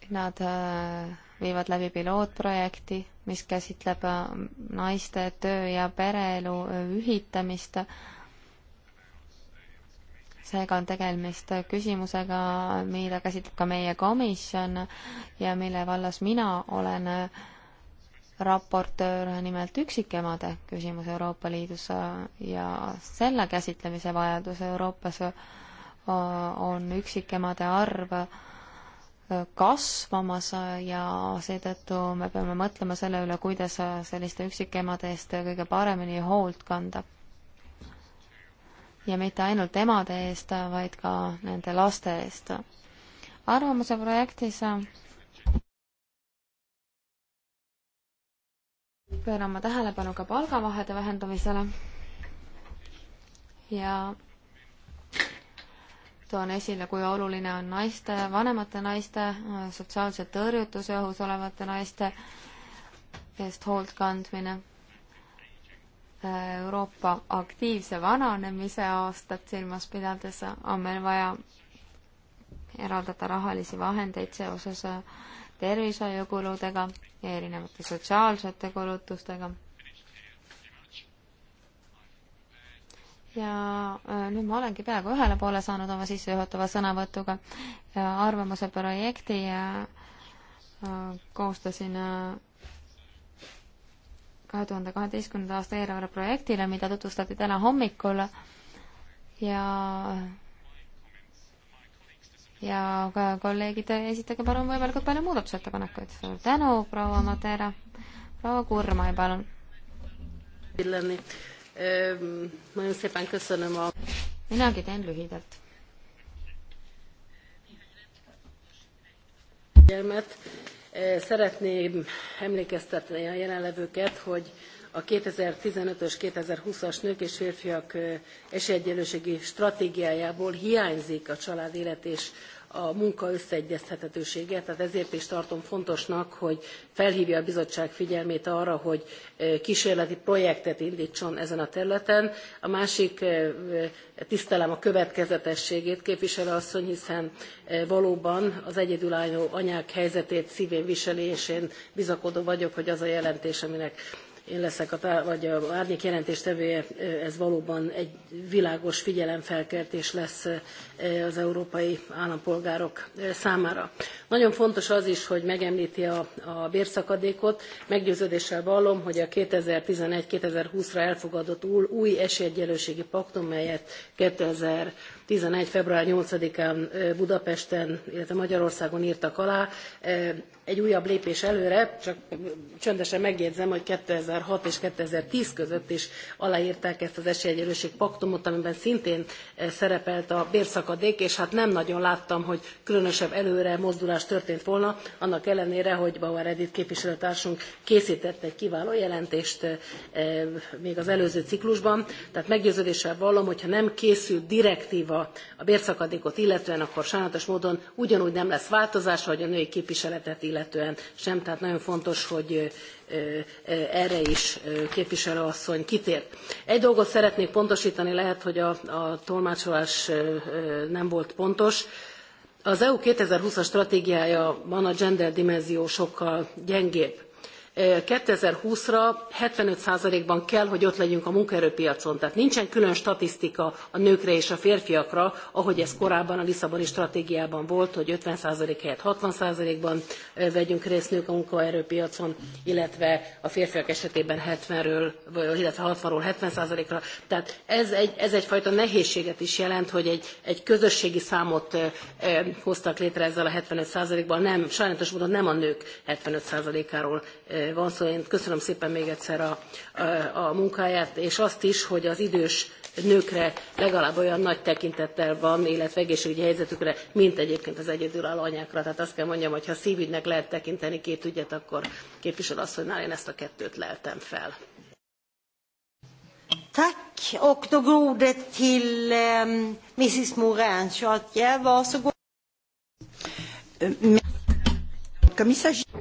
Nad äh, viivad läbi pilootprojekti, mis käsitleb äh, naiste töö- ja pereelu äh, ühitamist. seega on tegemist küsimusega, mida käsitleb ka meie komisjon ja mille vallas mina olen raportöör, nimelt üksikemade küsimus Euroopa Liidus ja selle käsitlemise vajadus Euroopas on üksikemade arv kasvamas ja seetõttu me peame mõtlema selle üle, kuidas selliste üksikemade eest kõige paremini hoolt kanda. ja mitte ainult emade eest, vaid ka nende laste eest. arvamuse projektis pöörama tähelepanu ka palgavahede vähendamisele ja toon esile, kui oluline on naiste, vanemate naiste, sotsiaalse tõrjutuse ohus olevate naiste eest hoolt kandmine. Euroopa aktiivse vananemise aastat silmas pidades on meil vaja eraldada rahalisi vahendeid seoses tervishoiukuludega ja erinevate sotsiaalsete kulutustega ja äh, nüüd ma olengi peaaegu ühele poole saanud oma sissejuhatava sõnavõtuga ja arvamuse projekti ja äh, koostasin äh, kahe tuhande kaheteistkümnenda aasta eelarve projektile, mida tutvustati täna hommikul ja ja ka kolleegid, esitage palun võimalikult palju muudatusettepanekuid. suur tänu, proua Matera. proua Kurmai, palun.
Nagyon szépen köszönöm a...
Minagi teen lühidalt.
Figyelmet. Eh, szeretném emlékeztetni a jelenlevőket, hogy a 2015-ös, 2020-as nők és férfiak eh, esélyegyenlőségi stratégiájából hiányzik a család élet és a munka összeegyeztethetőségét, tehát ezért is tartom fontosnak, hogy felhívja a bizottság figyelmét arra, hogy e, kísérleti projektet indítson ezen a területen. A másik e, e, tisztelem a következetességét képviselő asszony, hiszen valóban az egyedülálló anyák helyzetét szívén viseli, és én bizakodó vagyok, hogy az a jelentés, aminek én leszek a, tá- vagy a árnyék jelentéstevője, ez valóban egy világos figyelemfelkeltés lesz eh, az európai állampolgárok eh, számára. Nagyon fontos az is, hogy megemlíti a, a bérszakadékot. Meggyőződéssel vallom, hogy a 2011-2020-ra elfogadott új esélyegyelőségi paktum, melyet 2000 11. február 8-án eh, Budapesten, illetve Magyarországon írtak alá. Egy újabb lépés előre, csak csöndesen megjegyzem, hogy 2000 2006 és 2010 között is aláírták ezt az esélyegyenlőség paktumot, amiben szintén e, szerepelt a bérszakadék, és hát nem nagyon láttam, hogy különösebb előre mozdulás történt volna, annak ellenére, hogy Bauer Edith képviselőtársunk készített egy kiváló jelentést e, e, még az előző ciklusban, tehát meggyőződéssel vallom, hogyha nem készül direktíva a bérszakadékot illetően, akkor sajnálatos módon ugyanúgy nem lesz változás, vagy a női képviseletet illetően sem. Tehát nagyon fontos, hogy erre is képviselőasszony kitért. Egy dolgot szeretnék pontosítani, lehet, hogy a, a tolmácsolás nem volt pontos. Az EU 2020-as stratégiája van a gender dimenzió sokkal gyengébb 2020-ra 75%-ban kell, hogy ott legyünk a munkaerőpiacon. Tehát nincsen külön statisztika a nőkre és a férfiakra, ahogy ez korábban a Lisszaboni stratégiában volt, hogy 50% helyett 60%-ban vegyünk részt nők a munkaerőpiacon, illetve a férfiak esetében 70-ről, illetve 60-ról 70%-ra. Tehát ez, egy, ez egyfajta nehézséget is jelent, hogy egy, egy közösségi számot hoztak létre ezzel a 75%-ban, nem, sajnálatos módon nem a nők 75%-áról van szó. Én köszönöm szépen még egyszer a, a, a munkáját, és azt is, hogy az idős nőkre legalább olyan nagy tekintettel van, illetve egészségügyi helyzetükre, mint egyébként az egyedülálló anyákra. Tehát azt kell mondjam, hogy ha szívügynek lehet tekinteni két ügyet, akkor képviselő asszonynál én ezt a kettőt leltem fel.
Tack. Och då går ordet till eh, Mrs Morin Chartier. Varsågod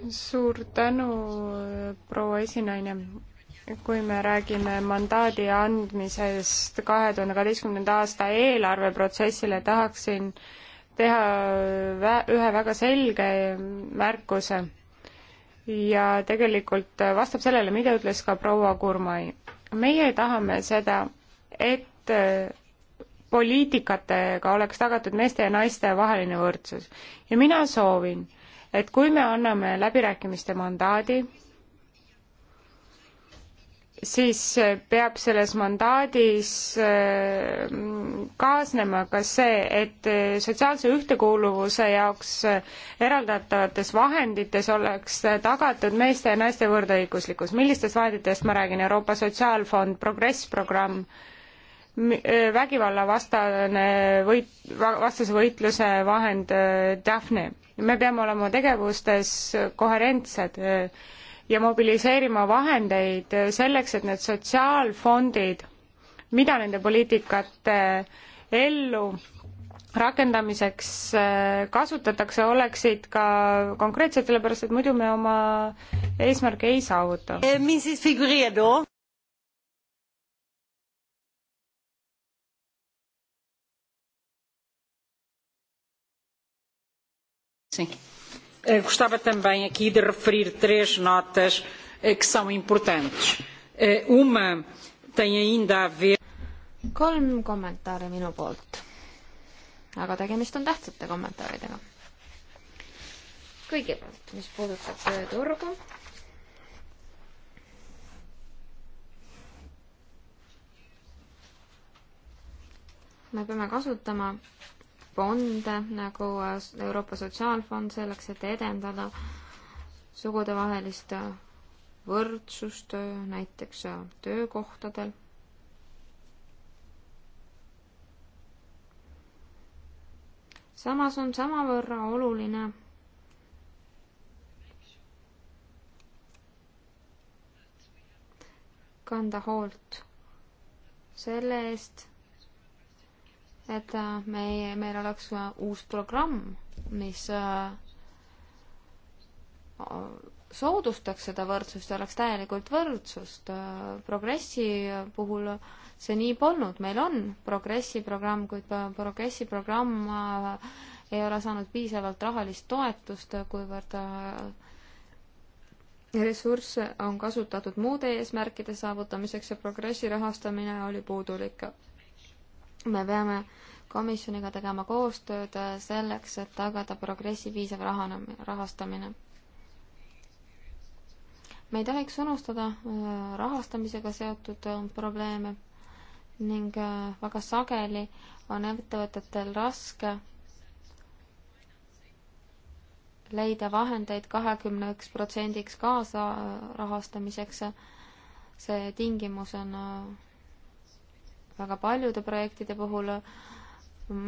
suur tänu, proua esinaine kui me räägime mandaadi andmisest kahe tuhande kaheteistkümnenda aasta eelarveprotsessile, tahaksin teha vä ühe väga selge märkuse ja tegelikult vastab sellele, mida ütles ka proua Kurmai. meie tahame seda, et poliitikatega oleks tagatud meeste ja naiste vaheline võrdsus ja mina soovin, et kui me anname läbirääkimiste mandaadi, siis peab selles mandaadis äh, kaasnema ka see, et sotsiaalse ühtekuuluvuse jaoks äh, eraldatavates vahendites oleks äh, tagatud meeste ja naiste võrdõiguslikkus. millistest vahenditest ma räägin, Euroopa Sotsiaalfond, Progress programm, vägivallavastane võit-, vastase võitluse vahend Daphne me peame olema tegevustes koherentsed äh, ja mobiliseerima vahendeid äh, selleks, et need sotsiaalfondid, mida nende poliitikate äh, ellu rakendamiseks kasutatakse, oleksid ka konkreetsed, sellepärast et muidu me oma eesmärke ei saavuta.
Eh,
Sim. Eu eh, gostava também aqui de referir três notas eh, que são importantes. Eh, uma
tem ainda a ver kolm kommentaari minu poolt. aga tegemist on tähtsate kommentaaridega. kõigepealt, mis puudutab tööturgu. me peame kasutama fonde nagu äh, Euroopa Sotsiaalfond selleks, et edendada sugudevahelist äh, võrdsust äh, näiteks töökohtadel. samas on samavõrra oluline kanda hoolt selle eest et äh, meie, meil oleks äh, uus programm, mis äh, soodustaks seda võrdsust ja oleks täielikult võrdsust. progressi puhul see nii polnud, meil on progressi programm, kuid progressi programm ei ole saanud piisavalt rahalist toetust, kuivõrd ressursse on kasutatud muude eesmärkide saavutamiseks ja progressi rahastamine oli puudulik me peame komisjoniga tegema koostööd äh, selleks, et tagada progressi piisav rahastamine. me ei tohiks unustada äh, rahastamisega seotud äh, probleeme ning väga sageli on ettevõtetel raske leida vahendeid kahekümne üks protsendiks kaasarahastamiseks. see tingimus on väga paljude projektide puhul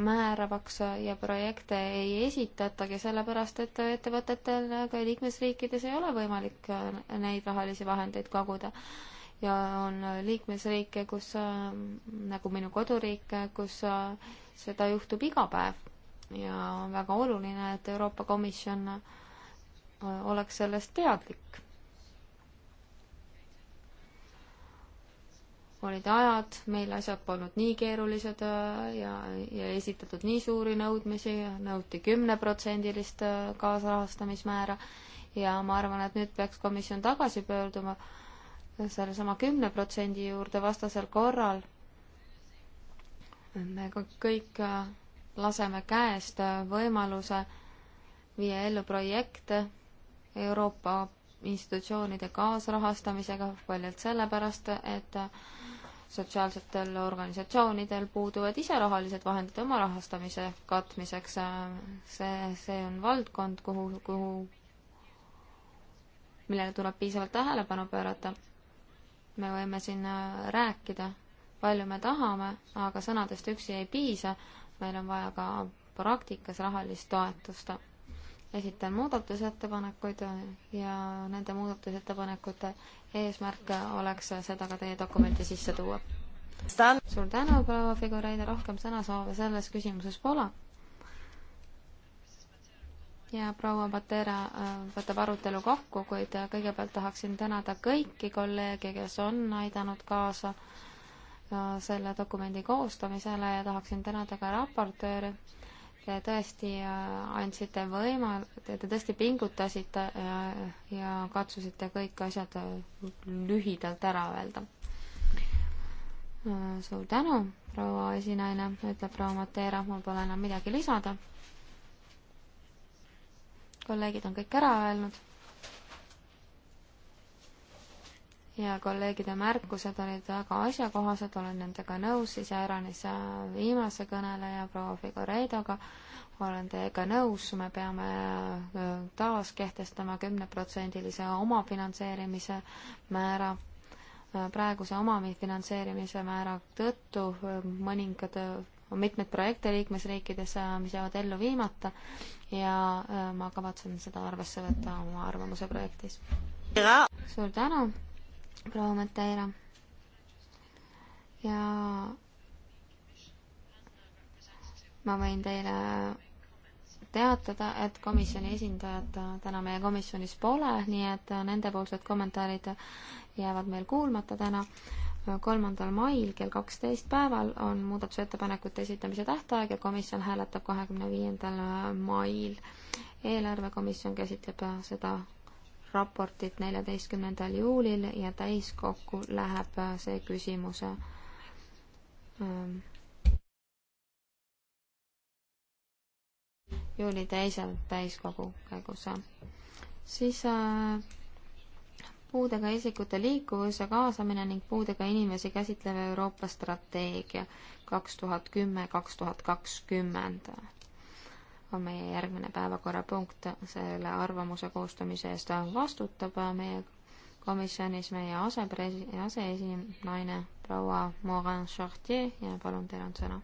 määravaks ja projekte ei esitatagi, sellepärast et ettevõtetel ka liikmesriikides ei ole võimalik neid rahalisi vahendeid koguda. ja on liikmesriike, kus nagu minu koduriik, kus seda juhtub iga päev ja on väga oluline, et Euroopa Komisjon oleks sellest teadlik olid ajad, meil asjad polnud nii keerulised äh, ja, ja esitatud nii suuri nõudmisi nõuti, nõuti kümneprotsendilist äh, kaasrahastamismäära ja ma arvan, et nüüd peaks komisjon tagasi pöörduma äh, sellesama kümne protsendi juurde, vastasel korral me kõik laseme käest võimaluse viia ellu projekte Euroopa institutsioonide kaasrahastamisega paljalt sellepärast, et sotsiaalsetel organisatsioonidel puuduvad ise rahalised vahendid oma rahastamise katmiseks. see, see on valdkond, kuhu, kuhu, millele tuleb piisavalt tähelepanu pöörata. me võime siin rääkida, palju me tahame, aga sõnadest üksi ei piisa. meil on vaja ka praktikas rahalist toetust esitan muudatusettepanekuid ja nende muudatusettepanekute eesmärk oleks seda ka teie dokumenti sisse tuua. suur tänu, proua Figureide, rohkem sõnasoove selles küsimuses pole. ja proua Patera äh, võtab arutelu kokku, kuid kõigepealt tahaksin tänada kõiki kolleege, kes on aidanud kaasa äh, selle dokumendi koostamisele ja tahaksin tänada ka raportööri te tõesti äh, andsite võima-, te tõesti pingutasite ja, ja katsusite kõik asjad äh, lühidalt ära öelda. Äh, suur tänu, proua esinaine, ütleb proua Mateera, mul pole enam midagi lisada. kolleegid on kõik ära öelnud ja kolleegide märkused olid väga asjakohased, olen nendega nõus, iseäranis äh, viimase kõneleja proua Figureidoga olen teiega nõus, me peame äh, taas kehtestama kümneprotsendilise omafinantseerimise määra. Äh, praeguse omafinantseerimise määra tõttu mõningad on mitmeid projekte liikmesriikides, mis jäävad ellu viimata ja ma kavatsen seda arvesse võtta oma arvamuse projektis. suur tänu! proua Mateera. ja ma võin teile teatada, et komisjoni esindajad täna meie komisjonis pole, nii et nendepoolsed kommentaarid jäävad meil kuulmata täna. kolmandal mail kell kaksteist päeval on muudatusettepanekute esitamise tähtaeg ja komisjon hääletab kahekümne viiendal mail. eelarvekomisjon käsitleb seda raportit neljateistkümnendal juulil ja täiskokku läheb äh, see küsimuse ähm, juuli teisel täiskogu käigus. siis äh, puudega isikute liikuvuse kaasamine ning puudega inimesi käsitlev Euroopa strateegia kaks tuhat kümme, kaks tuhat kakskümmend on meie järgmine päevakorrapunkt. selle arvamuse koostamise eest vastutab meie komisjonis meie asepresi-, aseesinaine proua Morin Chartier ja palun, teil on sõna.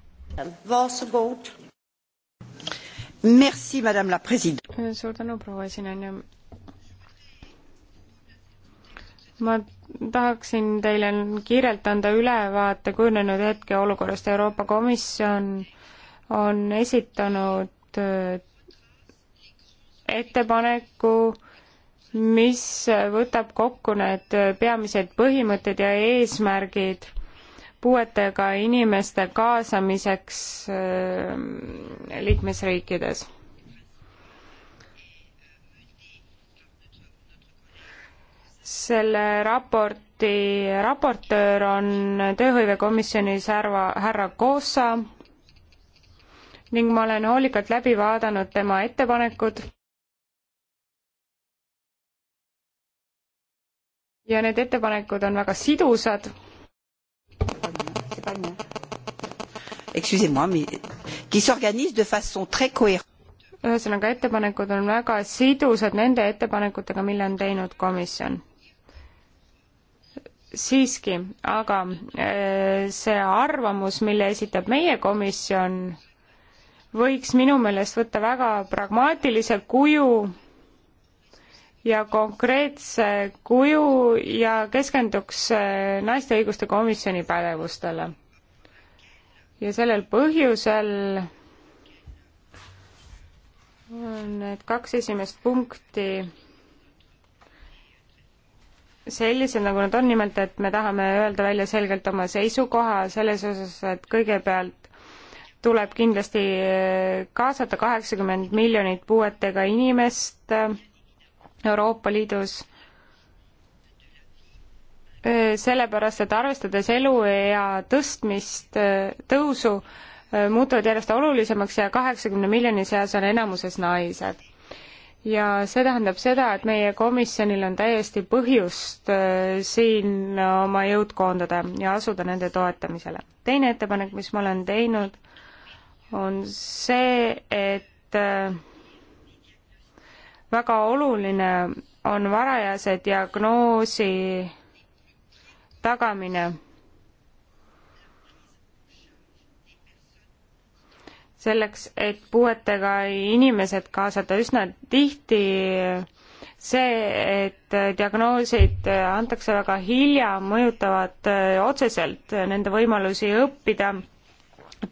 Merci, madame la president. suur tänu, proua esinaine. ma tahaksin teile kiirelt anda ülevaate kujunenud hetkeolukorrast. Euroopa Komisjon on esitanud teinud äh, ettepaneku, mis võtab kokku need peamised põhimõtted ja eesmärgid puuetega inimeste kaasamiseks äh, liikmesriikides. selle raporti raportöör on tööhõivekomisjonis härra, härra Koossa ning ma olen hoolikalt läbi vaadanud tema ettepanekud. ja need ettepanekud on väga sidusad. ühesõnaga, ettepanekud on väga sidusad nende ettepanekutega, mille on teinud komisjon siiski, aga äh, see arvamus, mille esitab meie komisjon, võiks minu meelest võtta väga pragmaatilise kuju ja konkreetse kuju ja keskenduks äh, naiste õiguste komisjoni pädevustele. ja sellel põhjusel need kaks esimest punkti sellised, nagu nad on, nimelt et me tahame öelda välja selgelt oma seisukoha selles osas, et kõigepealt tuleb kindlasti eh, kaasata kaheksakümmend miljonit puuetega inimest eh, Euroopa Liidus, eh, sellepärast et arvestades eluea tõstmist, tõusu, muutuvad järjest olulisemaks ja kaheksakümne miljoni seas on enamuses naised. ja see tähendab seda, et meie komisjonil on täiesti põhjust siin oma jõud koondada ja asuda nende toetamisele. teine ettepanek, mis ma olen teinud on see, et äh, väga oluline on varajase diagnoosi tagamine. selleks, et puuetega inimesed kaasata üsna tihti see, et äh, diagnoosid äh, antakse väga hilja, mõjutavad otseselt nende võimalusi õppida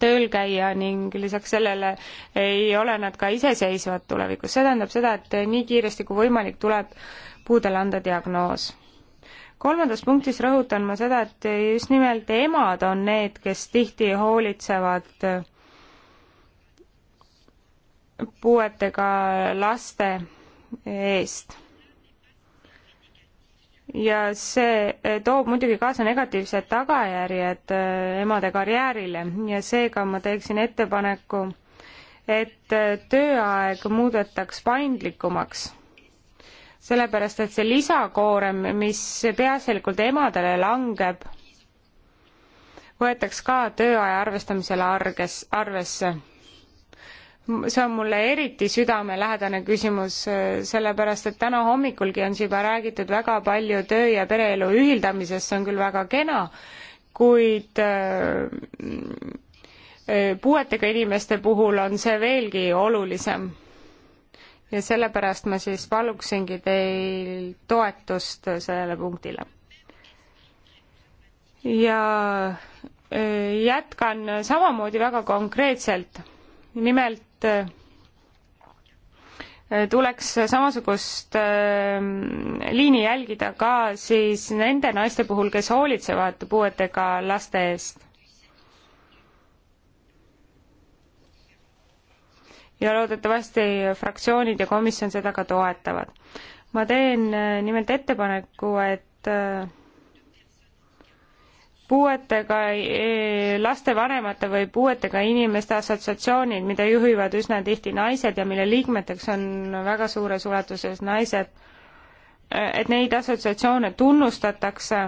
tööl käia ning lisaks sellele ei ole nad ka iseseisvad tulevikus. see tähendab seda, et nii kiiresti kui võimalik, tuleb puudele anda diagnoos. kolmandas punktis rõhutan ma seda, et just nimelt emad on need, kes tihti hoolitsevad puuetega laste eest ja see eh, toob muidugi kaasa negatiivsed tagajärjed eh, emade karjäärile ja seega ma teeksin ettepaneku, et eh, tööaeg muudetaks paindlikumaks. sellepärast, et see lisakoorem, mis peaasjalikult emadele langeb, võetaks ka tööaja arvestamisele arges, arvesse see on mulle eriti südamelähedane küsimus, sellepärast et täna hommikulgi on siin juba räägitud väga palju töö ja pereelu ühildamisest, see on küll väga kena, kuid äh, äh, puuetega inimeste puhul on see veelgi olulisem. ja sellepärast ma siis paluksingi teil toetust sellele punktile. ja äh, jätkan samamoodi väga konkreetselt nimelt et äh, tuleks samasugust äh, liini jälgida ka siis nende naiste puhul, kes hoolitsevad puuetega laste eest. ja loodetavasti fraktsioonid ja komisjon seda ka toetavad. ma teen äh, nimelt ettepaneku, et puuetega e, laste vanemate või puuetega inimeste assotsiatsioonid, mida juhivad üsna tihti naised ja mille liikmeteks on väga suures ulatuses naised, e, et neid assotsiatsioone tunnustatakse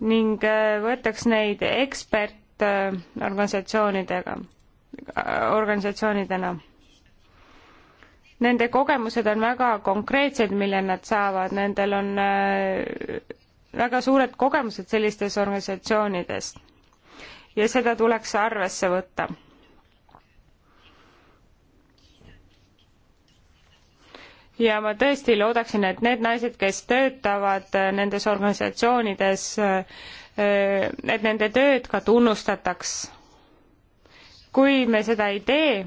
ning e, võetaks neid ekspertorganisatsioonidega, organisatsioonidena nende kogemused on väga konkreetsed, mille nad saavad, nendel on väga suured kogemused sellistes organisatsioonidest ja seda tuleks arvesse võtta. ja ma tõesti loodaksin, et need naised, kes töötavad äh, nendes organisatsioonides, äh, et nende tööd ka tunnustataks. kui me seda ei tee,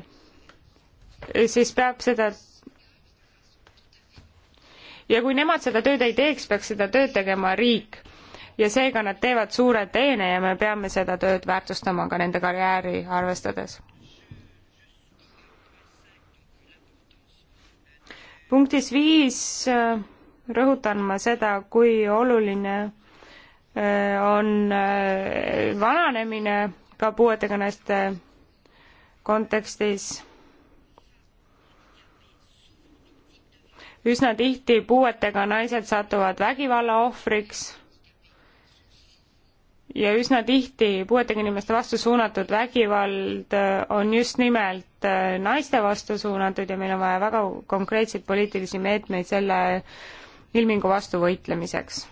siis peab seda ja kui nemad seda tööd ei teeks, peaks seda tööd tegema riik. ja seega nad teevad suure teene ja me peame seda tööd väärtustama ka nende karjääri arvestades. punktis viis äh, rõhutan ma seda, kui oluline äh, on äh, vananemine ka puuetega naiste kontekstis üsna tihti puuetega naised satuvad vägivalla ohvriks ja üsna tihti puuetega inimeste vastu suunatud vägivald äh, on just nimelt äh, naiste vastu suunatud ja meil on vaja väga konkreetseid poliitilisi meetmeid selle ilmingu vastu võitlemiseks.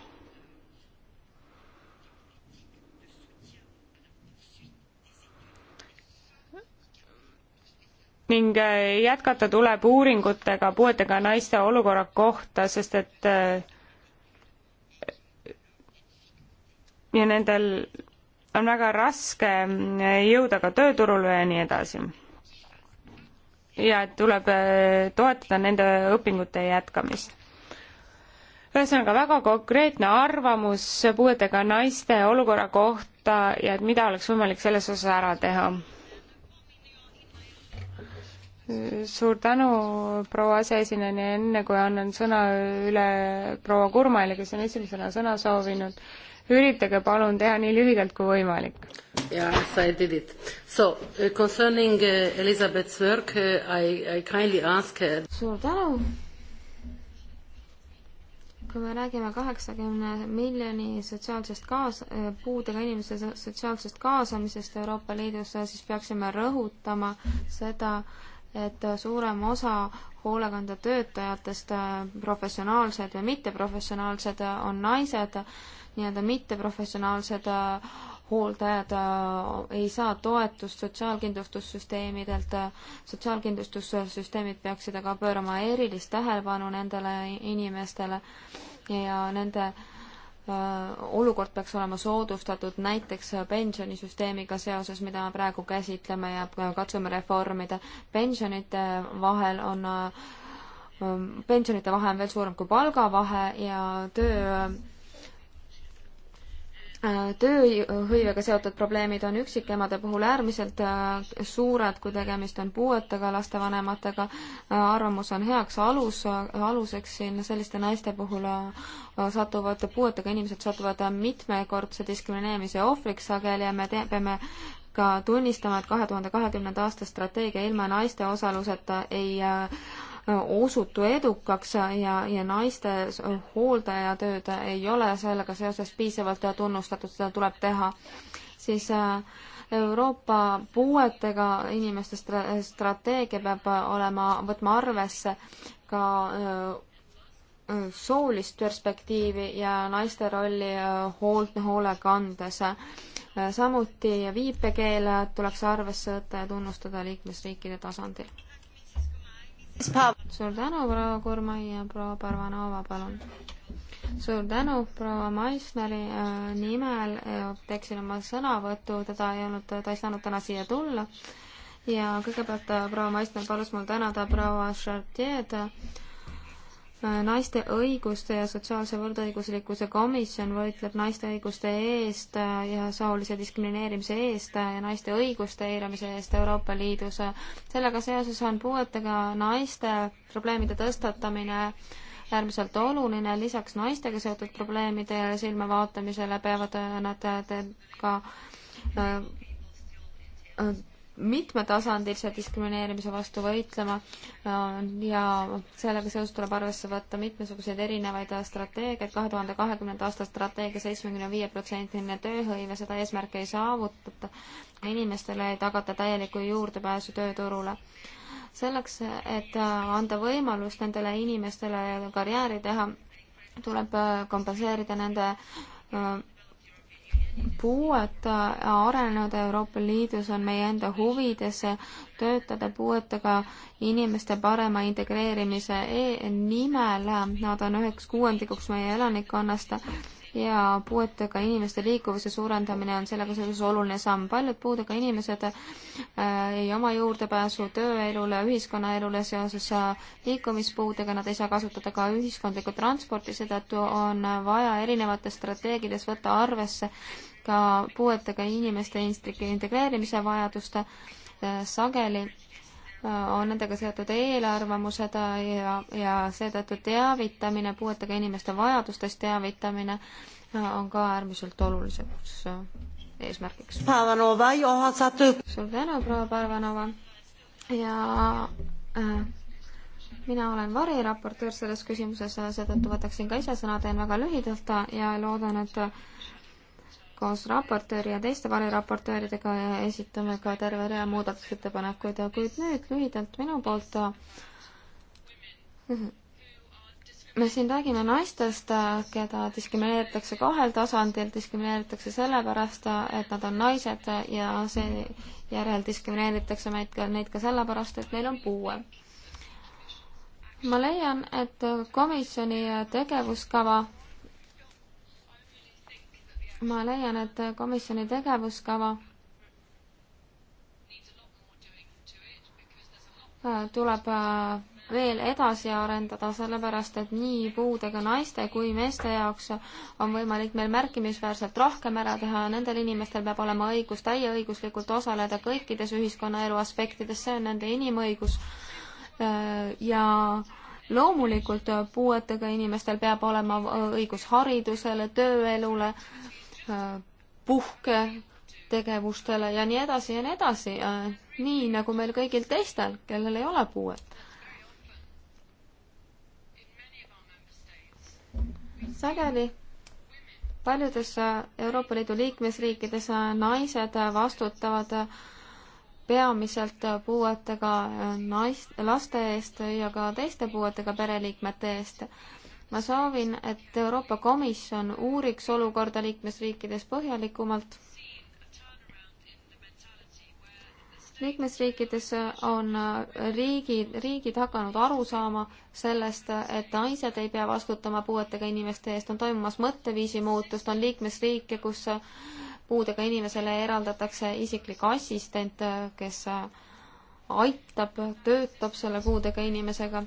ning äh, jätkata tuleb uuringutega puuetega naiste olukorra kohta, sest et äh, ja nendel on väga raske äh, jõuda ka tööturule ja nii edasi. ja et tuleb toetada nende õpingute jätkamist. ühesõnaga, väga konkreetne arvamus puuetega naiste olukorra kohta ja et mida oleks võimalik selles osas ära teha suur tänu, proua aseesinejani, enne kui annan sõna üle proua Kurmaile, kes on esimesena sõna soovinud, üritage palun teha nii lühidalt kui võimalik.
Yes, I did it. So uh, concerning uh, Elizabeth's work, uh, I, I kindly ask her. suur tänu.
kui me räägime kaheksakümne miljoni sotsiaalsest kaas-, äh, puudega inimese sotsiaalsest kaasamisest Euroopa Liidus, siis peaksime rõhutama seda, et suurem osa hoolekandetöötajatest, äh, professionaalsed ja mitteprofessionaalsed, äh, on naised, nii-öelda mitteprofessionaalsed äh, hooldajad ei saa toetust sotsiaalkindlustussüsteemidelt, sotsiaalkindlustussüsteemid peaksid aga pöörama erilist tähelepanu nendele inimestele ja nende äh, Äh, olukord peaks olema soodustatud näiteks pensionisüsteemiga seoses, mida me praegu käsitleme ja katsume reformida. pensionite vahel on, äh, pensionite vahe on veel suurem kui palgavahe ja töö Äh, tööhõivega seotud probleemid on üksikemade puhul äärmiselt äh, suured, kui tegemist on puuetega lastevanematega. Äh, arvamus on heaks alus, aluseks siin selliste naiste puhul satuvad, puuetega inimesed satuvad mitmekordse diskrimineerimise ohvriks sageli ja me te-, peame ka tunnistama, et kahe tuhande kahekümnenda aasta strateegia ilma naiste osaluseta ei äh, osutu edukaks ja, ja naiste hooldajatööd ei ole sellega seoses piisavalt tunnustatud, seda tuleb teha, siis äh, Euroopa puuetega inimeste strateegia peab olema, võtma arvesse ka äh, soolist perspektiivi ja naiste rolli äh, hoolt, hoolekandes samuti viipekeele tuleks arvesse võtta ja tunnustada liikmesriikide tasandil suur tänu, proua Kurmai ja proua Parvanova, palun. suur tänu proua Maisneri äh, nimel, äh, teeksin oma sõnavõtu, teda ei olnud, ta ei saanud täna siia tulla. ja kõigepealt äh, proua Maisner palus mul tänada proua Chartier'd naiste õiguste ja sotsiaalse võrdõiguslikkuse komisjon võitleb naiste õiguste eest ja soolise diskrimineerimise eest ja naiste õiguste eiramise eest Euroopa Liidus. sellega seoses on puuetega naiste probleemide tõstatamine äärmiselt oluline, lisaks naistega seotud probleemide silmavaatamisele peavad nad ka äh, mitmetasandilise diskrimineerimise vastu võitlema äh, ja sellega seoses tuleb arvesse võtta mitmesuguseid erinevaid strateegiaid, kahe tuhande kahekümnenda aasta strateegia seitsmekümne viie protsendiline tööhõive, seda eesmärki ei saavutata, inimestele ei tagata täielikku juurdepääsu tööturule. selleks, et äh, anda võimalus nendele inimestele karjääri teha, tuleb äh, kompenseerida nende puuet äh, arenenud Euroopa Liidus on meie enda huvides töötada puuetega inimeste parema integreerimise e nimel. Nad on üheks kuuendikuks meie elanikkonnast ja puuetega inimeste liikuvuse suurendamine on sellega seoses oluline samm. paljud puudega inimesed äh, ei oma juurdepääsu tööelule, ühiskonnaelule seoses äh, liikumispuudega, nad ei saa kasutada ka ühiskondlikku transporti, seetõttu on vaja erinevates strateegides võtta arvesse ka puuetega inimeste integreerimise vajadust äh, sageli on nendega seotud eelarvamused ja, ja seetõttu teavitamine, puuetega inimeste vajadustest teavitamine äh, on ka äärmiselt oluliseks äh, eesmärgiks. suur tänu, proua Parvanova ja äh, mina olen variraportöör selles küsimuses, äh, seetõttu võtaksin ka ise sõna, teen väga lühidalt ja loodan, et koos raportööri ja teiste variraportööridega esitame ka terve rea muudatusettepanekuid, kuid nüüd lühidalt minu poolt. me siin räägime naistest, keda diskrimineeritakse kahel tasandil, diskrimineeritakse sellepärast, et nad on naised ja seejärel diskrimineeritakse meid ka, neid ka sellepärast, et neil on puue. ma leian, et komisjoni tegevuskava ma leian, et komisjoni tegevuskava tuleb veel edasi arendada, sellepärast et nii puudega naiste kui meeste jaoks on võimalik meil märkimisväärselt rohkem ära teha ja nendel inimestel peab olema õigus täieõiguslikult osaleda kõikides ühiskonnaelu aspektides, see on nende inimõigus. ja loomulikult puuetega inimestel peab olema õigus haridusele, tööelule Äh, puhketegevustele ja nii edasi ja nii edasi, äh, nii nagu meil kõigil teistel, kellel ei ole puuet. sageli paljudes äh, Euroopa Liidu liikmesriikides naised vastutavad peamiselt puuetega nais-, laste eest ja ka teiste puuetega pereliikmete eest ma soovin, et Euroopa Komisjon uuriks olukorda liikmesriikides põhjalikumalt. liikmesriikides on riigid, riigid hakanud aru saama sellest, et naised ei pea vastutama puuetega inimeste eest, on toimumas mõtteviisi muutust, on liikmesriike, kus puudega inimesele eraldatakse isiklik assistent, kes aitab, töötab selle puudega inimesega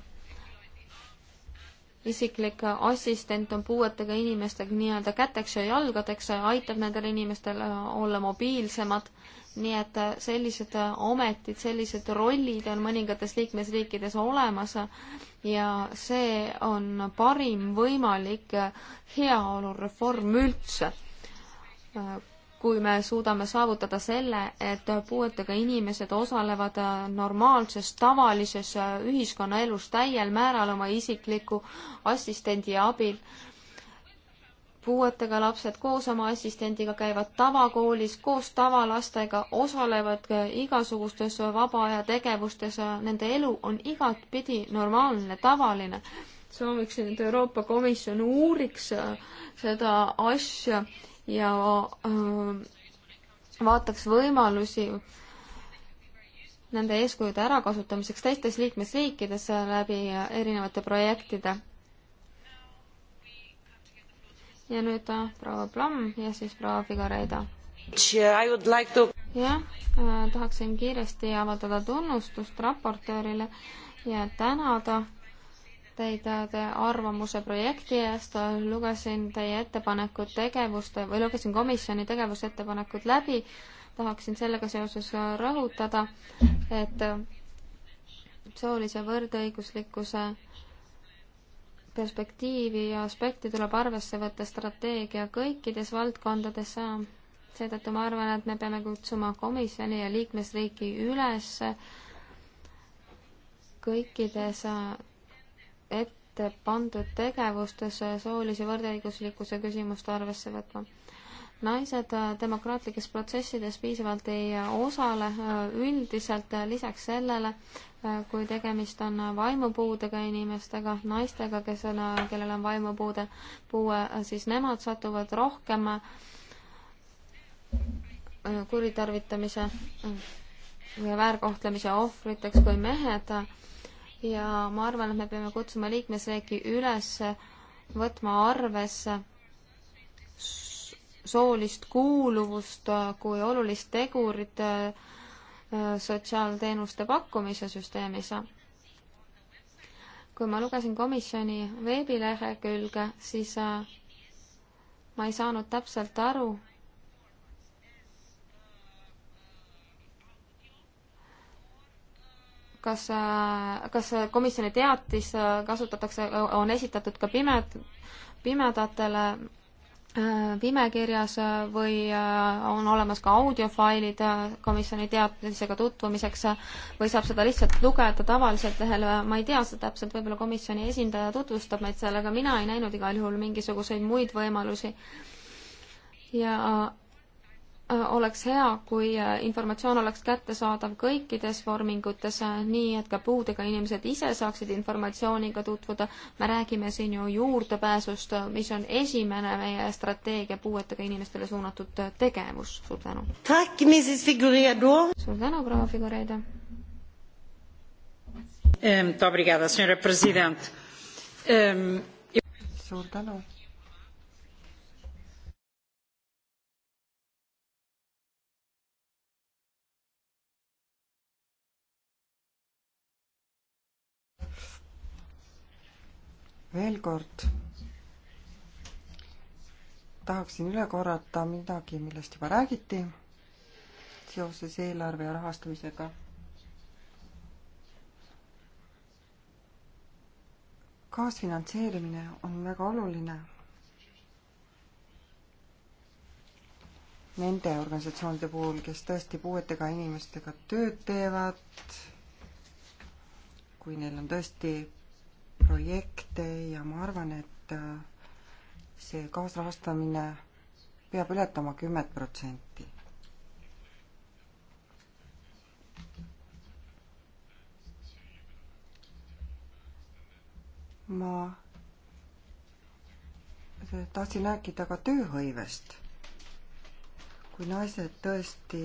isiklik assistent on puuetega inimestega nii-öelda käteks ja jalgadeks, aitab nendel inimestel äh, olla mobiilsemad, nii et äh, sellised äh, ametid, sellised rollid on mõningates liikmesriikides olemas ja see on parim võimalik heaolureform üldse kui me suudame saavutada selle, et puuetega inimesed osalevad normaalses, tavalises ühiskonnaelus täiel määral oma isikliku assistendi abil. puuetega lapsed koos oma assistendiga käivad tavakoolis, koos tavalastega, osalevad igasugustes vaba aja tegevustes, nende elu on igatpidi normaalne, tavaline sooviksin, et Euroopa Komisjon uuriks seda asja ja äh, vaataks võimalusi nende eeskujude ärakasutamiseks teistes liikmesriikides läbi erinevate projektide. ja nüüd äh, proua Plamm ja siis proua Figueredo. jah, äh, tahaksin kiiresti avaldada tunnustust raportöörile ja tänada teid arvamuse projekti eest, lugesin teie ettepanekud tegevuste või lugesin komisjoni tegevusettepanekud läbi. tahaksin sellega seoses rõhutada, et soolise võrdõiguslikkuse perspektiivi ja aspekti tuleb arvesse võtta strateegia kõikides valdkondades. seetõttu ma arvan, et me peame kutsuma komisjoni ja liikmesriiki üles kõikides ette pandud tegevustes soolise võrdõiguslikkuse küsimust arvesse võtma. naised äh, demokraatlikes protsessides piisavalt ei äh, osale äh, üldiselt, lisaks sellele, kui tegemist on vaimupuudega inimestega, naistega, kes on, kellel on vaimupuude, puue, siis nemad satuvad rohkem kuritarvitamise ja väärkohtlemise ohvriteks kui mehed ja ma arvan, et me peame kutsuma liikmesriiki üles võtma arvesse soolist kuuluvust kui olulist tegurit äh, sotsiaalteenuste pakkumise süsteemis. kui ma lugesin komisjoni veebilehekülge, siis äh, ma ei saanud täpselt aru, kas, äh, kas komisjoni teatis äh, kasutatakse, on esitatud ka pimed, pimedatele äh, pimekirjas või on olemas ka audiofailid komisjoni teatisega tutvumiseks või saab seda lihtsalt lugeda tavaliselt lehel, ma ei tea seda täpselt, võib-olla komisjoni esindaja tutvustab meid sellega, mina ei näinud igal juhul mingisuguseid muid võimalusi. ja Äh, oleks hea, kui äh, informatsioon oleks kättesaadav kõikides vormingutes, äh, nii et ka puudega inimesed ise saaksid informatsiooniga tutvuda. me räägime siin ju juurdepääsust, mis on esimene meie strateegia puuetega inimestele suunatud tegevus. suur tänu. suur tänu, proua Figureida.
suur tänu veel kord tahaksin üle korrata midagi, millest juba räägiti seoses eelarve ja rahastamisega. kaasfinantseerimine on väga oluline. Nende organisatsioonide puhul, kes tõesti puuetega inimestega tööd teevad, kui neil on tõesti projekte ja ma arvan, et äh, see kaasrahastamine peab ületama kümmet protsenti. ma tahtsin rääkida ka tööhõivest. kui naised tõesti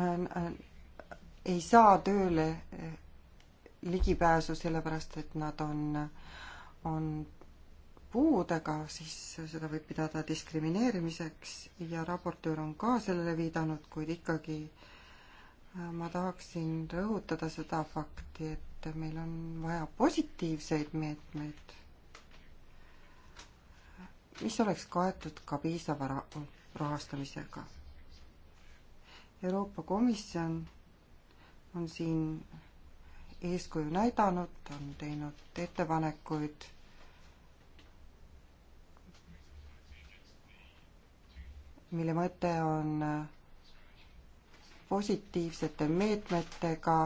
äh, äh, ei saa tööle ligipääsu, sellepärast et nad on, on puudega, siis seda võib pidada diskrimineerimiseks ja raportöör on ka sellele viidanud, kuid ikkagi äh, ma tahaksin rõhutada seda fakti, et meil on vaja positiivseid meetmeid, mis oleks kaetud ka piisava rahastamisega Euroopa Komisjon on siin eeskuju näidanud, on teinud ettepanekuid mille mõte on positiivsete meetmetega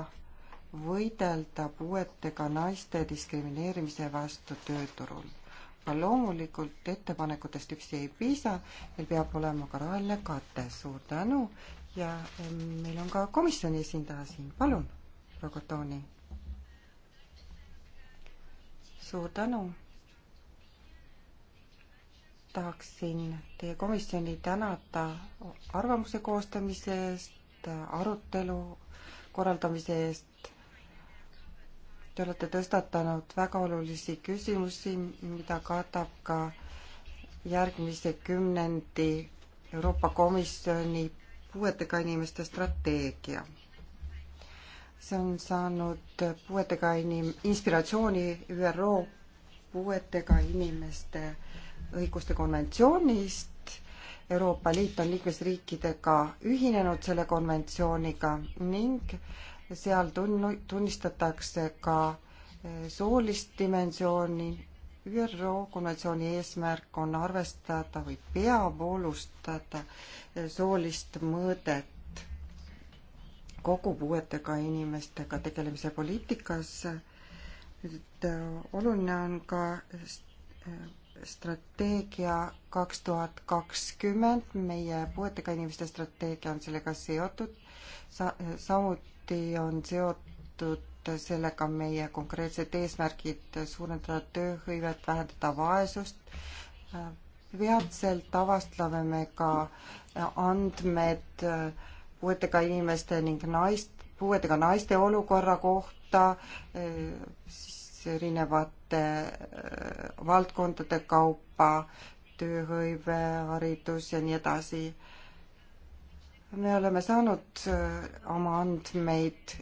võidelda puuetega naiste diskrimineerimise vastu tööturul. aga loomulikult ettepanekutest üksi ei piisa, meil peab olema ka rahaline kate, suur tänu ja meil on ka komisjoni esindaja siin, palun, proua Kotoni suur tänu. tahaksin teie komisjoni tänada arvamuse koostamise eest, arutelu korraldamise eest. Te olete tõstatanud väga olulisi küsimusi, mida katab ka järgmise kümnendi Euroopa Komisjoni puuetega inimeste strateegia see on saanud puuetega inim-, inspiratsiooni ÜRO puuetega inimeste õiguste konventsioonist. Euroopa Liit on liikmesriikidega ühinenud selle konventsiooniga ning seal tunnu-, tunnistatakse ka eh, soolist dimensiooni. ÜRO konventsiooni eesmärk on arvestada või peab alustada eh, soolist mõõdet kogu puuetega inimestega tegelemise poliitikasse. et äh, oluline on ka äh, strateegia kaks tuhat kakskümmend, meie puuetega inimeste strateegia on sellega seotud Sa, samuti on seotud sellega meie konkreetsed eesmärgid äh, suurendada tööhõivet, vähendada vaesust. peatselt avastame me ka andmed äh, puuetega inimeste ning naist, puuetega naiste olukorra kohta, eh, siis erinevate eh, valdkondade kaupa, tööhõive, haridus ja nii edasi. me oleme saanud eh, oma andmeid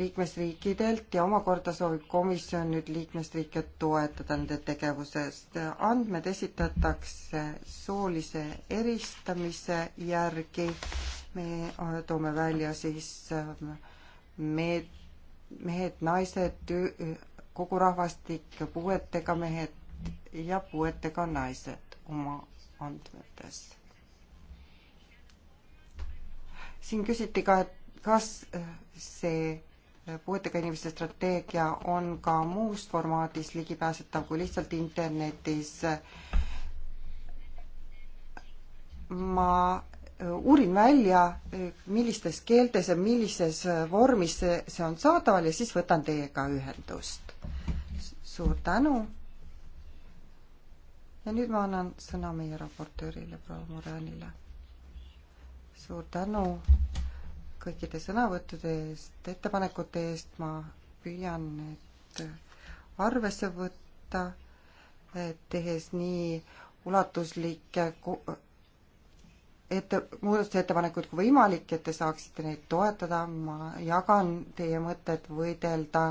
liikmesriikidelt ja omakorda soovib komisjon nüüd liikmesriike toetada nende tegevuses. andmed esitatakse soolise eristamise järgi me toome välja siis ähm, mehed, mehed, naised, kogu rahvastik, puuetega mehed ja puuetega naised oma andmetes. siin küsiti ka, et kas äh, see äh, puuetega inimeste strateegia on ka muus formaadis ligipääsetav kui lihtsalt internetis. ma uurin välja, millistes keeltes ja millises vormis see, see on saadaval ja siis võtan teiega ühendust. suur tänu. ja nüüd ma annan sõna meie raportöörile, proua Moranile. suur tänu kõikide sõnavõttude eest, ettepanekute eest, ma püüan need arvesse võtta, tehes nii ulatuslikke ette, muudatusettepanekud kui võimalik, et te saaksite neid toetada, ma jagan teie mõtet võidelda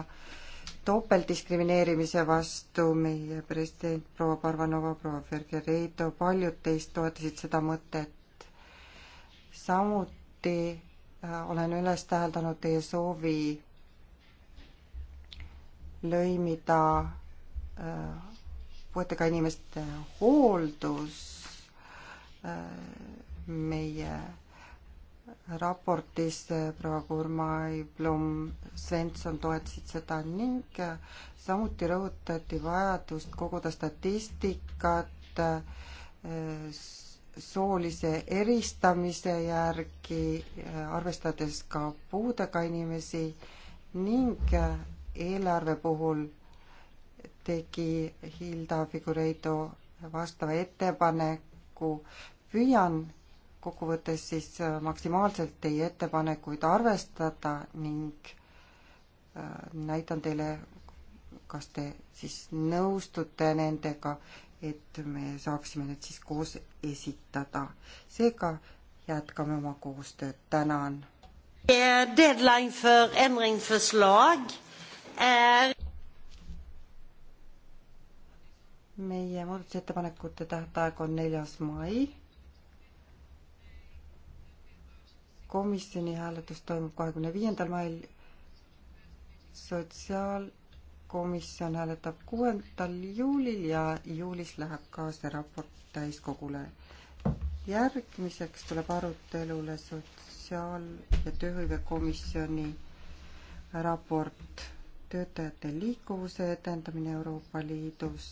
topeltdiskrimineerimise vastu, meie president proua Parvanova, proua Fergereido, paljud teist toetasid seda mõtet. samuti äh, olen üles täheldanud teie soovi lõimida äh, puuetega inimeste hooldus äh, meie raportis eh, proua Kurmai, Blum, Svensson toetasid seda ning eh, samuti rõhutati vajadust koguda statistikat eh, soolise eristamise järgi, arvestades ka puudega inimesi ning eelarve puhul tegi Hilda Figureido vastava ettepaneku. püüan kokkuvõttes siis äh, maksimaalselt teie ettepanekuid arvestada ning äh, näitan teile, kas te siis nõustute nendega, et me saaksime need siis koos esitada. seega jätkame oma koostööd, tänan.
Deadline for ändringsförslag är meie muudatusettepanekute tähtaeg on neljas
mai komisjoni hääletus toimub kahekümne viiendal mail, sotsiaalkomisjon hääletab kuuendal juulil ja juulis läheb ka see raport täiskogule. järgmiseks tuleb arutelule sotsiaal- ja tööhõivekomisjoni raport töötajate liikuvuse edendamine Euroopa Liidus.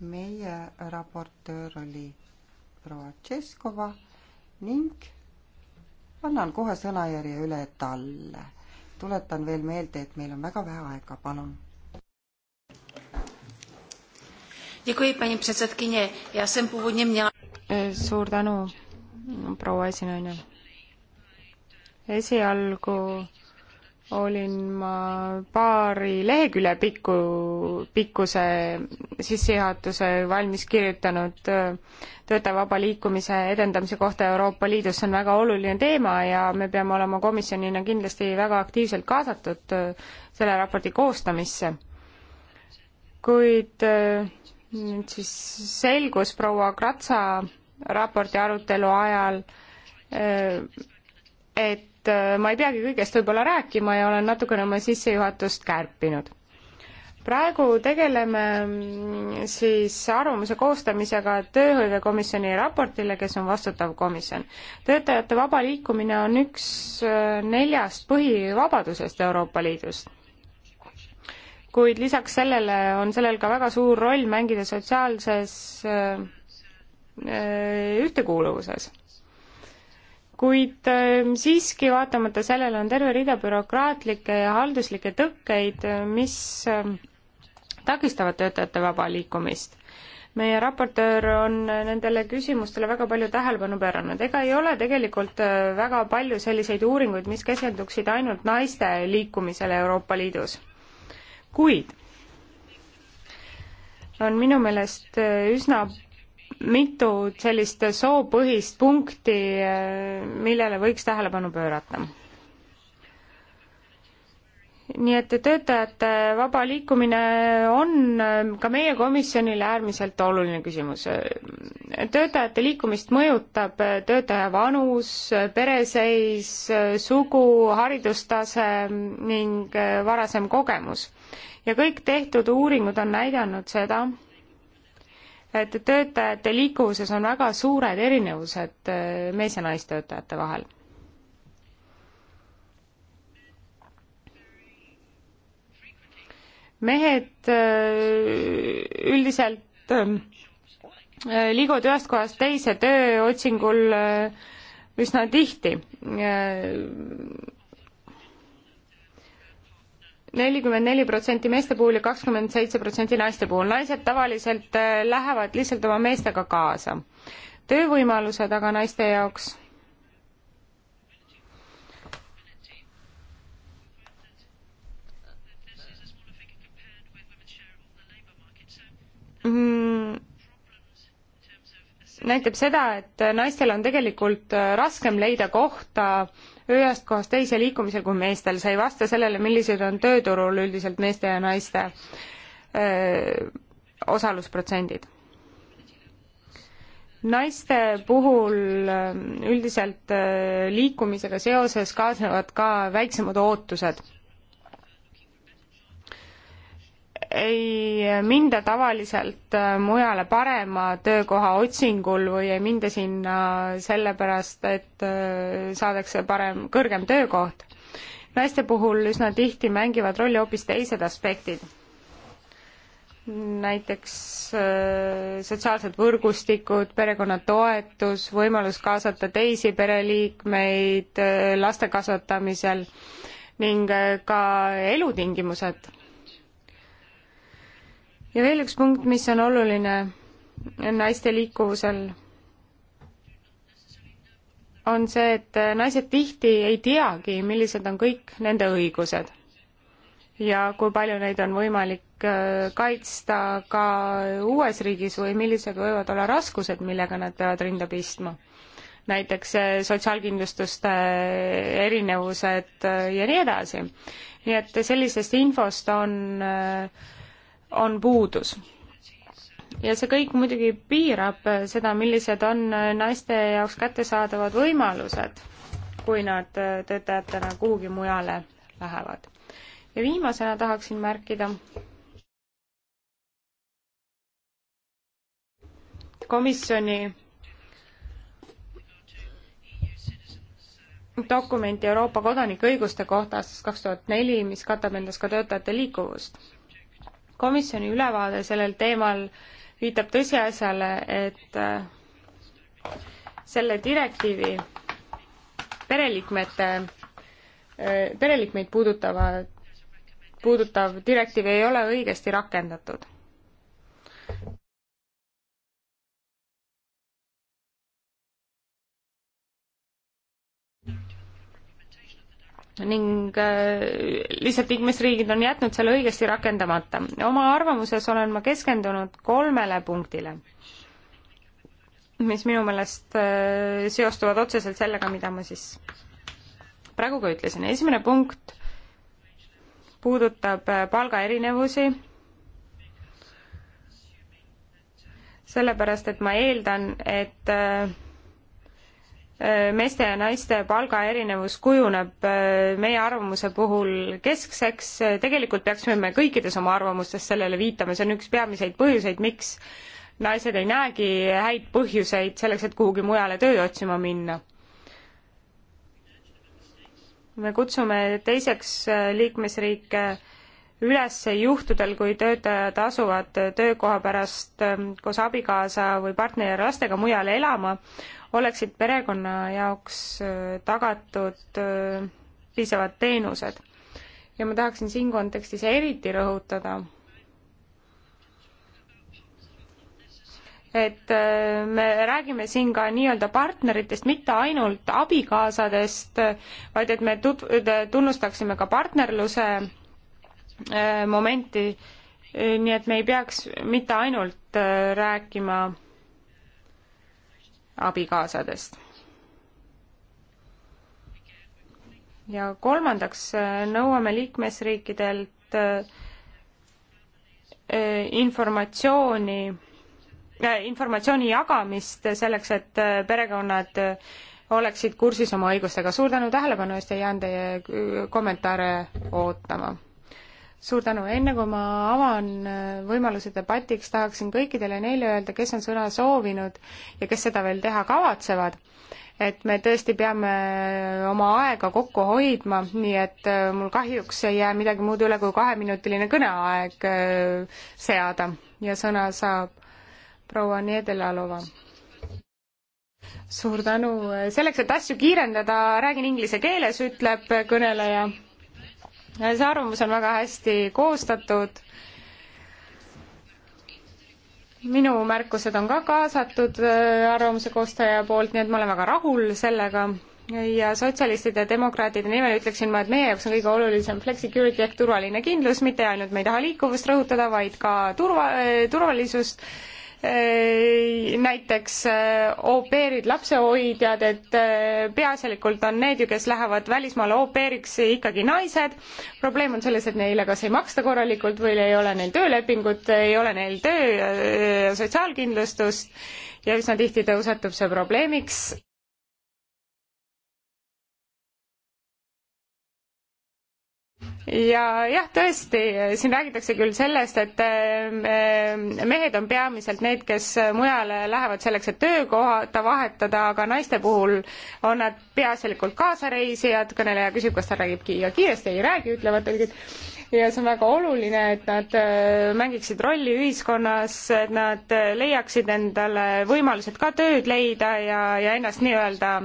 meie raportöör oli proua Tšeskova ning annan kohe sõnajärje üle talle. tuletan veel meelde, et meil on väga vähe aega, palun.
E, suur tänu, proua esinaine.
esialgu
olin ma paari lehekülje pikku, pikkuse sissejuhatuse valmis kirjutanud äh, töötaja vaba liikumise edendamise kohta Euroopa Liidus, see on väga oluline teema ja me peame olema komisjonina kindlasti väga aktiivselt kaasatud äh, selle raporti koostamisse. kuid äh, nüüd siis selgus proua Kratsa raporti arutelu ajal, et et äh, ma ei peagi kõigest võib-olla rääkima ja olen natukene oma sissejuhatust kärpinud praegu tegeleme mm, siis arvamuse koostamisega tööhõivekomisjoni raportile, kes on vastutav komisjon. töötajate vaba liikumine on üks äh, neljast põhivabadusest Euroopa Liidus. kuid lisaks sellele on sellel ka väga suur roll mängida sotsiaalses äh, ühtekuuluvuses kuid ähm, siiski vaatamata sellele on terve rida bürokraatlikke ja halduslikke tõkkeid, äh, mis ähm, takistavad töötajate vaba liikumist. meie raportöör on äh, nendele küsimustele väga palju tähelepanu pööranud, ega ei ole tegelikult äh, väga palju selliseid uuringuid, mis keskenduksid ainult naiste liikumisele Euroopa Liidus. kuid on minu meelest üsna mitu sellist soopõhist punkti, millele võiks tähelepanu pöörata. nii et töötajate vaba liikumine on ka meie komisjonile äärmiselt oluline küsimus. töötajate liikumist mõjutab töötaja vanus, pereseis, sugu, haridustase ning varasem kogemus. ja kõik tehtud uuringud on näidanud seda, et töötajate liikuvuses on väga suured erinevused äh, mees- ja naistöötajate vahel. mehed äh, üldiselt ähm, äh, liiguvad ühest kohast teise tööotsingul üsna tihti nelikümmend neli protsenti meeste puhul ja kakskümmend seitse protsenti naiste puhul. naised tavaliselt äh, lähevad lihtsalt oma meestega kaasa. töövõimalused aga naiste jaoks mm, näitab seda, et naistel on tegelikult äh, raskem leida kohta ühest kohast teise liikumisel kui meestel, see ei vasta sellele, millised on tööturul üldiselt meeste ja naiste öö, äh, osalusprotsendid. naiste puhul äh, üldiselt liikumisega seoses kaasnevad ka väiksemad ootused ei minda tavaliselt äh, mujale parema töökoha otsingul või ei minda sinna sellepärast, et äh, saadakse parem, kõrgem töökoht. naiste puhul üsna tihti mängivad rolli hoopis teised aspektid. näiteks äh, sotsiaalsed võrgustikud, perekonna toetus, võimalus kaasata teisi pereliikmeid laste kasvatamisel ning ka elutingimused ja veel üks punkt, mis on oluline naiste liikuvusel, on see, et naised tihti ei teagi, millised on kõik nende õigused ja kui palju neid on võimalik äh, kaitsta ka uues riigis või millised võivad olla raskused, millega nad peavad rinda pistma. näiteks äh, sotsiaalkindlustuste äh, erinevused ja nii edasi. nii et sellisest infost on äh, on puudus. ja see kõik muidugi piirab seda, millised on naiste jaoks kättesaadavad võimalused, kui nad töötajatena kuhugi mujale lähevad. ja viimasena tahaksin märkida komisjoni dokumenti Euroopa kodanikuõiguste kohta aastast kaks tuhat neli, mis katab endas ka töötajate liikuvust komisjoni ülevaade sellel teemal viitab tõsiasjale, et äh, selle direktiivi pereliikmete, äh, pereliikmeid puudutava, puudutav direktiiv ei ole õigesti rakendatud ning äh, lihtsalt liikmesriigid on jätnud selle õigesti rakendamata. oma arvamuses olen ma keskendunud kolmele punktile, mis minu meelest äh, seostuvad otseselt sellega, mida ma siis praegu ka ütlesin. esimene punkt puudutab äh, palgaerinevusi, sellepärast et ma eeldan, et meeste ja naiste palgaerinevus kujuneb äh, meie arvamuse puhul keskseks, tegelikult peaksime me kõikides oma arvamustes sellele viitama, see on üks peamiseid põhjuseid, miks naised ei näegi häid põhjuseid selleks, et kuhugi mujale tööd otsima minna. me kutsume teiseks äh, liikmesriike üles juhtudel, kui töötajad asuvad töökoha pärast ähm, koos abikaasa või partneri ja lastega mujale elama, oleksid perekonna jaoks äh, tagatud äh, piisavad teenused. ja ma tahaksin siin kontekstis eriti rõhutada, et äh, me räägime siin ka nii-öelda partneritest, mitte ainult abikaasadest, vaid et me tut-, tunnustaksime ka partnerluse momenti, nii et me ei peaks mitte ainult rääkima abikaasadest. ja kolmandaks äh, nõuame liikmesriikidelt äh, äh, informatsiooni, informatsiooni jagamist selleks, et perekonnad oleksid kursis oma õigustega. suur tänu tähelepanu eest ja jään teie kommentaare ootama suur tänu, enne kui ma avan äh, võimaluse debatiks, tahaksin kõikidele neile öelda, kes on sõna soovinud ja kes seda veel teha kavatsevad, et me tõesti peame äh, oma aega kokku hoidma, nii et äh, mul kahjuks ei jää midagi muud üle kui kaheminutiline kõneaeg seada ja sõna saab proua Nedelalova suur tänu, selleks, et asju kiirendada, räägin inglise keeles, ütleb kõneleja see arvamus on väga hästi koostatud. minu märkused on ka kaasatud äh, arvamuse koostaja poolt, nii et ma olen väga rahul sellega ja sotsialistide ja demokraatide nimel ütleksin ma, et meie jaoks on kõige olulisem flexicurity ehk turvaline kindlus, mitte ainult me ei taha liikuvust rõhutada, vaid ka turva, äh, turvalisust näiteks äh, au pair'id, lapsehoidjad, et äh, peaasjalikult on need ju, kes lähevad välismaale au pair'iks ikkagi naised. probleem on selles, et neile kas ei maksta korralikult või ei ole neil töölepingut, ei ole neil töö ja sotsiaalkindlustust ja üsna tihti tõusetub see probleemiks ja jah, tõesti, siin räägitakse küll sellest, et eh, mehed on peamiselt need, kes mujale lähevad selleks, et töökohta vahetada, aga naiste puhul on nad peaasjalikult kaasareisijad, kõneleja küsib, kas ta räägib ja kiiresti ei räägi, ütlevad tõlgid, ja see on väga oluline, et nad eh, mängiksid rolli ühiskonnas, et nad eh, leiaksid endale võimalused ka tööd leida ja, ja ennast nii-öelda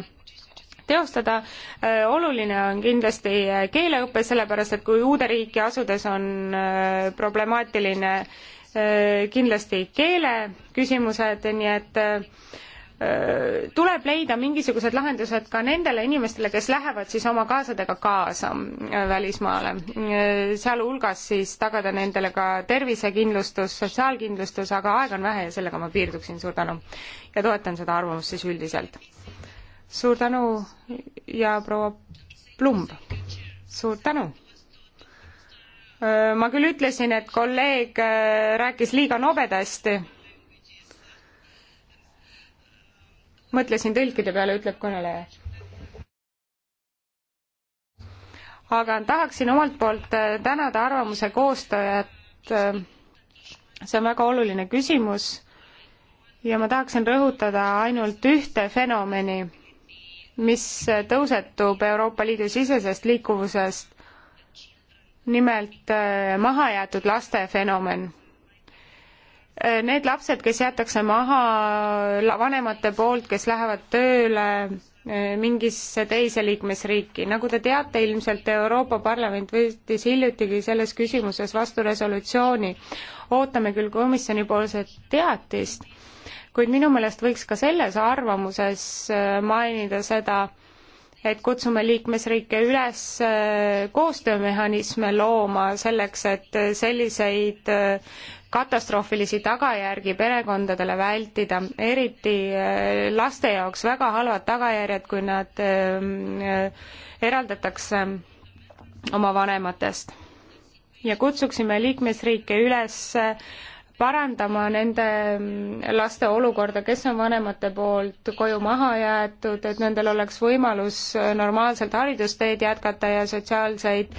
teostada. Äh, oluline on kindlasti äh, keeleõpe, sellepärast et kui uude riiki asudes on äh, problemaatiline kindlasti keele küsimused, nii et tuleb leida mingisugused lahendused ka nendele inimestele, kes lähevad siis oma kaasadega kaasa välismaale, sealhulgas siis tagada nendele ka tervisekindlustus, sotsiaalkindlustus, aga aega on vähe ja sellega ma piirduksin, suur tänu. ja toetan seda arvamust siis üldiselt suur tänu ja proua Plumb, suur tänu! ma küll ütlesin, et kolleeg rääkis liiga nobedasti. mõtlesin tõlkide peale, ütleb kõneleja. aga tahaksin omalt poolt tänada arvamuse koostajat. see on väga oluline küsimus ja ma tahaksin rõhutada ainult ühte fenomeni mis tõusetub Euroopa Liidu sisesest liikuvusest, nimelt äh, mahajäetud laste fenomen. Äh, need lapsed, kes jäetakse maha vanemate poolt, kes lähevad tööle äh, mingisse teise liikmesriiki, nagu te teate, ilmselt Euroopa Parlament võttis hiljutigi selles küsimuses vastu resolutsiooni. ootame küll komisjonipoolset teatist kuid minu meelest võiks ka selles arvamuses äh, mainida seda, et kutsume liikmesriike üles äh, koostöömehhanisme looma selleks, et äh, selliseid katastroofilisi tagajärgi perekondadele vältida, eriti laste jaoks väga halvad tagajärjed, kui nad ähm, eraldatakse oma vanematest. ja kutsuksime liikmesriike üles parandama nende laste olukorda, kes on vanemate poolt koju maha jäetud, et nendel oleks võimalus normaalselt haridusteed jätkata ja sotsiaalseid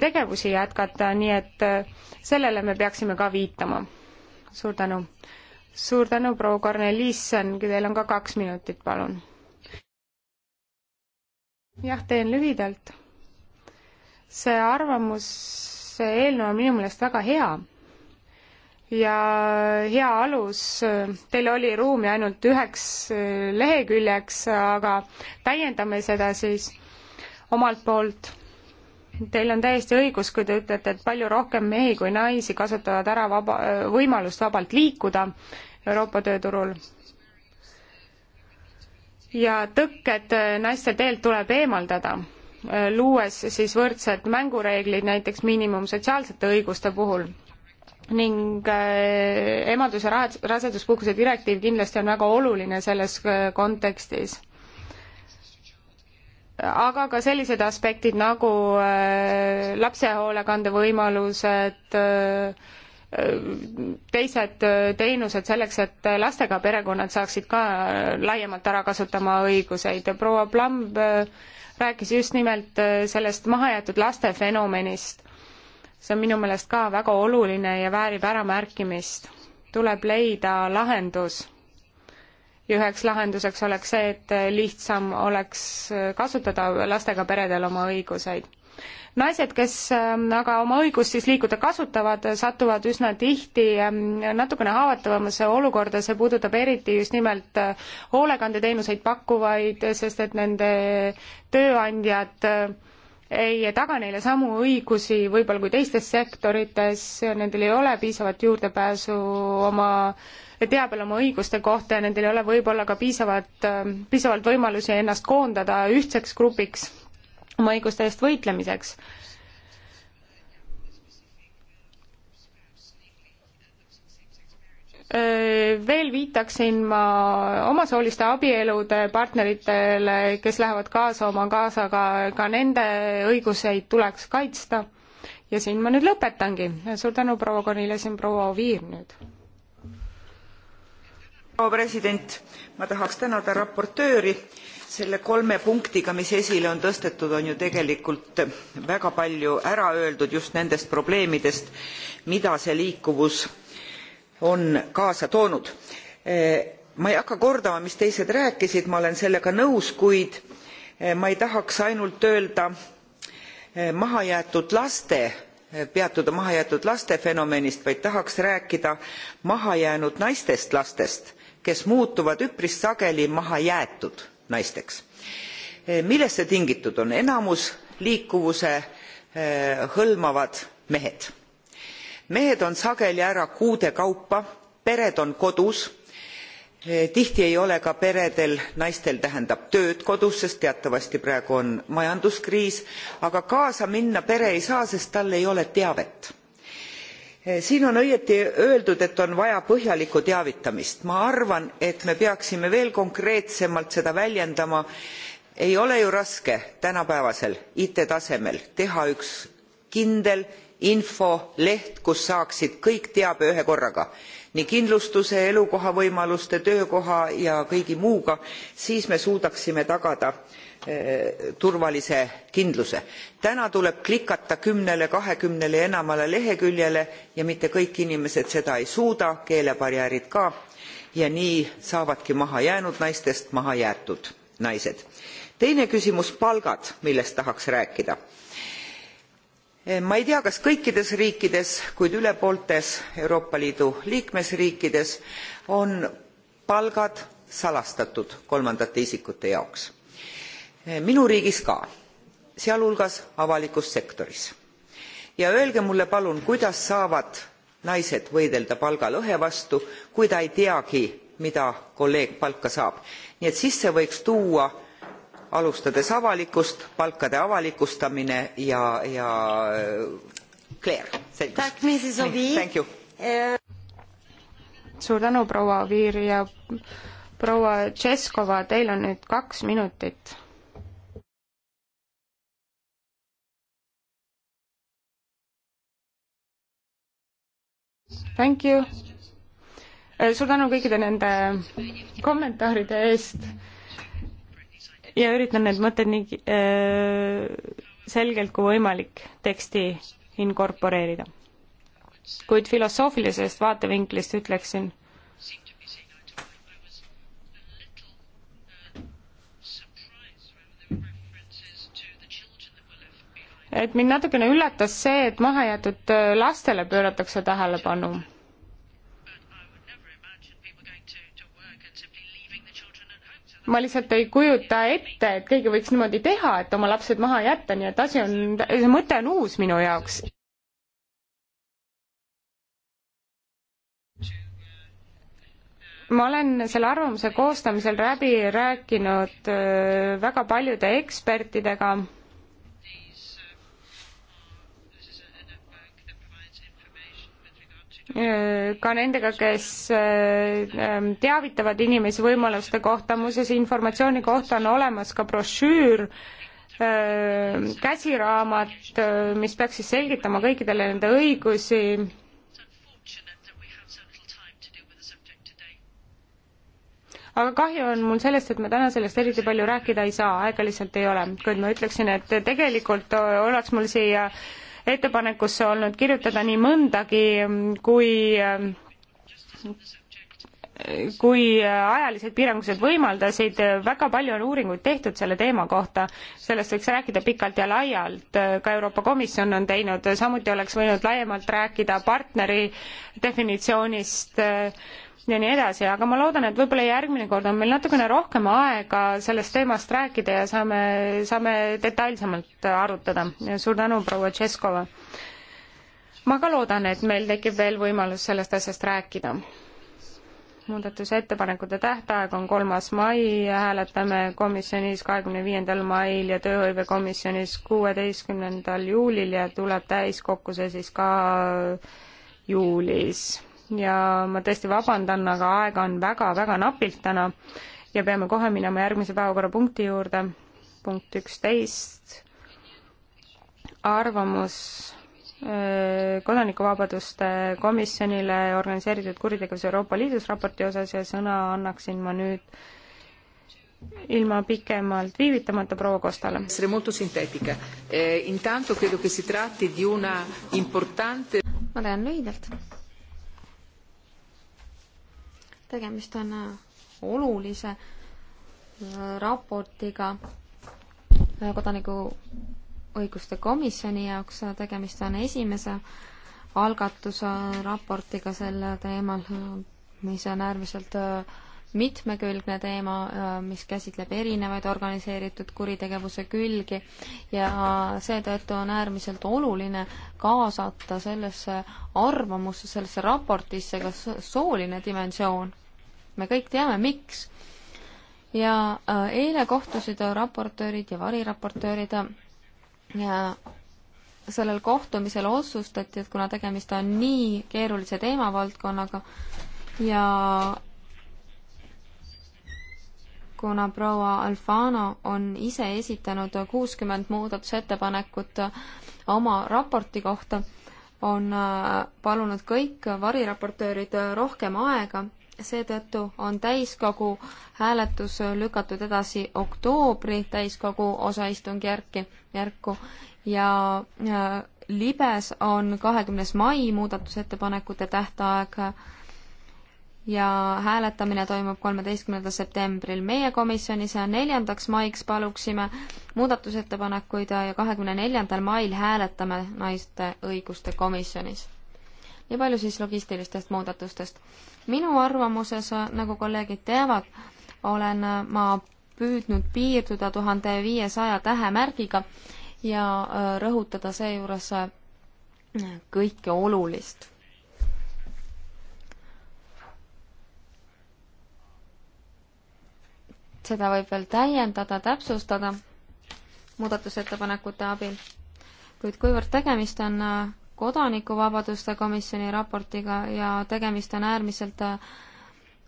tegevusi jätkata, nii et sellele me peaksime ka viitama. suur tänu. suur tänu, proua Korneliisson, teil on ka kaks minutit, palun. jah, teen lühidalt. see arvamus, see eelnõu on minu meelest väga hea ja hea alus, teil oli ruumi ainult üheks leheküljeks, aga täiendame seda siis omalt poolt. Teil on täiesti õigus, kui te ütlete, et palju rohkem mehi kui naisi kasutavad ära vaba, võimalust vabalt liikuda Euroopa tööturul ja tõkked naiste teelt tuleb eemaldada, luues siis võrdsed mängureeglid näiteks miinimum sotsiaalsete õiguste puhul ning äh, emadus- ja raseduspuhkuse direktiiv kindlasti on väga oluline selles äh, kontekstis. aga ka sellised aspektid nagu äh, lapsehoolekande võimalused, teised teenused selleks, et lastega perekonnad saaksid ka laiemalt ära kasutama õiguseid. proua Plamb rääkis just nimelt sellest mahajäetud laste fenomenist see on minu meelest ka väga oluline ja väärib äramärkimist. tuleb leida lahendus ja üheks lahenduseks oleks see, et lihtsam oleks kasutada lastega peredel oma õiguseid. naised, kes ähm, aga oma õigust siis liikuda kasutavad, satuvad üsna tihti ähm, natukene haavatavamasse olukorda, see puudutab eriti just nimelt äh, hoolekandeteenuseid pakkuvaid, sest et nende tööandjad äh, ei taga neile samu õigusi võib-olla kui teistes sektorites, nendel ei ole piisavat juurdepääsu oma teabel oma õiguste kohta ja nendel ei ole võib-olla ka piisavat, piisavalt võimalusi ennast koondada ühtseks grupiks oma õiguste eest võitlemiseks veel viitaksin ma omasooliste abielude partneritele, kes lähevad kaasa oma kaasaga, ka nende õiguseid tuleks kaitsta. ja siin ma nüüd lõpetangi. suur tänu, proua Kornelis ja proua Oviir nüüd.
proua president, ma tahaks tänada raportööri selle kolme punktiga mis esile on tõstetud on ju tegelikult väga palju ära öeldud just nendest probleemidest mida see liikuvus on kaasa toonud. Eh, ma ei hakka kordama mis teised rääkisid ma olen sellega nõus kuid eh, ma ei tahaks ainult öelda eh, mahajäetud laste peatuda mahajäetud laste fenomenist vaid tahaks rääkida mahajäänud naistest lastest kes muutuvad üpris sageli mahajäetud naisteks. millest see tingitud on? enamus liikuvuse hõlmavad mehed mehed on sageli ära kuude kaupa pered on kodus eh, tihti ei ole ka peredel naistel tähendab tööd kodus sest teatavasti praegu on majanduskriis aga kaasa minna pere ei saa sest tal ei ole teavet eh, siin on õieti öeldud et on vaja põhjalikku teavitamist ma arvan et me peaksime veel konkreetsemalt seda väljendama ei ole ju raske tänapäevasel it tasemel teha üks kindel infoleht kus saaksid kõik teabe ühe korraga nii kindlustuse elukohavõimaluste töökoha ja kõige muuga siis me suudaksime tagada eh, turvalise kindluse. täna tuleb klikata kümnele kahekümnele ja enamale leheküljele ja mitte kõik inimesed seda ei suuda keelebarjäärid ka ja nii saavadki mahajäänud naistest mahajäetud naised. teine küsimus palgad millest tahaks rääkida. Eh, ma ei tea kas kõikides riikides kuid üle pooltes euroopa liidu liikmesriikides on palgad salastatud kolmandate isikute jaoks eh, minu riigis ka sealhulgas avalikus sektoris. ja öelge mulle palun kuidas saavad naised võidelda palgalõhe vastu kui ta ei teagi mida kolleeg palka saab nii et sisse võiks tuua alustades avalikust palkade avalikustamine ja ja äh, Claire selgitus.
Äh, suur tänu, proua Oviir ja proua Tšeskova, teil on nüüd kaks minutit. Thank you. Äh, suur tänu kõikide nende kommentaaride eest ja üritan need mõtted nii äh, selgelt kui võimalik teksti inkorporeerida. kuid filosoofilisest vaatevinklist ütleksin, et mind natukene üllatas see, et mahajäetud äh, lastele pööratakse tähelepanu ma lihtsalt ei kujuta ette, et keegi võiks niimoodi teha, et oma lapsed maha jätta, nii et asi on, see mõte on uus minu jaoks. ma olen selle arvamuse koostamisel läbi rääkinud äh, väga paljude ekspertidega Äh, ka nendega, kes äh, ähm, teavitavad inimesi võimaluste kohta, muuseas informatsiooni kohta on olemas ka brošüür, äh, käsiraamat, mis peaks siis selgitama kõikidele nende õigusi. aga kahju on mul sellest, et me täna sellest eriti palju rääkida ei saa, aega lihtsalt ei ole, kuid ma ütleksin, et tegelikult oleks mul siia äh, ettepanekusse olnud kirjutada nii mõndagi, mm, kui mm, kui ajalised piirangused võimaldasid, väga palju on uuringuid tehtud selle teema kohta, sellest võiks rääkida pikalt ja laialt, ka Euroopa Komisjon on teinud, samuti oleks võinud laiemalt rääkida partneri definitsioonist äh,, ja nii edasi, aga ma loodan, et võib-olla järgmine kord on meil natukene rohkem aega sellest teemast rääkida ja saame, saame detailsemalt arutada. suur tänu, proua Tšeskova. ma ka loodan, et meil tekib veel võimalus sellest asjast rääkida. muudatusettepanekute tähtaeg on kolmas mai, hääletame komisjonis kahekümne viiendal mail ja tööhõivekomisjonis kuueteistkümnendal juulil ja tuleb täiskokku see siis ka juulis ja ma tõesti vabandan, aga aega on väga-väga napilt täna ja peame kohe minema järgmise päevakorrapunkti juurde, punkt üksteist, arvamus kodanikuvabaduste komisjonile organiseeritud kuritegevus Euroopa Liidus raporti osas ja sõna annaksin ma nüüd ilma pikemalt viivitamata proua Kostale. Eh,
ma teen lühidalt tegemist on äh, olulise äh, raportiga äh, kodanikuõiguste komisjoni jaoks, tegemist on esimese algatuse raportiga sel teemal, mis on äärmiselt mitmekülgne teema, mis käsitleb erinevaid organiseeritud kuritegevuse külgi ja seetõttu on äärmiselt oluline kaasata sellesse arvamusse, sellesse raportisse ka sooline dimensioon me kõik teame, miks. ja äh, eile kohtusid raportöörid ja variraportöörid äh, ja sellel kohtumisel otsustati, et kuna tegemist on nii keerulise teemavaldkonnaga ja kuna proua Alfano on ise esitanud kuuskümmend muudatusettepanekut äh, oma raporti kohta, on palunud kõik variraportöörid rohkem aega seetõttu on täiskogu hääletus lükatud edasi oktoobri täiskogu osaistungjärki, järku ja, ja libes on kahekümnes mai muudatusettepanekute tähtaeg ja hääletamine toimub kolmeteistkümnendal septembril. meie komisjonis neljandaks maiks paluksime muudatusettepanekuid ja kahekümne neljandal mail hääletame naiste õiguste komisjonis nii palju siis logistilistest muudatustest. minu arvamuses, nagu kolleegid teavad, olen ma püüdnud piirduda tuhande viiesaja tähemärgiga ja äh, rõhutada seejuures äh, kõike olulist seda võib veel täiendada, täpsustada muudatusettepanekute abil. kuid kuivõrd tegemist on äh, kodanikuvabaduste komisjoni raportiga ja tegemist on äärmiselt äh,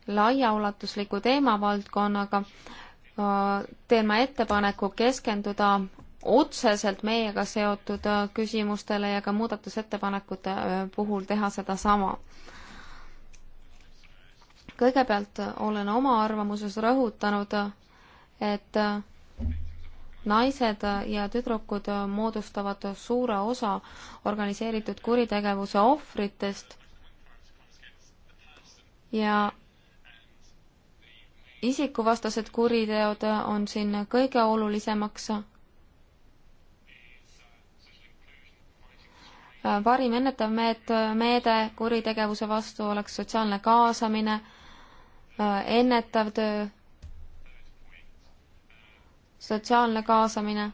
laiaulatusliku teemavaldkonnaga. Äh, teen ma ettepaneku keskenduda otseselt meiega seotud äh, küsimustele ja ka muudatusettepanekute puhul teha sedasama. kõigepealt olen oma arvamuses rõhutanud, et naised ja tüdrukud moodustavad suure osa organiseeritud kuritegevuse ohvritest ja isikuvastased kuriteod on siin kõige olulisemaks. parim ennetav meet-, meede kuritegevuse vastu oleks sotsiaalne kaasamine, ennetav töö sotsiaalne kaasamine,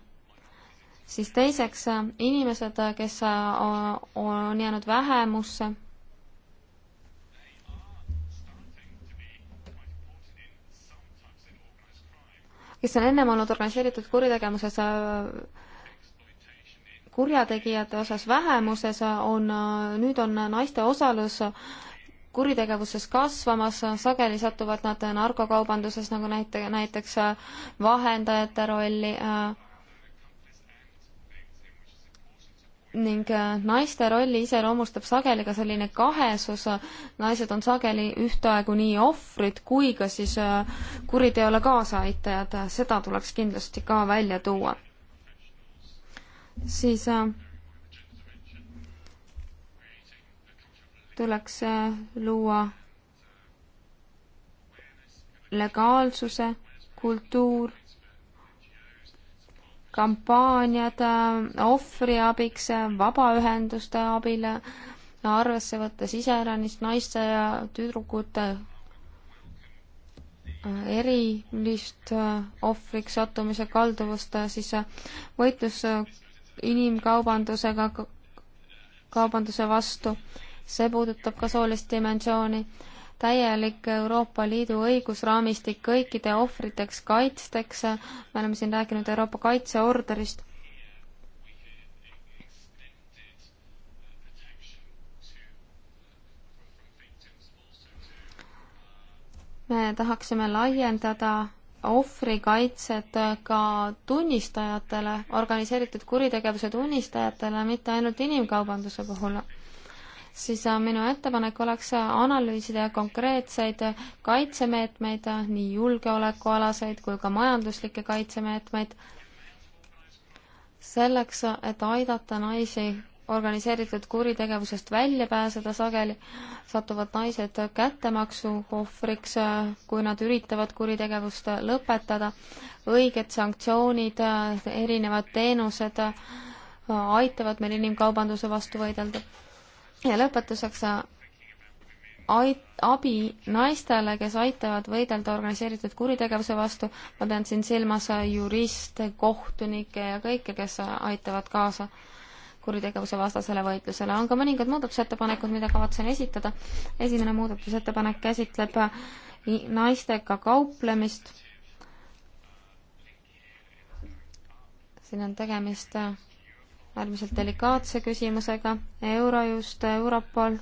siis teiseks äh, inimesed, äh, kes äh, on jäänud vähemusse, kes on ennem olnud organiseeritud kuritegevuses kurjategijate osas vähemuses, on, nüüd on naiste osalus kuritegevuses kasvamas, sageli satuvad nad narkokaubanduses nagu näite, näiteks äh, vahendajate rolli äh, ning äh, naiste rolli iseloomustab sageli ka selline kahesus, naised on sageli ühtaegu nii ohvrid kui ka siis kuriteole kaasaaitajad, seda tuleks kindlasti ka välja tuua. siis tuleks äh, luua legaalsuse kultuur, kampaaniad äh, ohvriabiks, äh, vabaühenduste abile, arvesse võttes iseäranis naiste ja tüdrukute erilist ohvriks sattumise kalduvust, siis võitlus inimkaubandusega, kaubanduse vastu see puudutab ka soolist dimensiooni, täielik Euroopa Liidu õigusraamistik kõikide ohvriteks kaitsteks, me oleme siin rääkinud Euroopa kaitseorderist, me tahaksime laiendada ohvrikaitset ka tunnistajatele, organiseeritud kuritegevuse tunnistajatele, mitte ainult inimkaubanduse puhul siis äh, minu ettepanek oleks äh, analüüsida konkreetseid äh, kaitsemeetmeid, nii julgeolekualaseid kui ka majanduslikke kaitsemeetmeid, selleks, et aidata naisi organiseeritud kuritegevusest välja pääseda, sageli satuvad naised kättemaksu ohvriks, kui nad üritavad kuritegevust lõpetada. õiged sanktsioonid, erinevad teenused aitavad meil inimkaubanduse vastu võidelda ja lõpetuseks äh, ait-, abi naistele, kes aitavad võidelda organiseeritud kuritegevuse vastu, ma pean siin silmas äh, juriste, kohtunikke ja kõike, kes äh, aitavad kaasa kuritegevuse vastasele võitlusele. on ka mõningad muudatusettepanekud, mida kavatsen esitada. esimene muudatusettepanek käsitleb naistega kauplemist. siin on tegemist äärmiselt delikaatse küsimusega. Eurojust, Europol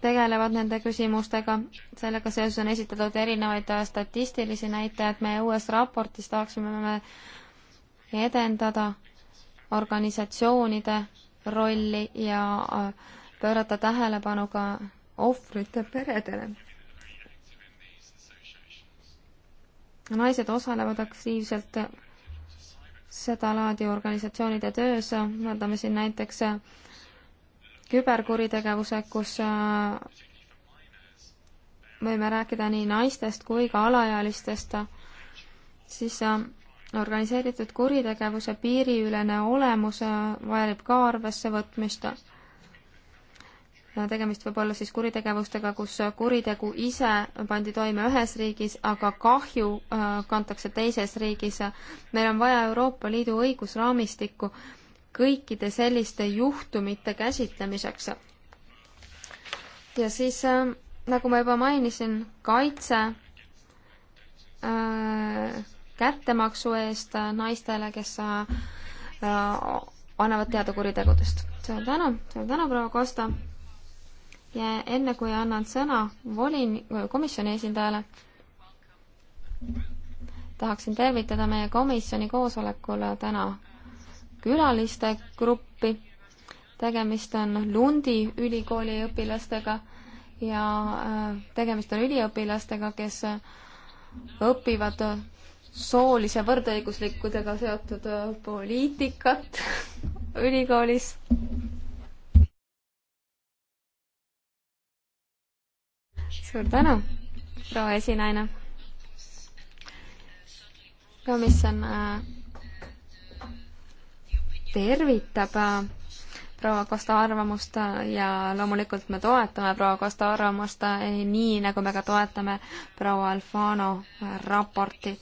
tegelevad nende küsimustega. sellega seoses on esitatud erinevaid statistilisi näitajaid. meie uues raportis tahaksime me edendada organisatsioonide rolli ja äh, pöörata tähelepanu ka ohvrite peredele. naised osalevad aktiivselt sedalaadi organisatsioonide töös, võtame siin näiteks äh, küberkuritegevuse, kus äh, võime rääkida nii naistest kui ka alaealistest, siis äh, organiseeritud kuritegevuse piiriülene olemus vajab ka arvesse võtmist tegemist võib olla siis kuritegevustega, kus kuritegu ise pandi toime ühes riigis, aga kahju äh, kantakse teises riigis. meil on vaja Euroopa Liidu õigusraamistikku kõikide selliste juhtumite käsitlemiseks. ja siis, äh, nagu ma juba mainisin, kaitse äh, kättemaksu eest naistele, kes annavad teada kuritegudest. suur tänu, suur tänu, proua Kosta ja enne kui annan sõna volin-, komisjoni esindajale, tahaksin tervitada meie komisjoni koosolekul täna külaliste gruppi. tegemist on Lundi ülikooli õpilastega ja äh, tegemist on üliõpilastega, kes õpivad soolise võrdõiguslikkudega seotud äh, poliitikat ülikoolis suur tänu, proua esinaine. komisjon äh, tervitab äh, proua Kosta arvamust äh, ja loomulikult me toetame proua Kosta arvamust nii, nagu me ka toetame proua Alfano raportit.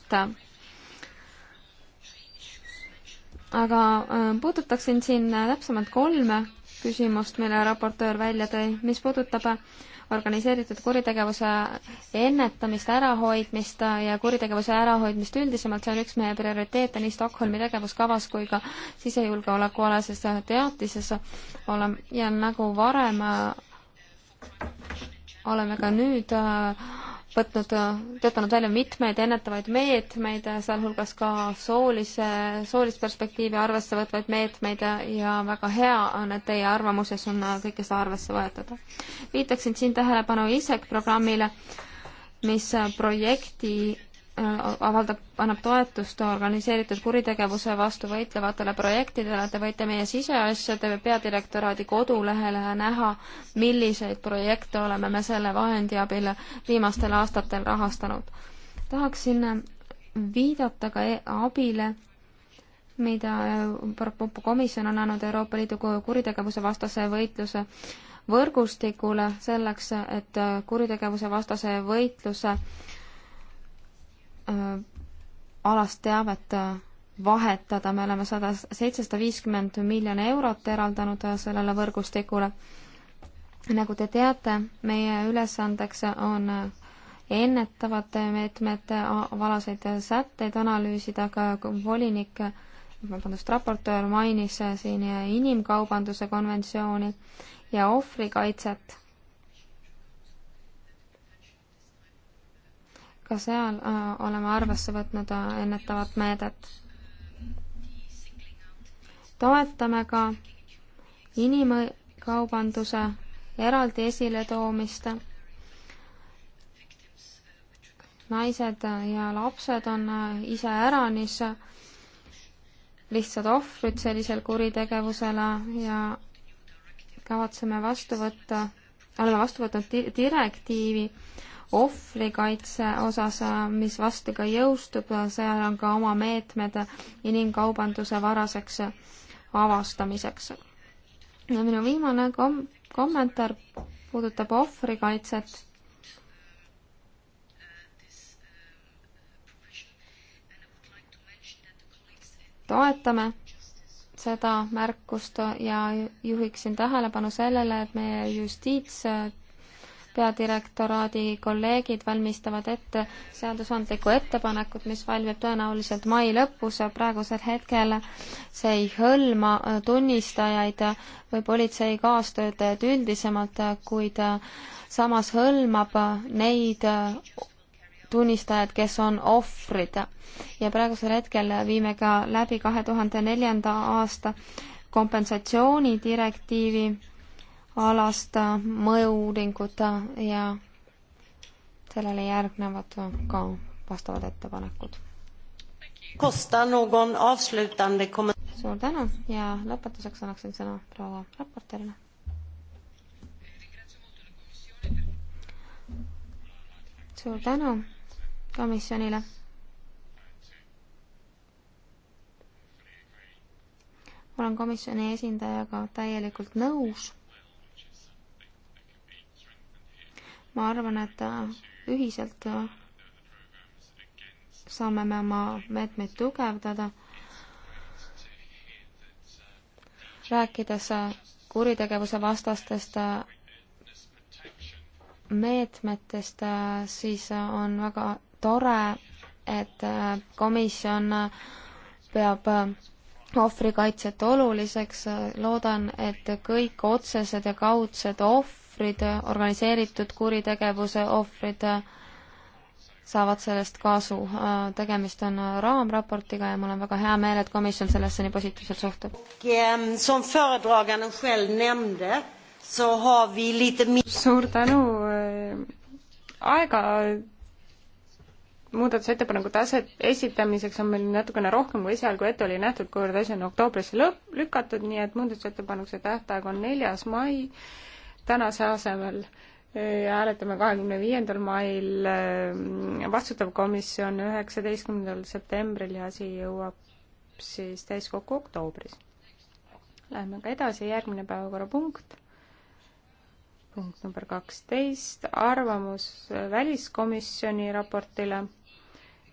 aga puudutaksin siin täpsemalt kolme küsimust, mille raportöör välja tõi, mis puudutab organiseeritud kuritegevuse ennetamist, ärahoidmist ja kuritegevuse ärahoidmist üldisemalt, see on üks meie prioriteete nii Stockholmi tegevuskavas kui ka sisejulgeolekualases teatises oleme ja nagu varem äh, oleme ka nüüd äh, võtnud, töötanud välja mitmeid ennetavaid meetmeid, sealhulgas ka soolise, soolist perspektiivi arvesse võtvaid meetmeid ja väga hea on, et teie arvamuses on kõike seda arvesse võetud. viitaksin siin tähelepanu ISEC programmile, mis projekti Äh, avaldab, annab toetust organiseeritud kuritegevuse vastu võitlevatele projektidele, te võite meie siseasjade peadirektoraadi kodulehele näha, milliseid projekte oleme me selle vahendi abil viimastel aastatel rahastanud. tahaksin viidata ka e abile, mida Euroopa Komisjon on andnud Euroopa Liidu kuritegevuse vastase võitluse võrgustikule selleks, et kuritegevuse vastase võitluse Äh, alast teavet äh, vahetada, me oleme sada, seitsesada viiskümmend miljoni eurot eraldanud äh, sellele võrgustikule. nagu te teate, meie ülesandeks on ennetavate meetmete valaseid sätteid analüüsida, aga volinik, vabandust, raportöör mainis siin inimkaubanduse konventsiooni ja ohvrikaitset ka seal äh, oleme arvesse võtnud äh, ennetavat meedet. toetame ka inimkaubanduse eraldi esiletoomist. naised äh, ja lapsed on iseäranis lihtsad ohvrid sellisel kuritegevusele ja kavatseme vastu võtta, oleme vastu võtnud direktiivi ohvrikaitse osas, mis varsti ka jõustub, seal on ka oma meetmed inimkaubanduse varaseks avastamiseks. ja minu viimane kom-, kommentaar puudutab ohvrikaitset. toetame seda märkust ja juhiksin tähelepanu sellele, et meie justiits- peadirektoraadi kolleegid valmistavad ette seadusandlikku ettepanekut, mis valmib tõenäoliselt mai lõpus, praegusel hetkel see ei hõlma äh, tunnistajaid või politsei kaastöötajaid üldisemalt, kuid äh, samas hõlmab äh, neid tunnistajad, kes on ohvrid. ja praegusel hetkel viime ka läbi kahe tuhande neljanda aasta kompensatsioonidirektiivi alast mõju-uuringut ja sellele järgnevad ka vastavad ettepanekud.
suur tänu ja
lõpetuseks annaksin sõna proua raportöörile. suur tänu komisjonile olen komisjoni esindajaga täielikult nõus ma arvan, et äh, ühiselt äh, saame me oma meetmeid tugevdada, rääkides äh, kuritegevuse vastastest meetmetest, siis on väga tore, et komisjon peab ohvrikaitset oluliseks, loodan, et kõik otsesed ja kaudsed ohvrid ohvrid, organiseeritud kuritegevuse ohvrid saavad sellest kasu. tegemist on raamraportiga ja mul on väga hea meel, et komisjon sellesse nii positiivselt suhtub. suur
tänu, aega muudatusettepanekute aset, esitamiseks on meil natukene rohkem kui esialgu ette oli nähtud, kuivõrd asi on oktoobrisse lõpp, lükatud, nii et muudatusettepanekuse tähtaeg on neljas mai tänase asemel ja hääletame kahekümne viiendal mail, ehm, vastutav komisjon üheksateistkümnendal septembril ja asi jõuab siis täiskokku oktoobris. Läheme ka edasi, järgmine päevakorrapunkt, punkt number kaksteist, arvamus väliskomisjoni raportile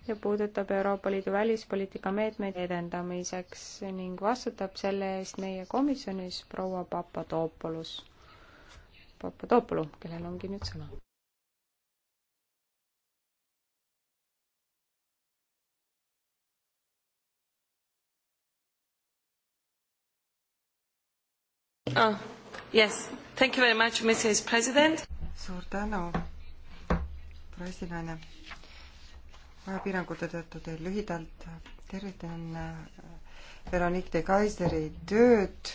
ja puudutab Euroopa Liidu välispoliitika meetmeid edendamiseks ning vastutab selle eest meie komisjonis proua Papadopoulos Papadopoulou, kellel ongi nüüd sõna.
Oh, yes, thank you very much, Mrs President.
suur tänu, president. ajapiirangute tõttu teen lühidalt, tervitan Veronique de Kaiseri tööd,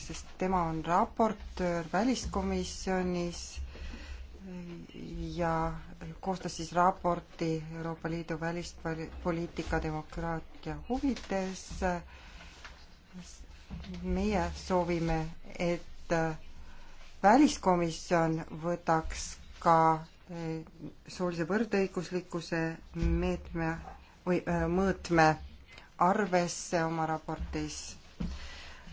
sest tema on raportöör väliskomisjonis ja koostas siis raporti Euroopa Liidu välispoliitika demokraatia huvides. meie soovime, et väliskomisjon võtaks ka eh, soolise võrdõiguslikkuse meetme või eh, mõõtme arvesse oma raportis.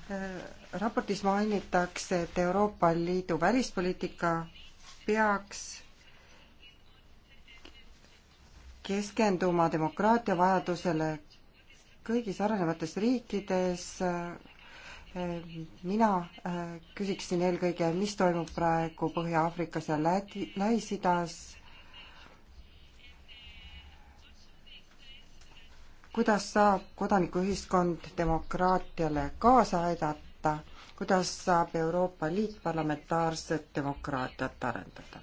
Äh, raportis mainitakse, et Euroopa Liidu välispoliitika peaks keskenduma demokraatia vajadusele kõigis arenevates riikides. Äh, mina äh, küsiksin eelkõige, mis toimub praegu Põhja-Aafrikas ja Läti, Lähis-Idas kuidas saab kodanikuühiskond demokraatiale kaasa aidata, kuidas saab Euroopa Liit parlamentaarset demokraatiat arendada?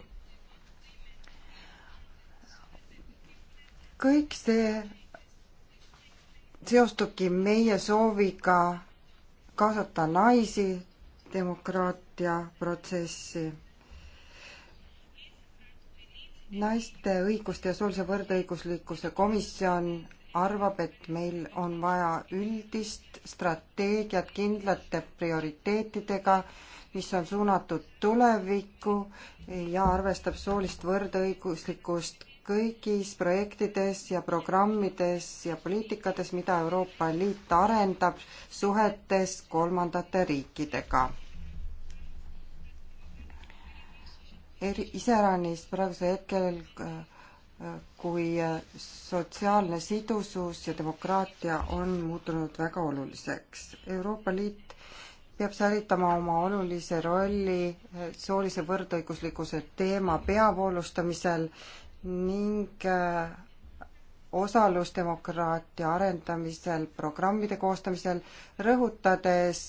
kõik see seostubki meie sooviga kaasata naisi demokraatia protsessi naiste õiguste ja soolise võrdõiguslikkuse komisjon arvab, et meil on vaja üldist strateegiat kindlate prioriteetidega, mis on suunatud tulevikku ja arvestab soolist võrdõiguslikkust kõigis projektides ja programmides ja poliitikates, mida Euroopa Liit arendab suhetes kolmandate riikidega. eri, iseäranis praegusel hetkel äh, kui äh, sotsiaalne sidusus ja demokraatia on muutunud väga oluliseks. Euroopa Liit peab säilitama oma olulise rolli äh, soolise võrdõiguslikkuse teema peavoolustamisel ning äh, osalusdemokraatia arendamisel, programmide koostamisel, rõhutades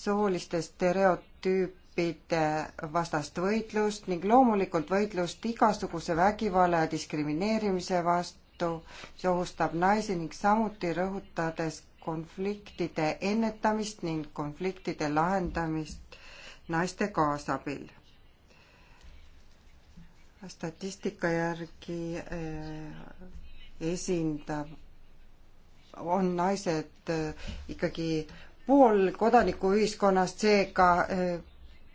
sooliste stereotüüp õppida äh, vastast võitlust ning loomulikult võitlust igasuguse vägivalla ja diskrimineerimise vastu, mis ohustab naisi ning samuti rõhutades konfliktide ennetamist ning konfliktide lahendamist naiste kaasabil. statistika järgi äh, esindab, on naised äh, ikkagi pool kodanikuühiskonnast, seega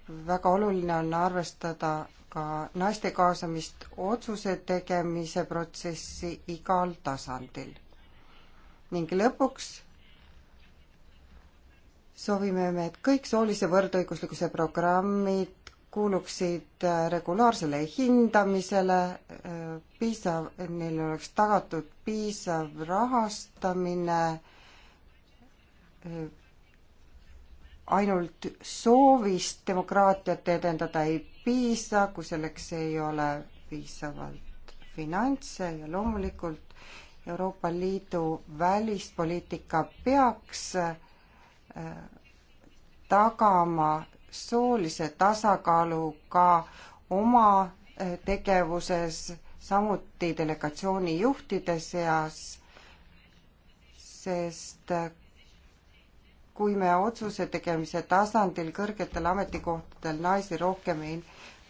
väga oluline on arvestada ka naiste kaasamist otsuse tegemise protsessi igal tasandil. ning lõpuks soovime me, et kõik soolise võrdõiguslikkuse programmid kuuluksid äh, regulaarsele hindamisele, äh, piisav, neil oleks tagatud piisav rahastamine, äh, ainult soovist demokraatiat edendada ei piisa, kui selleks ei ole piisavalt finantse ja loomulikult Euroopa Liidu välispoliitika peaks äh, tagama soolise tasakaalu ka oma äh, tegevuses, samuti delegatsiooni juhtide seas, sest äh, kui me otsuse tegemise tasandil kõrgetel ametikohtadel naisi rohkem ei,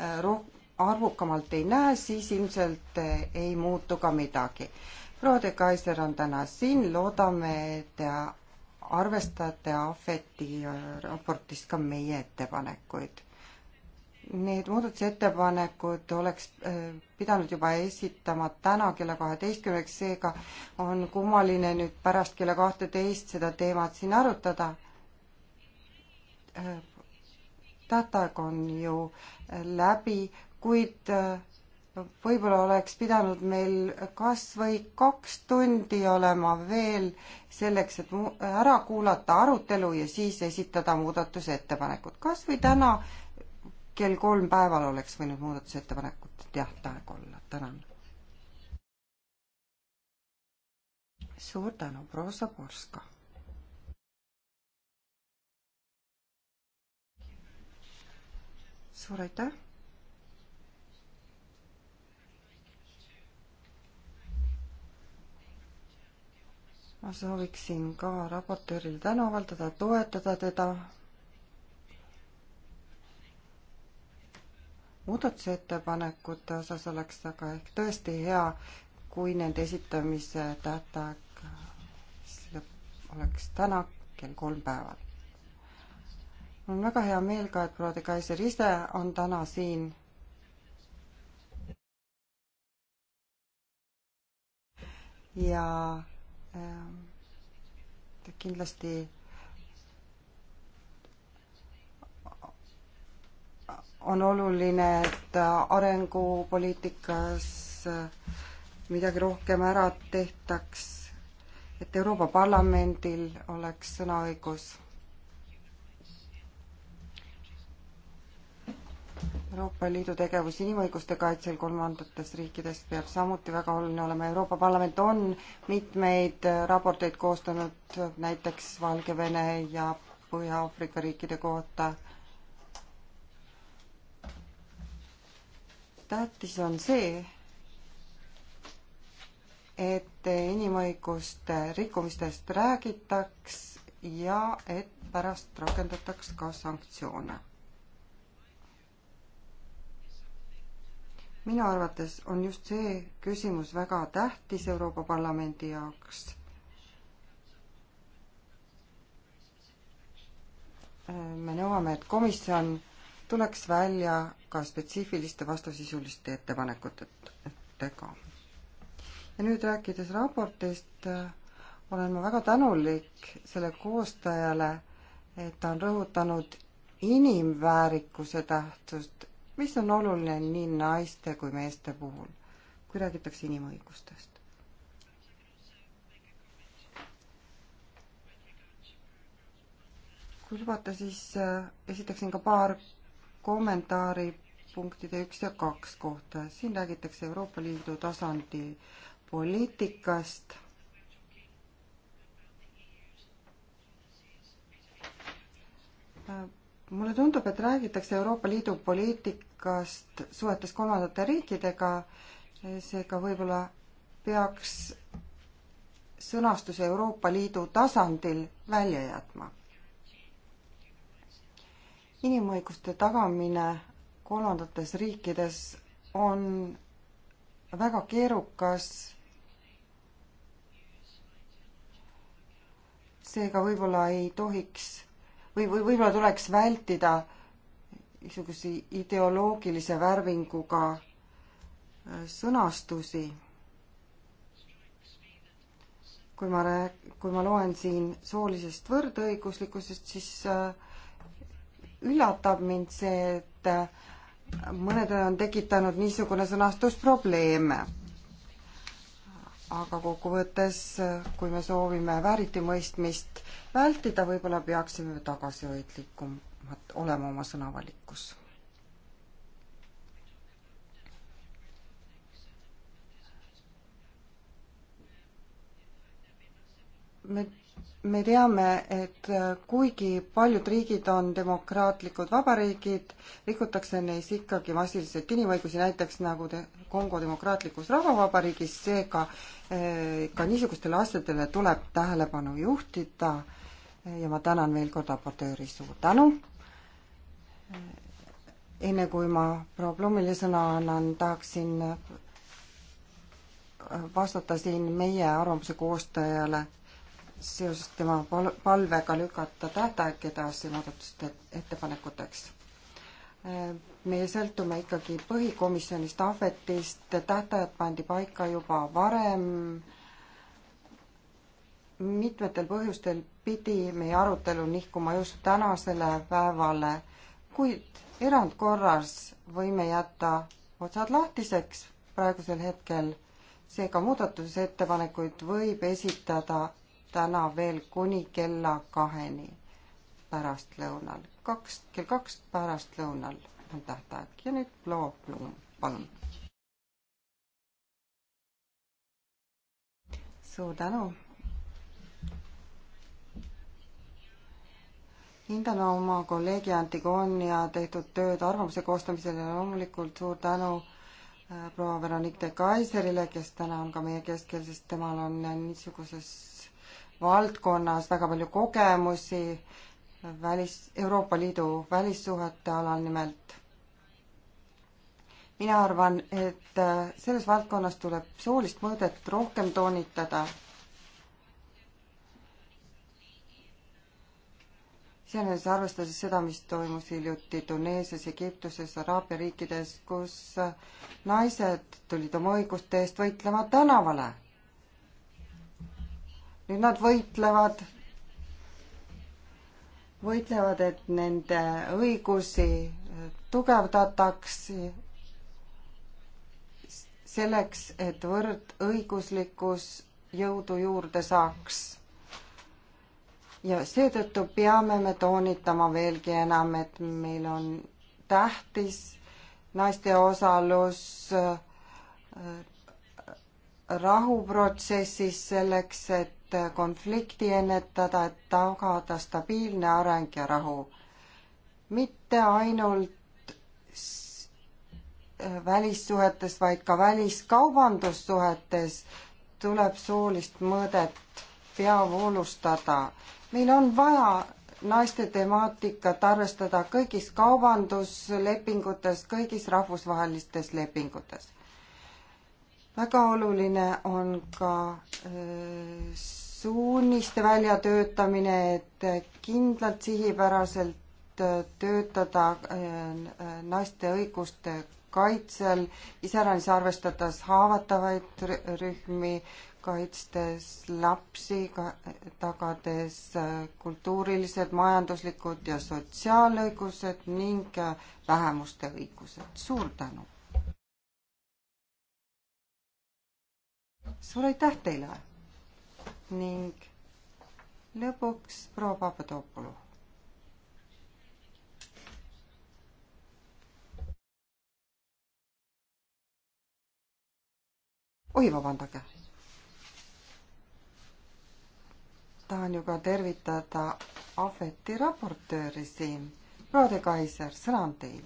äh, roh-, arvukamalt ei näe, siis ilmselt äh, ei muutu ka midagi. proua de Kaiser on täna siin, loodame, et arvestate Ahveti äh, raportis ka meie ettepanekuid Need muudatusettepanekud oleks äh, pidanud juba esitama täna kella kaheteistkümneks, seega on kummaline nüüd pärast kella kahteteist seda teemat siin arutada. Äh, tähtaeg on ju äh, läbi, kuid võib-olla oleks pidanud meil kas või kaks tundi olema veel selleks, et ära kuulata arutelu ja siis esitada muudatusettepanekud. kas või täna kell kolm päeval oleks võinud muudatusettepanekute tähtaeg olla, tänan. suur tänu, proua Zaborska. suur aitäh. ma sooviksin ka raportöörile tänu avaldada, toetada teda muudatusettepanekute osas oleks aga ehk tõesti hea, kui nende esitamise tähtaeg oleks täna kell kolm päeval. mul on väga hea meel ka, et proua de Kaiser ise on täna siin. ja äh, kindlasti on oluline, et arengupoliitikas midagi rohkem ära tehtaks, et Euroopa Parlamendil oleks sõnaõigus. Euroopa Liidu tegevus inimõiguste kaitsel kolmandates riikides peab samuti väga oluline olema. Euroopa Parlament on mitmeid raporteid koostanud näiteks Valgevene ja Põhja-Aafrika riikide kohta tähtis on see, et inimõiguste rikkumistest räägitaks ja et pärast rakendataks ka sanktsioone. minu arvates on just see küsimus väga tähtis Euroopa Parlamendi jaoks. me nõuame, et komisjon tuleks välja ka spetsiifiliste vastusisuliste ettepanekutega. ja nüüd rääkides raportist, olen ma väga tänulik selle koostajale, et ta on rõhutanud inimväärikuse tähtsust, mis on oluline nii naiste kui meeste puhul, kui räägitakse inimõigustest. kui lubate, siis äh, esitaksin ka paar kommentaari punktide üks ja kaks kohta. siin räägitakse Euroopa Liidu tasandi poliitikast. mulle tundub, et räägitakse Euroopa Liidu poliitikast suhetes kolmandate riikidega, seega võib-olla peaks sõnastuse Euroopa Liidu tasandil välja jätma. inimõiguste tagamine kolmandates riikides on väga keerukas. seega võib-olla ei tohiks või, või võib-olla tuleks vältida niisugusi ideoloogilise värvinguga äh, sõnastusi. kui ma rääk-, kui ma loen siin soolisest võrdõiguslikkusest, siis äh, üllatab mind see, et äh, mõnedele on tekitanud niisugune sõnastus probleeme. aga kokkuvõttes, kui me soovime vääritimõistmist vältida, võib-olla peaksime tagasihoidlikumad olema oma sõnavalikus me me teame, et äh, kuigi paljud riigid on demokraatlikud vabariigid, rikutakse neis ikkagi massiliselt inimõigusi, näiteks nagu te Kongo Demokraatlikus Rahvavabariigis, seega äh, ka niisugustele asjadele tuleb tähelepanu juhtida ja ma tänan veel kord raportööri, suur tänu! Äh, enne kui ma proua Blumile sõna annan, tahaksin vastata siin meie arvamuse koostajale seoses tema pal-, palvega lükata tähtaeg edasi muudatuste ettepanekuteks. meie sõltume ikkagi põhikomisjonist, ahvetist, tähtajad pandi paika juba varem, mitmetel põhjustel pidi meie arutelu nihkuma just tänasele päevale, kuid erandkorras võime jätta otsad lahtiseks praegusel hetkel, seega muudatusettepanekuid võib esitada täna veel kuni kella kaheni pärastlõunal. kaks, kell kaks pärastlõunal on tähtaeg ja nüüd Loo Blum, palun. suur tänu. hindan oma kolleegi Antigonia tehtud tööd arvamuse koostamisel ja loomulikult suur tänu äh, proua Veronique de Kaiserile, kes täna on ka meie keskel, sest temal on niisuguses valdkonnas väga palju kogemusi välis, Euroopa Liidu välissuhete alal nimelt. mina arvan, et äh, selles valdkonnas tuleb soolist mõõdet rohkem toonitada. iseenesest arvestades seda, mis toimus hiljuti Tuneesias, Egiptuses, Araabia riikides, kus äh, naised tulid oma õiguste eest võitlema tänavale nüüd nad võitlevad, võitlevad, et nende õigusi tugevdataks selleks, et võrdõiguslikkus jõudu juurde saaks. ja seetõttu peame me toonitama veelgi enam, et meil on tähtis naiste osalus äh, rahuprotsessis selleks, et et konflikti ennetada, et tagada stabiilne areng ja rahu. mitte ainult välissuhetes, vaid ka väliskaubandussuhetes tuleb soolist mõõdet peavoolustada. meil on vaja naiste temaatikat arvestada kõigis kaubanduslepingutes, kõigis rahvusvahelistes lepingutes väga oluline on ka äh, suuniste väljatöötamine, et kindlalt sihipäraselt äh, töötada äh, naiste õiguste kaitsel, iseäranis arvestades haavatavaid rühmi, kaitstes lapsi, tagades kultuurilised, majanduslikud ja sotsiaalõigused ning vähemuste õigused. suur tänu! suur aitäh teile ning lõpuks proua Papadopoulou. oi, vabandage. tahan ju ka tervitada Ahveti raportööri siin. proua de Kaiser, sõna on teil.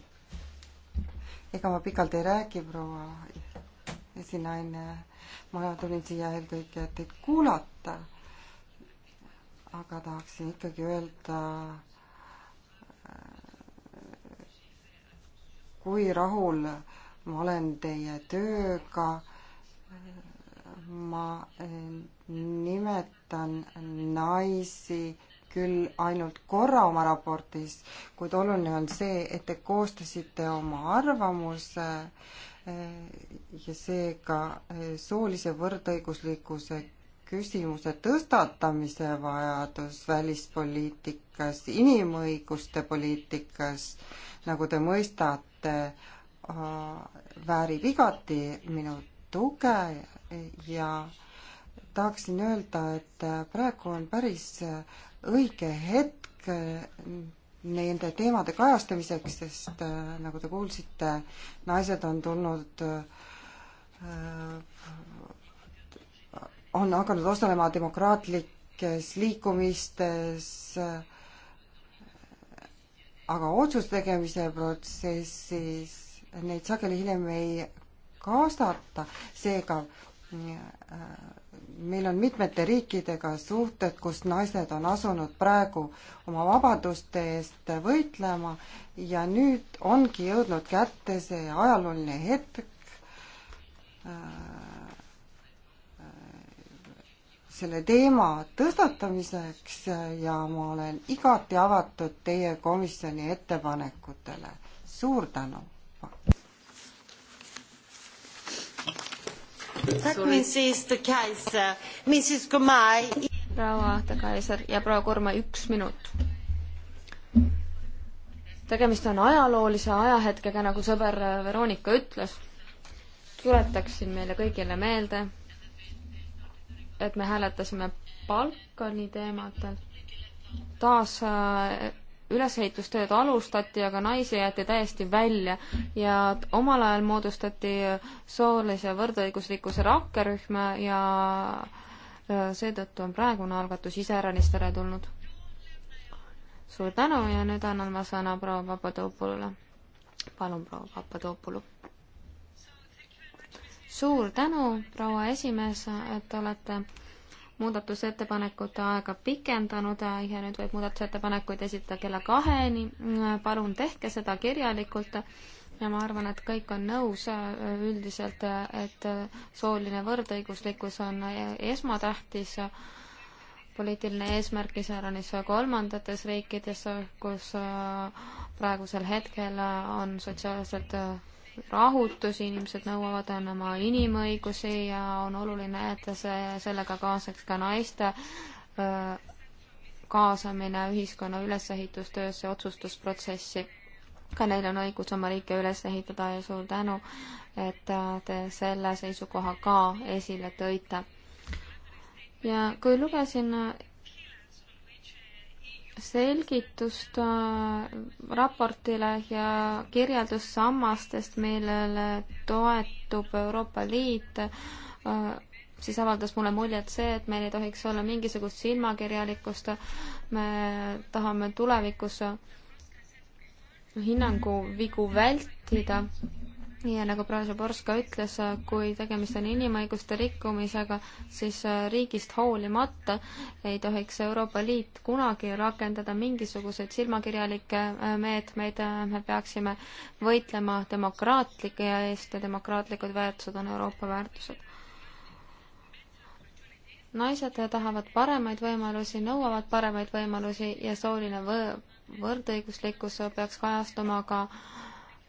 ega ma pikalt ei räägi, proua esinaine. ma tulin siia eelkõige teid kuulata. aga tahaksin ikkagi öelda, kui rahul ma olen teie tööga. ma nimetan naisi küll ainult korra oma raportis, kuid oluline on see, et te koostasite oma arvamuse ja seega eh, soolise võrdõiguslikkuse küsimuse tõstatamise vajadus välispoliitikas, inimõiguste poliitikas, nagu te mõistate, väärib igati minu tuge ja tahaksin öelda, et praegu on päris õige hetk nende teemade kajastamiseks, sest äh, nagu te kuulsite, naised on tulnud, äh, on hakanud osalema demokraatlikes liikumistes, äh, aga otsuste tegemise protsessis neid sageli hiljem ei kaasata, seega meil on mitmete riikidega suhted, kus naised on asunud praegu oma vabaduste eest võitlema ja nüüd ongi jõudnud kätte see ajalooline hetk äh, selle teema tõstatamiseks ja ma olen igati avatud teie komisjoni ettepanekutele. suur tänu!
proua de Kaiser ja proua Kurma, üks minut. tegemist on ajaloolise ajahetkega, nagu sõber äh, Veronika ütles. tuletaksin meile kõigile meelde, et me hääletasime Balkani teemadel taas äh, ülesehitustööd alustati, aga naisi jäeti täiesti välja ja omal ajal moodustati soolise võrdõiguslikkuse rakkerühm ja seetõttu on praegune algatus iseäranis teretulnud. suur tänu ja nüüd annan ma sõna proua Papadopoulule. palun, proua Papadopoulu. suur tänu, proua esimees, et olete muudatusettepanekute aega pikendanud äh, ja nüüd võib muudatusettepanekuid esitada kella kaheni. Äh, palun tehke seda kirjalikult ja ma arvan, et kõik on nõus äh, üldiselt, et sooline võrdõiguslikkus on esmatähtis poliitiline eesmärk iseäranis kolmandates riikides, kus praegusel hetkel on sotsiaalsed rahutusi, inimesed nõuavad oma inimõigusi ja on oluline, et see, sellega kaasneks ka naiste kaasamine ühiskonna ülesehitustöösse, otsustusprotsessi. ka neil on õigus oma riike üles ehitada ja suur tänu, et äh, te selle seisukoha ka esile tõite. ja kui lugesin selgitust äh, raportile ja kirjeldus sammastest, millele toetub Euroopa Liit, äh, siis avaldas mulle muljet see, et meil ei tohiks olla mingisugust silmakirjalikkust. me tahame tulevikus hinnanguvigu vältida nii nagu Bražoborsk ka ütles, kui tegemist on inimõiguste rikkumisega, siis äh, riigist hoolimata ei tohiks Euroopa Liit kunagi rakendada mingisuguseid silmakirjalikke äh, meetmeid, me peaksime võitlema demokraatlike eest ja demokraatlikud väärtused on Euroopa väärtused. naised tahavad paremaid võimalusi, nõuavad paremaid võimalusi ja sooline võõr võrdõiguslikkus peaks kajastuma ka, ka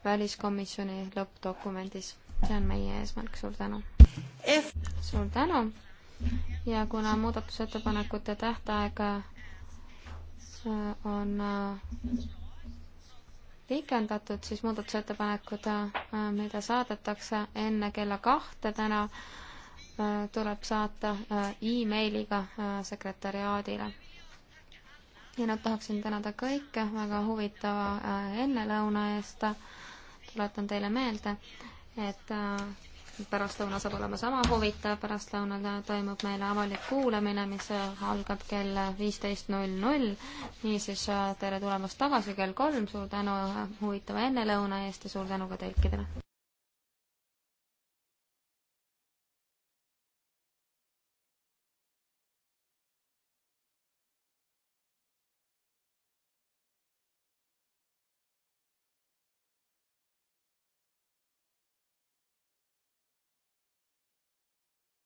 väliskomisjoni lõppdokumendis. see on meie eesmärk, suur tänu. suur tänu ja kuna muudatusettepanekute tähtaeg äh, on äh, pikendatud, siis muudatusettepanekud, äh, mida saadetakse enne kella kahte täna, tuleb saata emailiga sekretäriaadile. ja nüüd tahaksin tänada kõike väga huvitava ennelõuna eest tuletan teile meelde, et äh, pärastlõuna saab olema sama huvitav, pärastlõunal toimub meil avalik kuulamine, mis algab kell viisteist null null. niisiis äh, tere tulemast tagasi kell kolm, suur tänu äh, huvitava ennelõuna eest ja suur tänu ka tõlkidele!